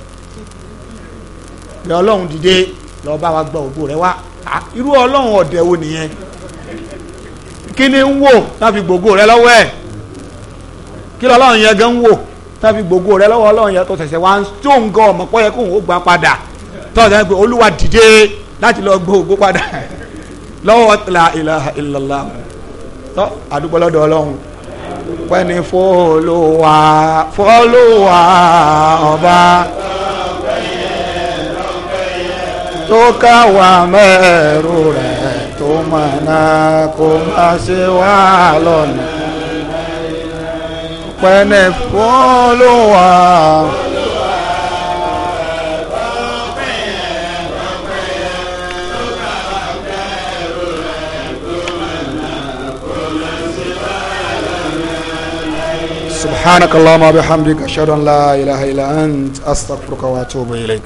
bí ọlọ́run dìde lọ́ọ́ bá wa gba ògo rẹ wá irú ọlọ́run ọ̀dẹ̀ wo nìyẹn kí ni ń wò táfi gbogbo rẹ lọ́wọ́ ẹ̀ kí lọ́ yẹn gan ń wò táfi gbogbo rẹ lọ́wọ́ ọlọ́run yẹn tó ṣẹ̀ṣẹ̀ wá ń tó nǹkan ọmọ pọ́ kó òun gbà padà tọ́wọ́ sẹ́yìn pé olúwa dìde láti lọ gbó ògbó padà lọ́wọ́ la ilaha illallah tọ́ àdúgbò ọlọ́run pẹ́ni fọ́ọ̀lùwà fọ́ọ̀lùwà ọba tó káwà mẹ́rù rẹ̀. أسوال سبحانك اللهم وبحمدك أشهد أن لا إله إلا أنت أستغفرك وأتوب إليك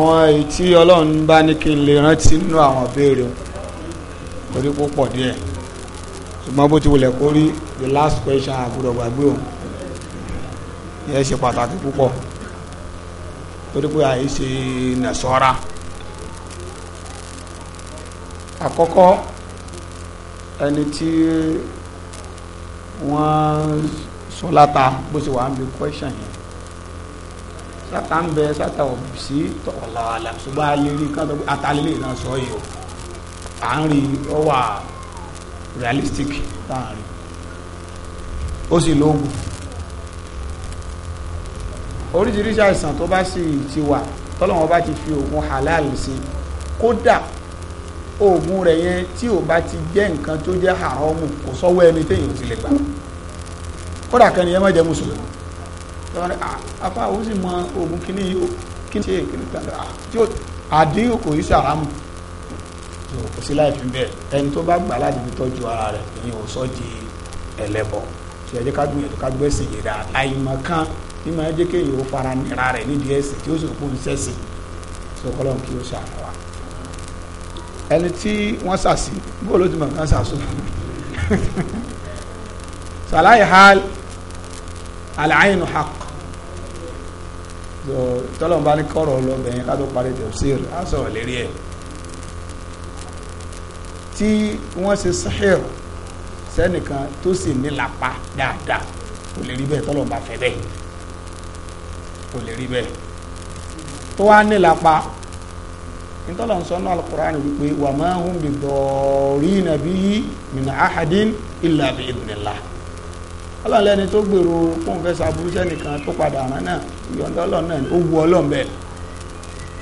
àwọn èyí tí ọlọ́run bá ní kí n lè rántí nínú àwọn béèrè torí púpọ̀ díẹ̀ ṣùgbọ́n bó ti wulẹ̀ kó rí the last question àbúrò gbàgbé òun yẹn ṣe pàtàkì púpọ̀ torí pé àyè ṣe nàṣọ́ra àkọ́kọ́ ẹni tí wọ́n sọ láta bó ṣe wà ń bi question yẹn sátà ń bẹ sátà ò sí tọ̀wọ̀lá àlà ṣùgbọ́n a lè rí kátó pé atalélé náà sọ yìí o à ń rí ọ wà realistic tá à ń rí ó sì lóògùn oríṣiríṣi àìsàn tó bá sì ti wà tọ́lọ́wọ́n bá ti fi oògùn halal sí kódà oògùn rẹ̀ yẹn tí ò bá ti jẹ́ nǹkan tó jẹ́ haramu kò sọ́wọ́ ẹni téèyàn ti lè gbà kódà kẹ́ni yẹn má jẹ́ mùsùlùmí lọ́wọ́n afá ah, ó sì mọ ogun kíní kíní ṣe kíní ah, tí ó àdín kò í sàrámù kò sí láì fi bẹ́ẹ̀ ẹni tó bá gbà láti fi tọ́jú ara rẹ̀ ìyẹn ò sọ di ẹlẹ́bọ̀ tí ẹ jẹ́ ká gbìyànjú ká gbé ẹ̀sìn yìí dáa àìmọ̀ kan ní máa jẹ́ kéèyàn ó fara nira rẹ̀ nídìí ẹ̀sìn tí ó sì kó ń sẹ́sìn sọkọlọ́n kí ó ṣàánú wa ẹni tí wọ́n sàsì bó ló ti mọ̀ kán sàsù sàlàyé hal àlàyé nù hàkù tọ́lọ́n bá ní kọ́rọ̀ ọlọ́bẹ̀yìn ká tó parí tafsir á sọ̀rọ̀ lérí ẹ̀ tí wọ́n ṣe sahir sẹ́nìkan tó sì nílapa dáadáa kò lè rí bẹ́ẹ̀ tọ́lọ́n bá fẹ́ bẹ́ẹ̀ kò lè rí bẹ́ẹ̀ tó wá nílapa ntọ́lọ̀ ń sọ náà alukur'an wípé wà máa ń bi dọ̀ọ̀rí nàbí mina ahadin illa bi idhnillah ọlọ́run lẹ́ni tó gbèrò kóun fẹ́ sa burúkú sẹ́nìkan tó padà rán náà ìyọ̀ǹda ọlọ́run náà ó wu ọlọ́run bẹ́ẹ̀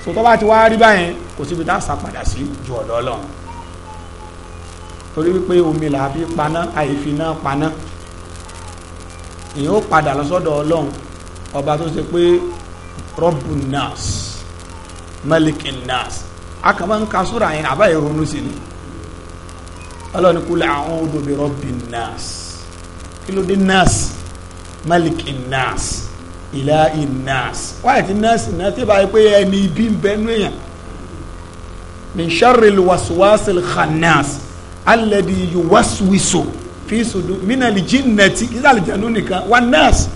so tó bá ti wá rí báyẹn kò síbi tá a sá padà sí ju ọ̀dọ̀ ọlọ́run torí wípé omi là á fi paná àìfi náà paná èyí ó padà lọ sọ́dọ̀ ọlọ́run ọba tó ṣe pé rọ́bù nas mẹ́líkì nas a kàn máa ń ka sóra yẹn àbá ìrònú sí ni ọlọ́run kú àwọn odò bí rọ́bì nas kí ló dé nas mẹ́líkì nas ìlà ìnàs wáyé tí nọ́ọ̀sì náà tí báyìí pé ẹni ibi ń bẹ nú èèyàn min sharri waswasi khannas alẹ́dì yuwaswiso fi sudu minali jinnati ìsàlẹ̀ jẹ̀nu nìkan wa nọ́ọ̀sì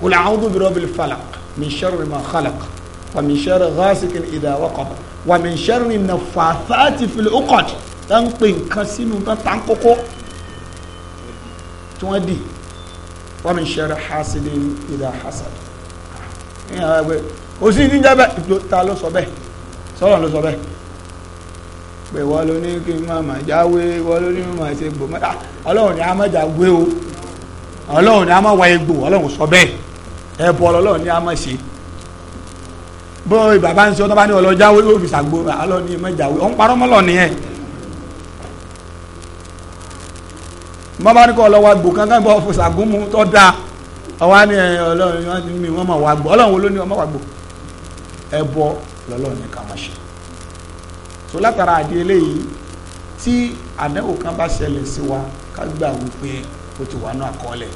qul a'udhu bi rabbil falaq min sharri ma khalaq wa min sharri ghasikin idha waqab wa min sharri naffathati fil uqad tá ń pè nǹkan sínú tá tí wọ́n dì wọ́n mi ń ṣẹ́ra hásìlì ìdá hásàdì ó sì ní jẹ́bẹ̀ ta ló sọ bẹ́ẹ̀ sọ́rọ̀ ló sọ bẹ́ẹ̀ pé wọ́n ló ní kí n máa mà jáwé wọ́n ló ní kí n máa ṣe gbò ah, ni a máa jáwé o ọlọ́run ni a máa wá egbò ọlọ́run sọ bẹ́ẹ̀ ẹ̀bọ ọlọ́run ni a máa ṣe bó bàbá ń ṣe ọtọ́ bá ní ọlọ́jáwé yóò fi ṣàgbó ọlọ́run ni a máa jáwé ọ̀ ń parọ́ mọ́lọ́ nìyẹn má bá ní kọ́ ọlọ́wà gbò kankan bọ́ ṣàgúnmu tó dáa ọwọ́ ni eh, ọlọ́run mi wọ́n máa wà gbò ọlọ́run wo ló ní ọmọ wà gbò ẹ bọ́ lọ́lọ́run ní ká máa ṣe so látara àdé eléyìí tí àdánwò kan bá ṣẹlẹ̀ sí wa ká gbà wípé ó ti wà náà kọ́lẹ̀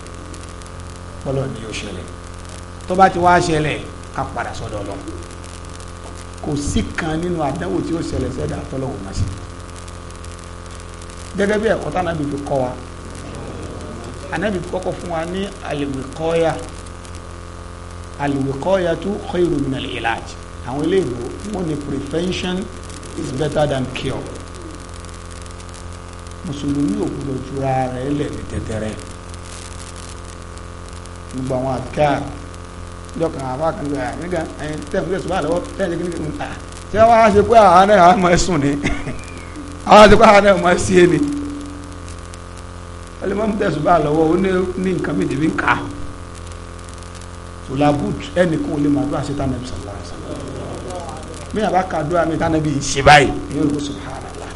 bọ́lọ̀ ni yóò ṣẹlẹ̀ tó bá ti wá ṣẹlẹ̀ ká padà sọ́dọ̀ lọ kò sí kan nínú àdánwò tí ó ṣẹlẹ̀ sẹ́dá tọ́lọ́wọ́ máa ṣe gẹ́gẹ́ bí ẹ̀kọ́ tánàbí fi kọ́ wa anabi kọ́kọ́ fún wa ní aliwikọ́ya aliwikọ́ya tó khairu min al-ilaj àwọn eléyìí wọ́n ní prevention is better than cure mùsùlùmí ò gbọdọ̀ jura rẹ̀ lẹ̀ ní tẹ̀tẹ̀rẹ̀ gbogbo àwọn àdìkáà lọ́kàn àwọn akẹ́kọ̀ọ́ ẹ̀ ah, nígbà ẹ̀yìn tẹ̀ fún ẹ̀sùn bá lọ́wọ́ tẹ̀ ẹ̀ nígbà tí wọ́n á ṣe pé àwọn náà máa sùn ni àwọn á ṣe pé àwọn náà máa ni alimami tẹ̀sùbá lọ́wọ́ ó ní nǹkan mi dìbí ń kà á tó labut ẹnìkan ò lè máa dúrà sí tánàbí sọ̀rọ̀ sọ̀rọ̀ mi àbá ka dúrà mi tánàbí ń ṣe báyìí ìyẹn olùkó subhanallah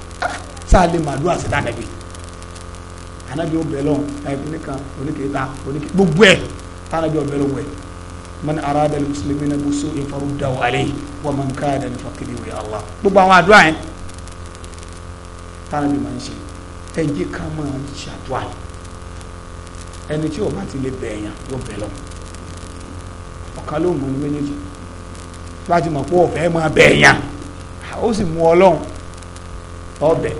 sáà lè máa dúrà sí tánàbí anabi ó bẹ̀rẹ̀ nìkan oníkèéta oníkèéta gbogbo ẹ̀ tánàbí ó bẹ̀rẹ̀ lọ́wọ́ ẹ̀ man arada muslimina busu ifarudawo alayhi wa man kaada nifakiri wa allah gbogbo àwọn àdúrà yẹn tánàbí máa ń ṣe ẹ ká máa ṣàdúrà yẹn ẹni tí o bá ti lè bẹ̀ èèyàn yóò bẹ̀ lọ ọ̀kan ló ń mọ ní méjèèjì tí wàá ti mọ̀ pé ọ̀fẹ́ máa bẹ̀ ó sì mú ọlọ́run ọbẹ̀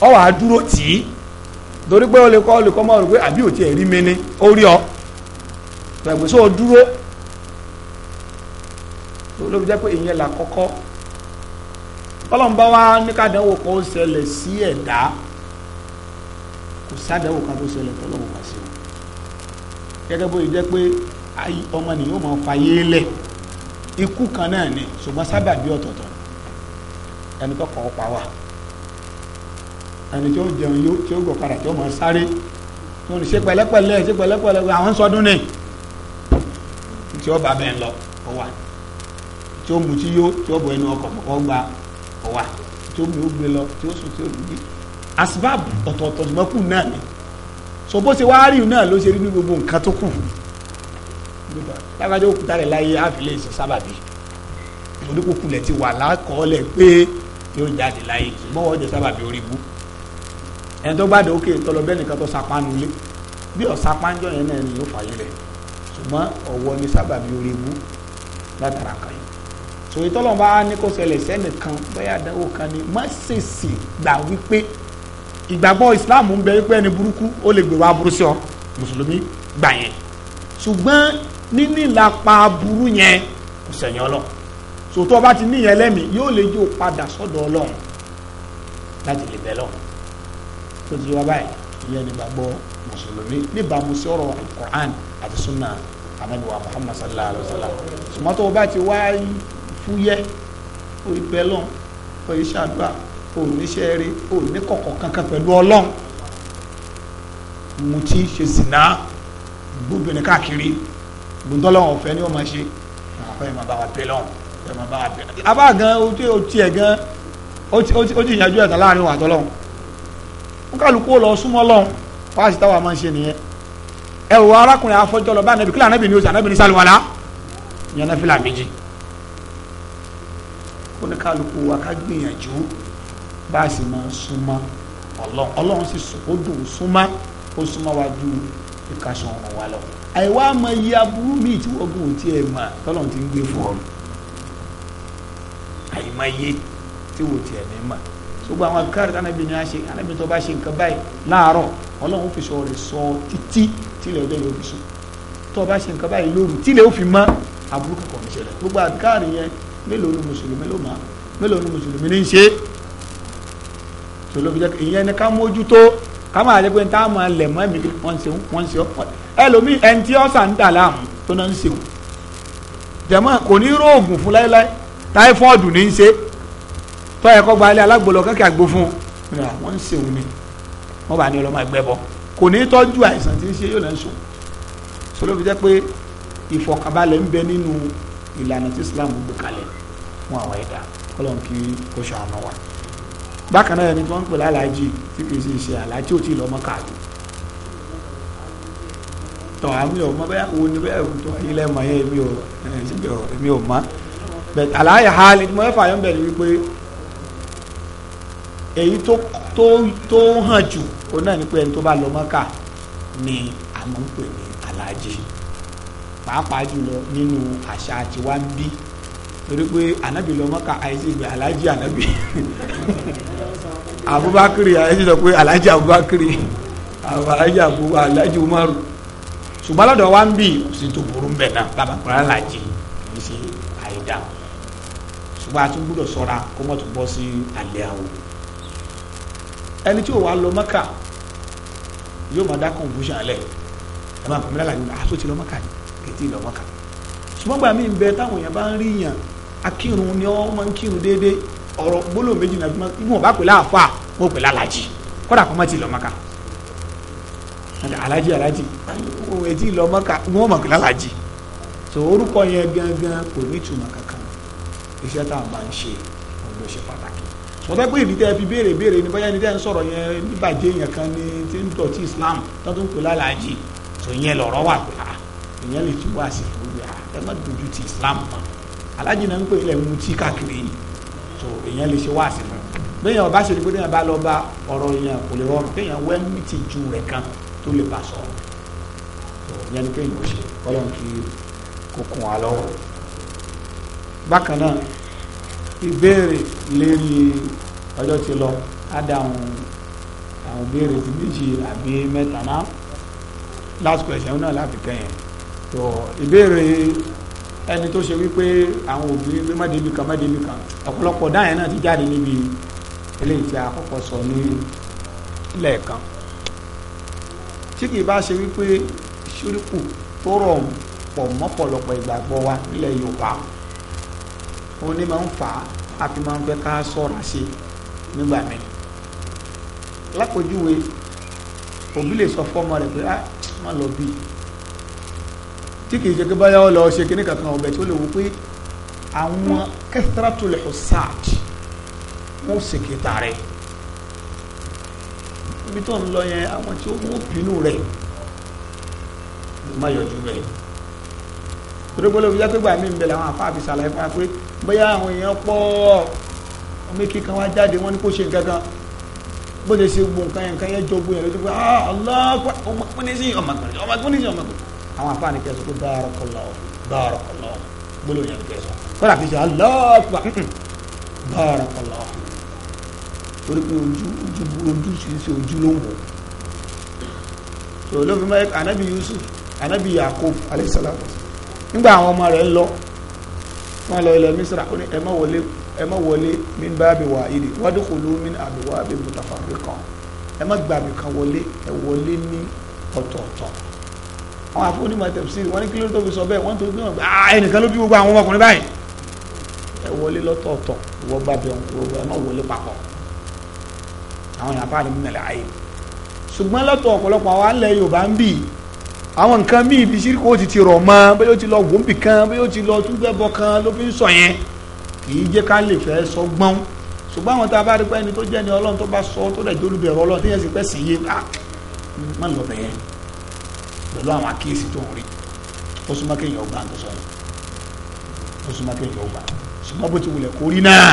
ọ wàá dúró tì í torí pé olùkọ́ olùkọ́ máa rò pé àbí òtí ẹ̀ rí mi ni ó rí ọ pẹ̀lú sọ dúró ló fi jẹ́ pé ìyẹn là kọ́kọ́ ọlọ́run bá wá ní kádánwò kan ó ṣẹlẹ̀ sí ẹ̀dá kò sádánwò kan tó ṣẹlẹ̀ tọ́lọ́wọ́ wá sí gẹ́gẹ́ bó jẹ́ pé ọmọ nìyó máa fàyè lẹ̀ ikú kan náà ni ṣùgbọ́n sábàbí ọ̀tọ̀ọ̀tọ̀ ẹni tó kàn ó pa wá ẹni tí ó jẹun yóò tí ó gọ̀ padà tí ó máa sáré tó ní ṣe pẹ̀lẹ́pẹ̀lẹ́ ṣe pẹ̀lẹ́pẹ̀lẹ́ àwọn ń sọdún ni tí ó bá bẹ́ẹ̀ lọ ó wà tí ó mutí yó tí ó bọ ẹnu ọkọ̀ ó gba ó wà tí ó mi ó gbé lọ tí ó sùn tí ó lù yí àsìbáàbù ọ̀tọ̀ọ̀tọ̀ ṣùgbọ́n kù náà ni so bó ṣe wáá rí iná ló ṣe rí ní gbogbo nǹkan tó kù lágbájá òkúta rẹ̀ láyé àfilẹ̀ ìṣe sábàbí oníkókulẹ̀ ti wà lákọọ́lẹ̀ pé yóò jáde láyé mọ́wọ́ jẹ sábàbí orí bú ẹni tó gbàdé òkè tọlọ bẹ́ẹ̀ nìkan tó sapanu lé bí ọ̀sapanjọ yẹn náà ni yóò fàyè rẹ̀ ṣùgbọ́n ọ̀wọ́ ni sábàbí orí bú látara kan yìí sòyítọ́lọ́ bá ní kó ṣẹlẹ̀ sẹ́nìkan bẹ́ẹ̀ àdánwò kan ni má ṣèṣì gbà wípé ìgbàgbọ́ islam ń bẹ pé ẹni burúkú ó lè gbèrò aburú sí ọ mùsùlùmí gbà yẹn ṣùgbọ́n níní ìlàpá aburú yẹn kò sẹ̀yìn ọlọ́run sòtọ́ ọba ti níyẹn lẹ́mìí yóò lè jó padà sọ́dọ̀ ọlọ́run láti lè bẹ̀ lọ́run tó ti wá báyìí ìyẹn ní gbàgbọ́ mùsùlùmí níbàámu sí ọ̀rọ̀ alukur'an àti sunna anabi wa muhammad sallallahu alayhi wa sallam sùmọ́tò ọba ti wá fúyẹ́ ó ì bẹ́ lọ́run ó ò níṣẹ́ rí ò ní kọ̀kọ̀ kankan pẹ̀lú ọlọ́run mutí ṣe zìnà gbóbìnrin káàkiri gbóntọ́lọ́run ọ̀fẹ́ ni ó máa ṣe àpá ẹ̀ máa bá wa bẹ̀ lọ́run ẹ̀ máa bá wa bẹ̀ lọ́run. abá gan o tiẹ̀ gan ó ti yanjú ẹ̀tàn láàrin wa àtọ́lọ́run ó kálukú ó lọ súnmọ́ lọ́run wá sí táwa máa ń ṣe nìyẹn ẹ wò arákùnrin afọjọ́ lọ bá anabi kílà anabi ni o sì anabi ni sálíwàlá yẹn náà fìlà méjì ó wa ká gbìyànjú bá a sì máa súnmọ́ ọlọ́run ọlọ́run sì sùn ó dùn súnmọ́ ó súnmọ́ wa ju ìkàsọ̀ ọ̀run wa lọ. àìwá mọ iye aburú míì tí wọ́n gùn tí ẹ̀ mà tọ́lọ́run ti ń gbé fún ọ àìmọ iye tí wò tiẹ̀ ní mà ṣùgbọ́n àwọn káàdì anábì ni a ṣe anábì tó bá ṣe nǹkan báyìí láàárọ̀ ọlọ́run fi sọ rẹ̀ sọ títí tílẹ̀ ọjọ́ yóò fi sùn tó o bá ṣe nǹkan báyìí lóru tílẹ̀ ó fi mọ́ aburú kankan ní ṣẹlẹ̀ gbogbo àdìkáàdì yẹn mélòó ni mùsùlùmí ló máa mélòó ni mùsùlùmí ní ṣe é so ló fi jẹ́ ìyẹn ni ká mójútó ká máa jẹ́ pé táwọn máa lẹ̀ mọ́ ẹ̀mí wọ́n ń ṣe wọ́n ń ṣe ọ́ ẹlòmíì ẹni tí ọ̀sà ń dà láàmú tó náà ń ṣe wọ́n jẹ̀mọ́ kò ní róògùn fún láéláé táífọ́ọ̀dù ní í ṣe tọ́ ẹ̀ kọ́ gbalẹ̀ alágbòlọ kẹ́kẹ́ àgbo fún un wọ́n ń ṣe òun ni wọ́n bá ní ọlọ́mọ ẹgbẹ́ bọ́ kò ní tọ́jú àìsàn tí ń ṣe yóò náà ń sùn so ló fi jẹ́ bákan náà ẹni tó ń pè lálàájì tí kì í sì ṣe àlájì ò tí ì lọ́mọ káàtó tọ àmì ọmọ bẹ́ẹ̀ wo ni bẹ́ẹ̀ tó ilẹ̀ mọ̀ yẹn èmi ò èmi ò mọ̀ bẹ́ẹ̀ àlàyé ha ni mo fà yọ̀ bẹ̀rẹ̀ wípé èyí tó hàn jù òun náà ni pé ẹni tó bá lọ mọ́kà ni àmọ́ ń pè ní aláàjì pàápàá jùlọ nínú àṣà àtiwá ń bí torí pé anabi lọ mọ́ka àìsí ìgbé alájí anabi abubakari àìsí sọ pé alájí abubakari alájí abu alájí umaru ṣùgbọ́n lọ́dọ̀ wa ń bì sí tó burú ń bẹ̀ náà bàbá kúrò alájí kì í ṣe àìdá ṣùgbọ́n a tún gbúdọ̀ sọ́ra kó mọ̀ tó bọ́ sí alẹ́ àwọn ẹni tí ò wá lọ mọ́ka yóò máa dá confusion alẹ́ ẹ máa pọ̀ mí lálàyé àtúntì ah, lọ mọ́ka ni kẹ̀tì lọ mọ́ka ṣùgbọ́n gbà mí ń táwọn èèyàn bá ń rí yàn akírun ni ọ máa ń kírun déédéé ọ̀rọ̀ gbólóhùn méjì náà jùmọ̀ ibùn ọba pè láàfà wọn pè lálàjì kódà kọ́ mọ́ ti lọ mọ́ka alájì alájì òun ẹ̀ ti lọ mọ́ka wọn mọ̀ pè lálàjì so orúkọ yẹn gangan kò ní ìtumọ̀ kankan iṣẹ́ tá a máa ń ṣe òun ló ṣe pàtàkì wọ́n fẹ́ pé ìdí tẹ́ fi béèrè béèrè ní bóyá ẹni tẹ́ ń sọ̀rọ̀ yẹn níbàjẹ́ yẹn kan ní tí ń tọ̀ Islam tó tún pè so ìyẹn lọ̀rọ̀ wà pé ah ìyẹn lè ah, ti Islam alájì náà ń pè ilẹ̀ ń mutí káàkiri yìí so èèyàn lè ṣe wá àṣẹ fún un bẹ́ẹ̀ ọba ṣe ni pé bẹ́ẹ̀ bá lọ bá ọ̀rọ̀ èèyàn kò lè rọrùn kéèyàn wẹ́ ń mìtì ju rẹ̀ kan tó lè bá sọ so ìyẹn ni pé ìwọ ṣe ọlọ́run kí kò kún wa lọ́wọ́ bákan náà ìbéèrè lérí ọjọ́ ti lọ á àwọn ìbéèrè ti méjì àbí mẹ́ta náà last question náà láti kẹ́yìn so ìbéèrè ẹni tó ṣe wípé àwọn òbí pé má débi kan má débi kan ọ̀pọ̀lọpọ̀ dáhìn náà ti jáde níbi eléyìí tí a kọ́kọ́ sọ ní lẹ́ẹ̀kan tí kì í bá ṣe wípé ṣíríkù tó rọ̀ pọ̀ mọ́pọ̀lọpọ̀ ìgbàgbọ́ wa nílẹ̀ Yorùbá òun ni máa ń fà á àfi máa ń fẹ́ ká sọ́ra ṣe nígbà mẹ́rin lápòjúwe òbí lè sọ fọ́mọ rẹ̀ pé ah má lọ bíi tí kìí ṣe pé báyà ó lọ ṣe kíní kankan ọbẹ̀ tí ó lè wò pé àwọn kẹsàtúlẹ̀ ọ̀sáàd wọ́n ṣe kìtà rẹ̀ ibi tó ń lọ yẹn àwọn tí ó mú bínú rẹ̀ ló má yọjú rẹ̀ torípólò fi jápé gbà mí ń bẹ̀rẹ̀ àwọn àfa àfi ṣàlàyé fún wa pé bóyá àwọn èèyàn pọ̀ ọmọ èkì kan wá jáde wọ́n ní kó ṣe gangan bó ṣe ṣe gbòǹkan yẹn kan yẹn jọ gbòǹyàn lójú pé ah ọmọ kúnísìn ọmọ kúnísìn ọmọ kúnísìn ọmọ kúnísìn àwọn àfáàní kẹsàn kó bárakọlọ́wọ́ bárakọlọ́wọ́ gbólóhùn yẹn kẹsàn kọ́dà kìí ṣe aláàpá bárakọlọ́wọ́ torí pé ojú ojú ojú ṣiṣẹ ojú ló ń wò tó ló fi máa anabi Yusuf anabi Yakub alayhisalaam nígbà àwọn ọmọ rẹ̀ ń lọ wọn lọ ilẹ̀ Misra ó ní ẹ wọlé ẹ má wọlé min báàbí wà ìdí wadkhulu min abwaabin mutafarriqa ẹ má gbàmì kan wọlé ẹ wọlé ní ọ̀tọ̀ọ̀tọ̀ àwọn àfọ onímọ̀ tẹ̀síìrì wọ́n ní kí ló tó fi sọ bẹ́ẹ̀ wọ́n tó gbé wọn ah, ẹnìkan ló bí gbogbo àwọn ọmọkùnrin báyìí ẹ wọlé lọ́tọ̀ọ̀tọ̀ ìwọ bá bẹ ọmọ náà wọlé papọ̀ àwọn yàrá àdìmú nàlẹ́ ayé ṣùgbọ́n lọ́tọ̀ ọ̀pọ̀lọpọ̀ àwọn alẹ́ Yorùbá ń bì àwọn nǹkan míì bí ṣírí kò ti ti rọ̀ mọ́ bóyá ó ti lọ wòǹbì kan bóyá ó ti lọ túgbẹ́bọ kan ló fi ń sọ yẹn kì í jẹ́ ká lè fẹ́ sọ gbọ́n ṣùgbọ́n àwọn tá a bá rí pé ẹni tó jẹ́ ni Ọlọ́run tó bá sọ tó dẹ̀ jólúbẹ̀rọ Ọlọ́run tó yẹ sí pẹ́ sí yé ah, má lọ bẹ̀yẹn pẹ̀lú àwọn àkíyèsí tó ń rí ó súnmọ́ kéèyàn ọgbà tó sọ̀rọ̀ ó súnmọ́ kéèyàn ọgbà ṣùgbọ́n bó ti wulẹ̀ kó rí náà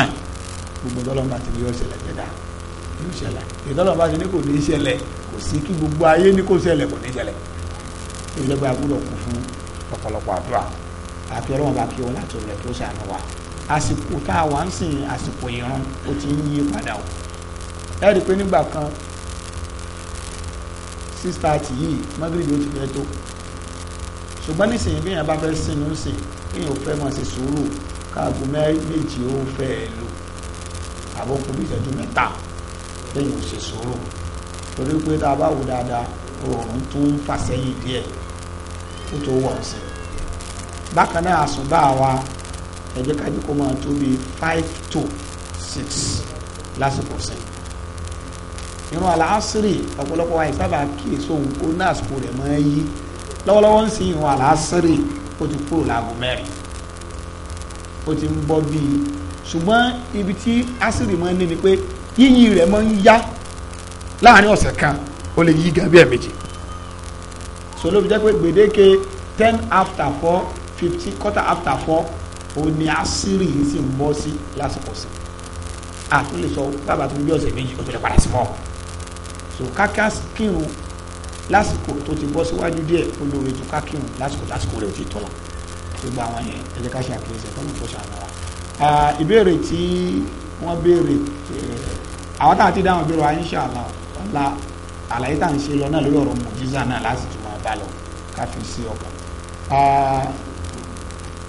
gbogbo tọ́lọ́mọba ti ní yóò ṣẹlẹ̀ gbẹ̀dá yóò ṣẹlẹ̀ ìtọ́lọ́mọba ti ní kò ní ṣẹlẹ̀ kò sí kí gbogbo ayé ní kò ṣẹlẹ̀ kò ní ṣẹlẹ̀ ó jẹ́ a gbúdọ̀ kún fún ọ̀pọ̀lọpọ̀ àdúrà àti ọlọ́run bá kí wọn láti rẹ̀ kí a wà ń sìn àsìkò ìran ó ti ń yí padà o six thirty yìí mọ́gìrìbì ó ti fẹ́ tó ṣùgbọ́n nísìnyí bí èèyàn bá fẹ́ sinú sìn èèyàn ò fẹ́ máa ṣe sùúrù káàgó méjì ó fẹ́ lò àbọ̀ kò bí ìṣẹ́jú mẹ́ta lẹ́yìn ò ṣe sùúrù torí pé tá a bá wò dáadáa oòrùn tó ń fà sẹ́yìn díẹ̀ ó tó wọ̀ ọ́ sí bákan náà àsùnbà wa ẹ̀jẹ̀ kájú kó máa tó bíi five to six lásìkò sẹ́yìn ìrun àlàásírì ọ̀pọ̀lọpọ̀ wa ìsábà kíyèsí òun kó ní àsìkò rẹ̀ mọ́ yí lọ́wọ́lọ́wọ́ ń sin ìrun àlàásírì ó ti kúrò láago mẹ́rin ó ti ń bọ́ bíi ṣùgbọ́n ibi tí ásírì máa ń ní ni pé yíyí rẹ̀ máa ń yá láàrin ọ̀sẹ̀ kan ó lè yí gàbí ẹ̀ méjì sọlọ́bi jẹ́ pé gbèdéke ten after four fifteen quarter after four ó ní ásírì yìí sì ń bọ́ sí lásìkò sí àtúnlẹ̀ sọ bàbá tó ń bí ọ̀sẹ̀ méjì ó tó lè padà sí mọ́ ọ so káká kírun lásìkò tó ti bọ́ síwájú díẹ̀ olóore tó ká kírun lásìkò lásìkò rẹ̀ ò ti tọ́lá gbogbo àwọn yẹn ẹ jẹ́ ká ṣe àkíyèsí ẹ̀kọ́ ní ìtọ́sí àwọn wa ìbéèrè tí wọ́n béèrè eh, àwọn táwọn ti dáhùn ìbéèrè wa inṣàlá ọ̀la àlàyé tá à ń ṣe lọ náà lórí ọ̀rọ̀ mùjíza náà láti tún máa bá lọ ká fi sí ọkàn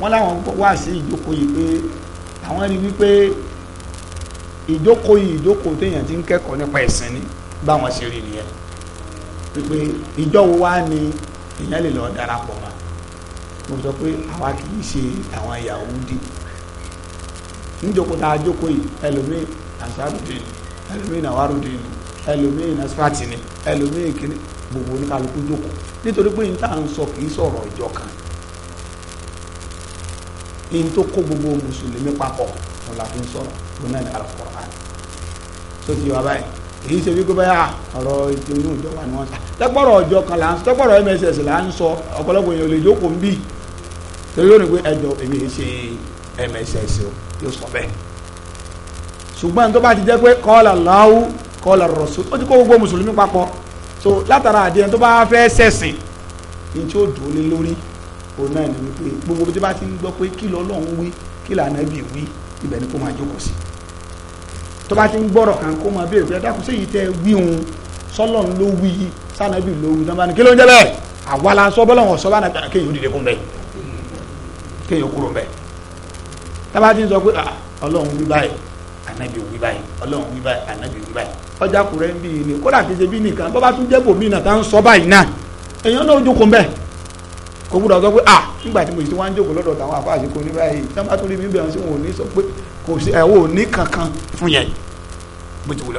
wọ́n láwọn wá sí ìjókòó pé àwọn rí wípé ìjókòó ìjókòó téèyàn ti ń kẹ́kọ̀ọ́ nípa ẹ̀sìn ni. báwọn ṣe rí nìyẹn pípé ìjọ wo wá ni èèyàn lè lọ darapọ̀ mọ́ mo sọ pé àwa kì í ṣe àwọn Yahudi níjókòó tá a yìí ẹlòmíì àṣàròdì ni ẹlòmíì nàwáròdì ni ẹlòmíì ni ẹlòmíì kìíní gbogbo oníkàlùkù jókòó nítorí pé n ń sọ kan in tó kó gbogbo mùsùlùmí papọ̀ fi ń sọ̀rọ̀ ní èyí ṣe wípé báyà ọ̀rọ̀ ètò inú ìjọba ni wọ́n ta tẹ́gbọ́rọ̀ ọjọ́ kan là ń sọ tẹ́gbọ́rọ̀ mss là ń sọ ọ̀pọ̀lọpọ̀ èèyàn ò lè jókòó ń bì torí ó ní pé ẹjọ́ èmi ń ṣe mss o yóò sọ bẹ́ẹ̀ ṣùgbọ́n tó bá ti jẹ́ pé kọ́ọ̀là láwù kọ́ọ̀là rọ̀ṣù ó ti kó gbogbo mùsùlùmí papọ̀ so látara àdéhùn tó bá fẹ́ ṣẹ̀sìn ní tí ó dùn lé lórí òun náà ni wípé gbogbo tí bá ti ń gbọ́ pé kí lọ́lọ́run wí kí lànà bí wí ibẹ̀ ni kó máa jókòó sí tó bá ti ń gbọ́rọ̀ kan kó máa béèrè pé dákun sí èyí tẹ́ wí òun sọ́lọ̀ ló wí sànàbì ló wí dánbà ní kí ló ń jẹ́ bẹ́ẹ̀ àwa la sọ bọ́lọ̀ wọn sọ bá nàbì kéèyàn ó dìde kún bẹ́ẹ̀ kéèyàn kúrò bẹ́ẹ̀ tá ti ń sọ pé ah, ọlọ́run wí báyìí ànábì wí báyìí ọlọ́run wí báyìí ànábì wí báyìí ọjà kùrẹ́ ń bí ni kódà kì í ṣe bí nìkan bọ́ bá tún jẹ́ bòmí náà tá ń sọ báyìí náà èèyàn náà jókòó bẹ́ẹ̀ kò gbúdọ̀ sọ pé ah nígbà tí mo ti wá ń jókòó lọ́dọ̀ tàwọn àfáàṣe kò ní báyìí tí wọ́n tún rí mi bẹ̀rù sí wọn ò ní sọ pé kò sí ẹ̀ wò ní kankan fún yẹn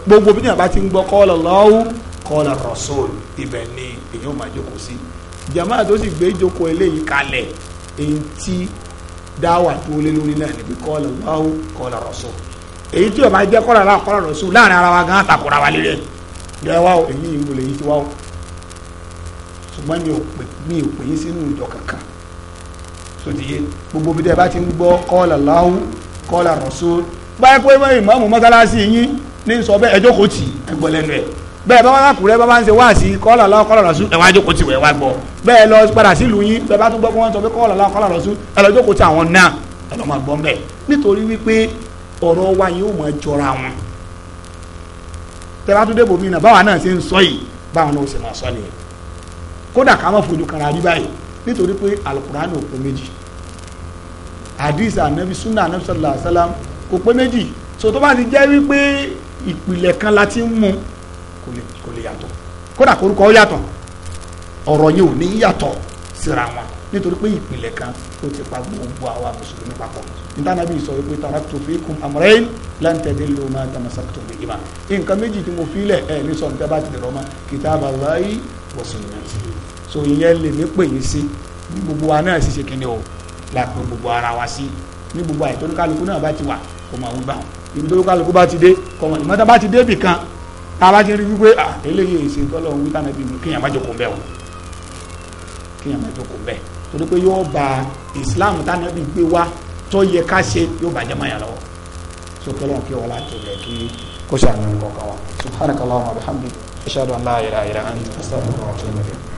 gbogbo bí ní ti ń gbọ́ kọ́ọ̀lọ̀ lọ́wọ́ kọ́ọ̀lọ̀ rọ̀sọ́ọ̀l ibẹ̀ ni èyí ò máa jókòó sí jama tó sì gbé jókòó eléyìí kalẹ̀ èyí tí dáwà tó lé lórí náà níbi kọ́ọ̀lọ̀ lọ́wọ́ kọ́ọ̀lọ̀ rọ̀sọ́ọ̀l èyí tí ọba jẹ́ kọ́ọ̀lọ̀ lọ́wọ́ kọ́ọ̀lọ̀ rọ̀sọ́ọ̀l láàrin ara wa gan àtàkùrà wa lílẹ̀ yẹ wá o èyí ìwò lè yí ti wá o ṣùgbọ́n mi ò pè mi ò pè yín sínú ìjọ kọ́lá rasul báyẹ̀ pé ìmáàmù mọ́sálásí yín ní sọ bẹ́ẹ̀ ẹjọ́ kò tì ẹgbọ́ lẹ́nu ẹ̀ bẹ́ẹ̀ bá wọn lákùrẹ́ bá bá ń ṣe wá sí kọ́lá lọ́wọ́ kọ́lá rasul ẹ̀wọ́n ẹjọ́ kò tì wẹ̀ wá gbọ́ bẹ́ẹ̀ lọ padà sílùú yín bẹ́ẹ̀ bá tún gbọ́ pé wọ́n sọ pé kọ́lá lọ́wọ́ kọ́lá rasul ẹlọ́jọ́ kò tì àwọn náà ẹlọ́ máa gbọ́ mbẹ́ nítorí wípé ọ̀rọ̀ wa yóò máa jọra wọn tẹ́lá tún débò mí náà báwa náà ṣe ń sọ yìí báwọn náà ṣe máa sọ nìyẹn kódà ká má fojú kanra rí báyìí nítorí pé alukurani ò pé méjì hadith anabi sunnah anabi sallallahu alayhi wa sallam kò pé méjì so tó bá ti jẹ́ wípé ìpìlẹ̀ kan la ti ń mu kò lè yàtọ̀ kódà korúkọ yàtọ̀ ọ̀rọ̀ yìí ò ní yàtọ̀ síra wọn nítorí pé ìpìlẹ̀ kan ó ti pa gbogbo àwa mùsùlùmí papọ̀ nítànàbí sọ wípé taraktu fikum amrayn lan tadillu ma tamassaktum bihima nǹkan méjì tí mo filẹ̀ ẹ̀ ní sọ nígbà bá ti dẹ̀rọ ma kitaballahi wa sunnati so ìyẹn lè mí pè yín sí gbogbo wa náà sì ṣe kíni o la pé gbogbo ara wa sí ní gbogbo àyè tóníkàlùkù náà bá ti wà kó máa wí bá wọn ibi tóníkàlùkù bá ti dé kọ́ wọn ìmọ̀ta bá ti dé bì kan tá a bá ti rí wípé ah eléyìí èsì tọ́lọ̀ wí tànà bí mi kéèyàn má jókòó bẹ́ẹ̀ wọn kéèyàn má jókòó bẹ́ẹ̀ torí pé yóò ba Islam tànà bí gbé wá tó yẹ ká ṣe yóò bàjẹ́ mọ́ yà lọ́wọ́ sókè lọ́wọ́ kí wọ́n láti rẹ̀ kí kó ṣàmì nǹkan kan wa subhanakallahumma wa bihamdika ashhadu an la ilaha illa anta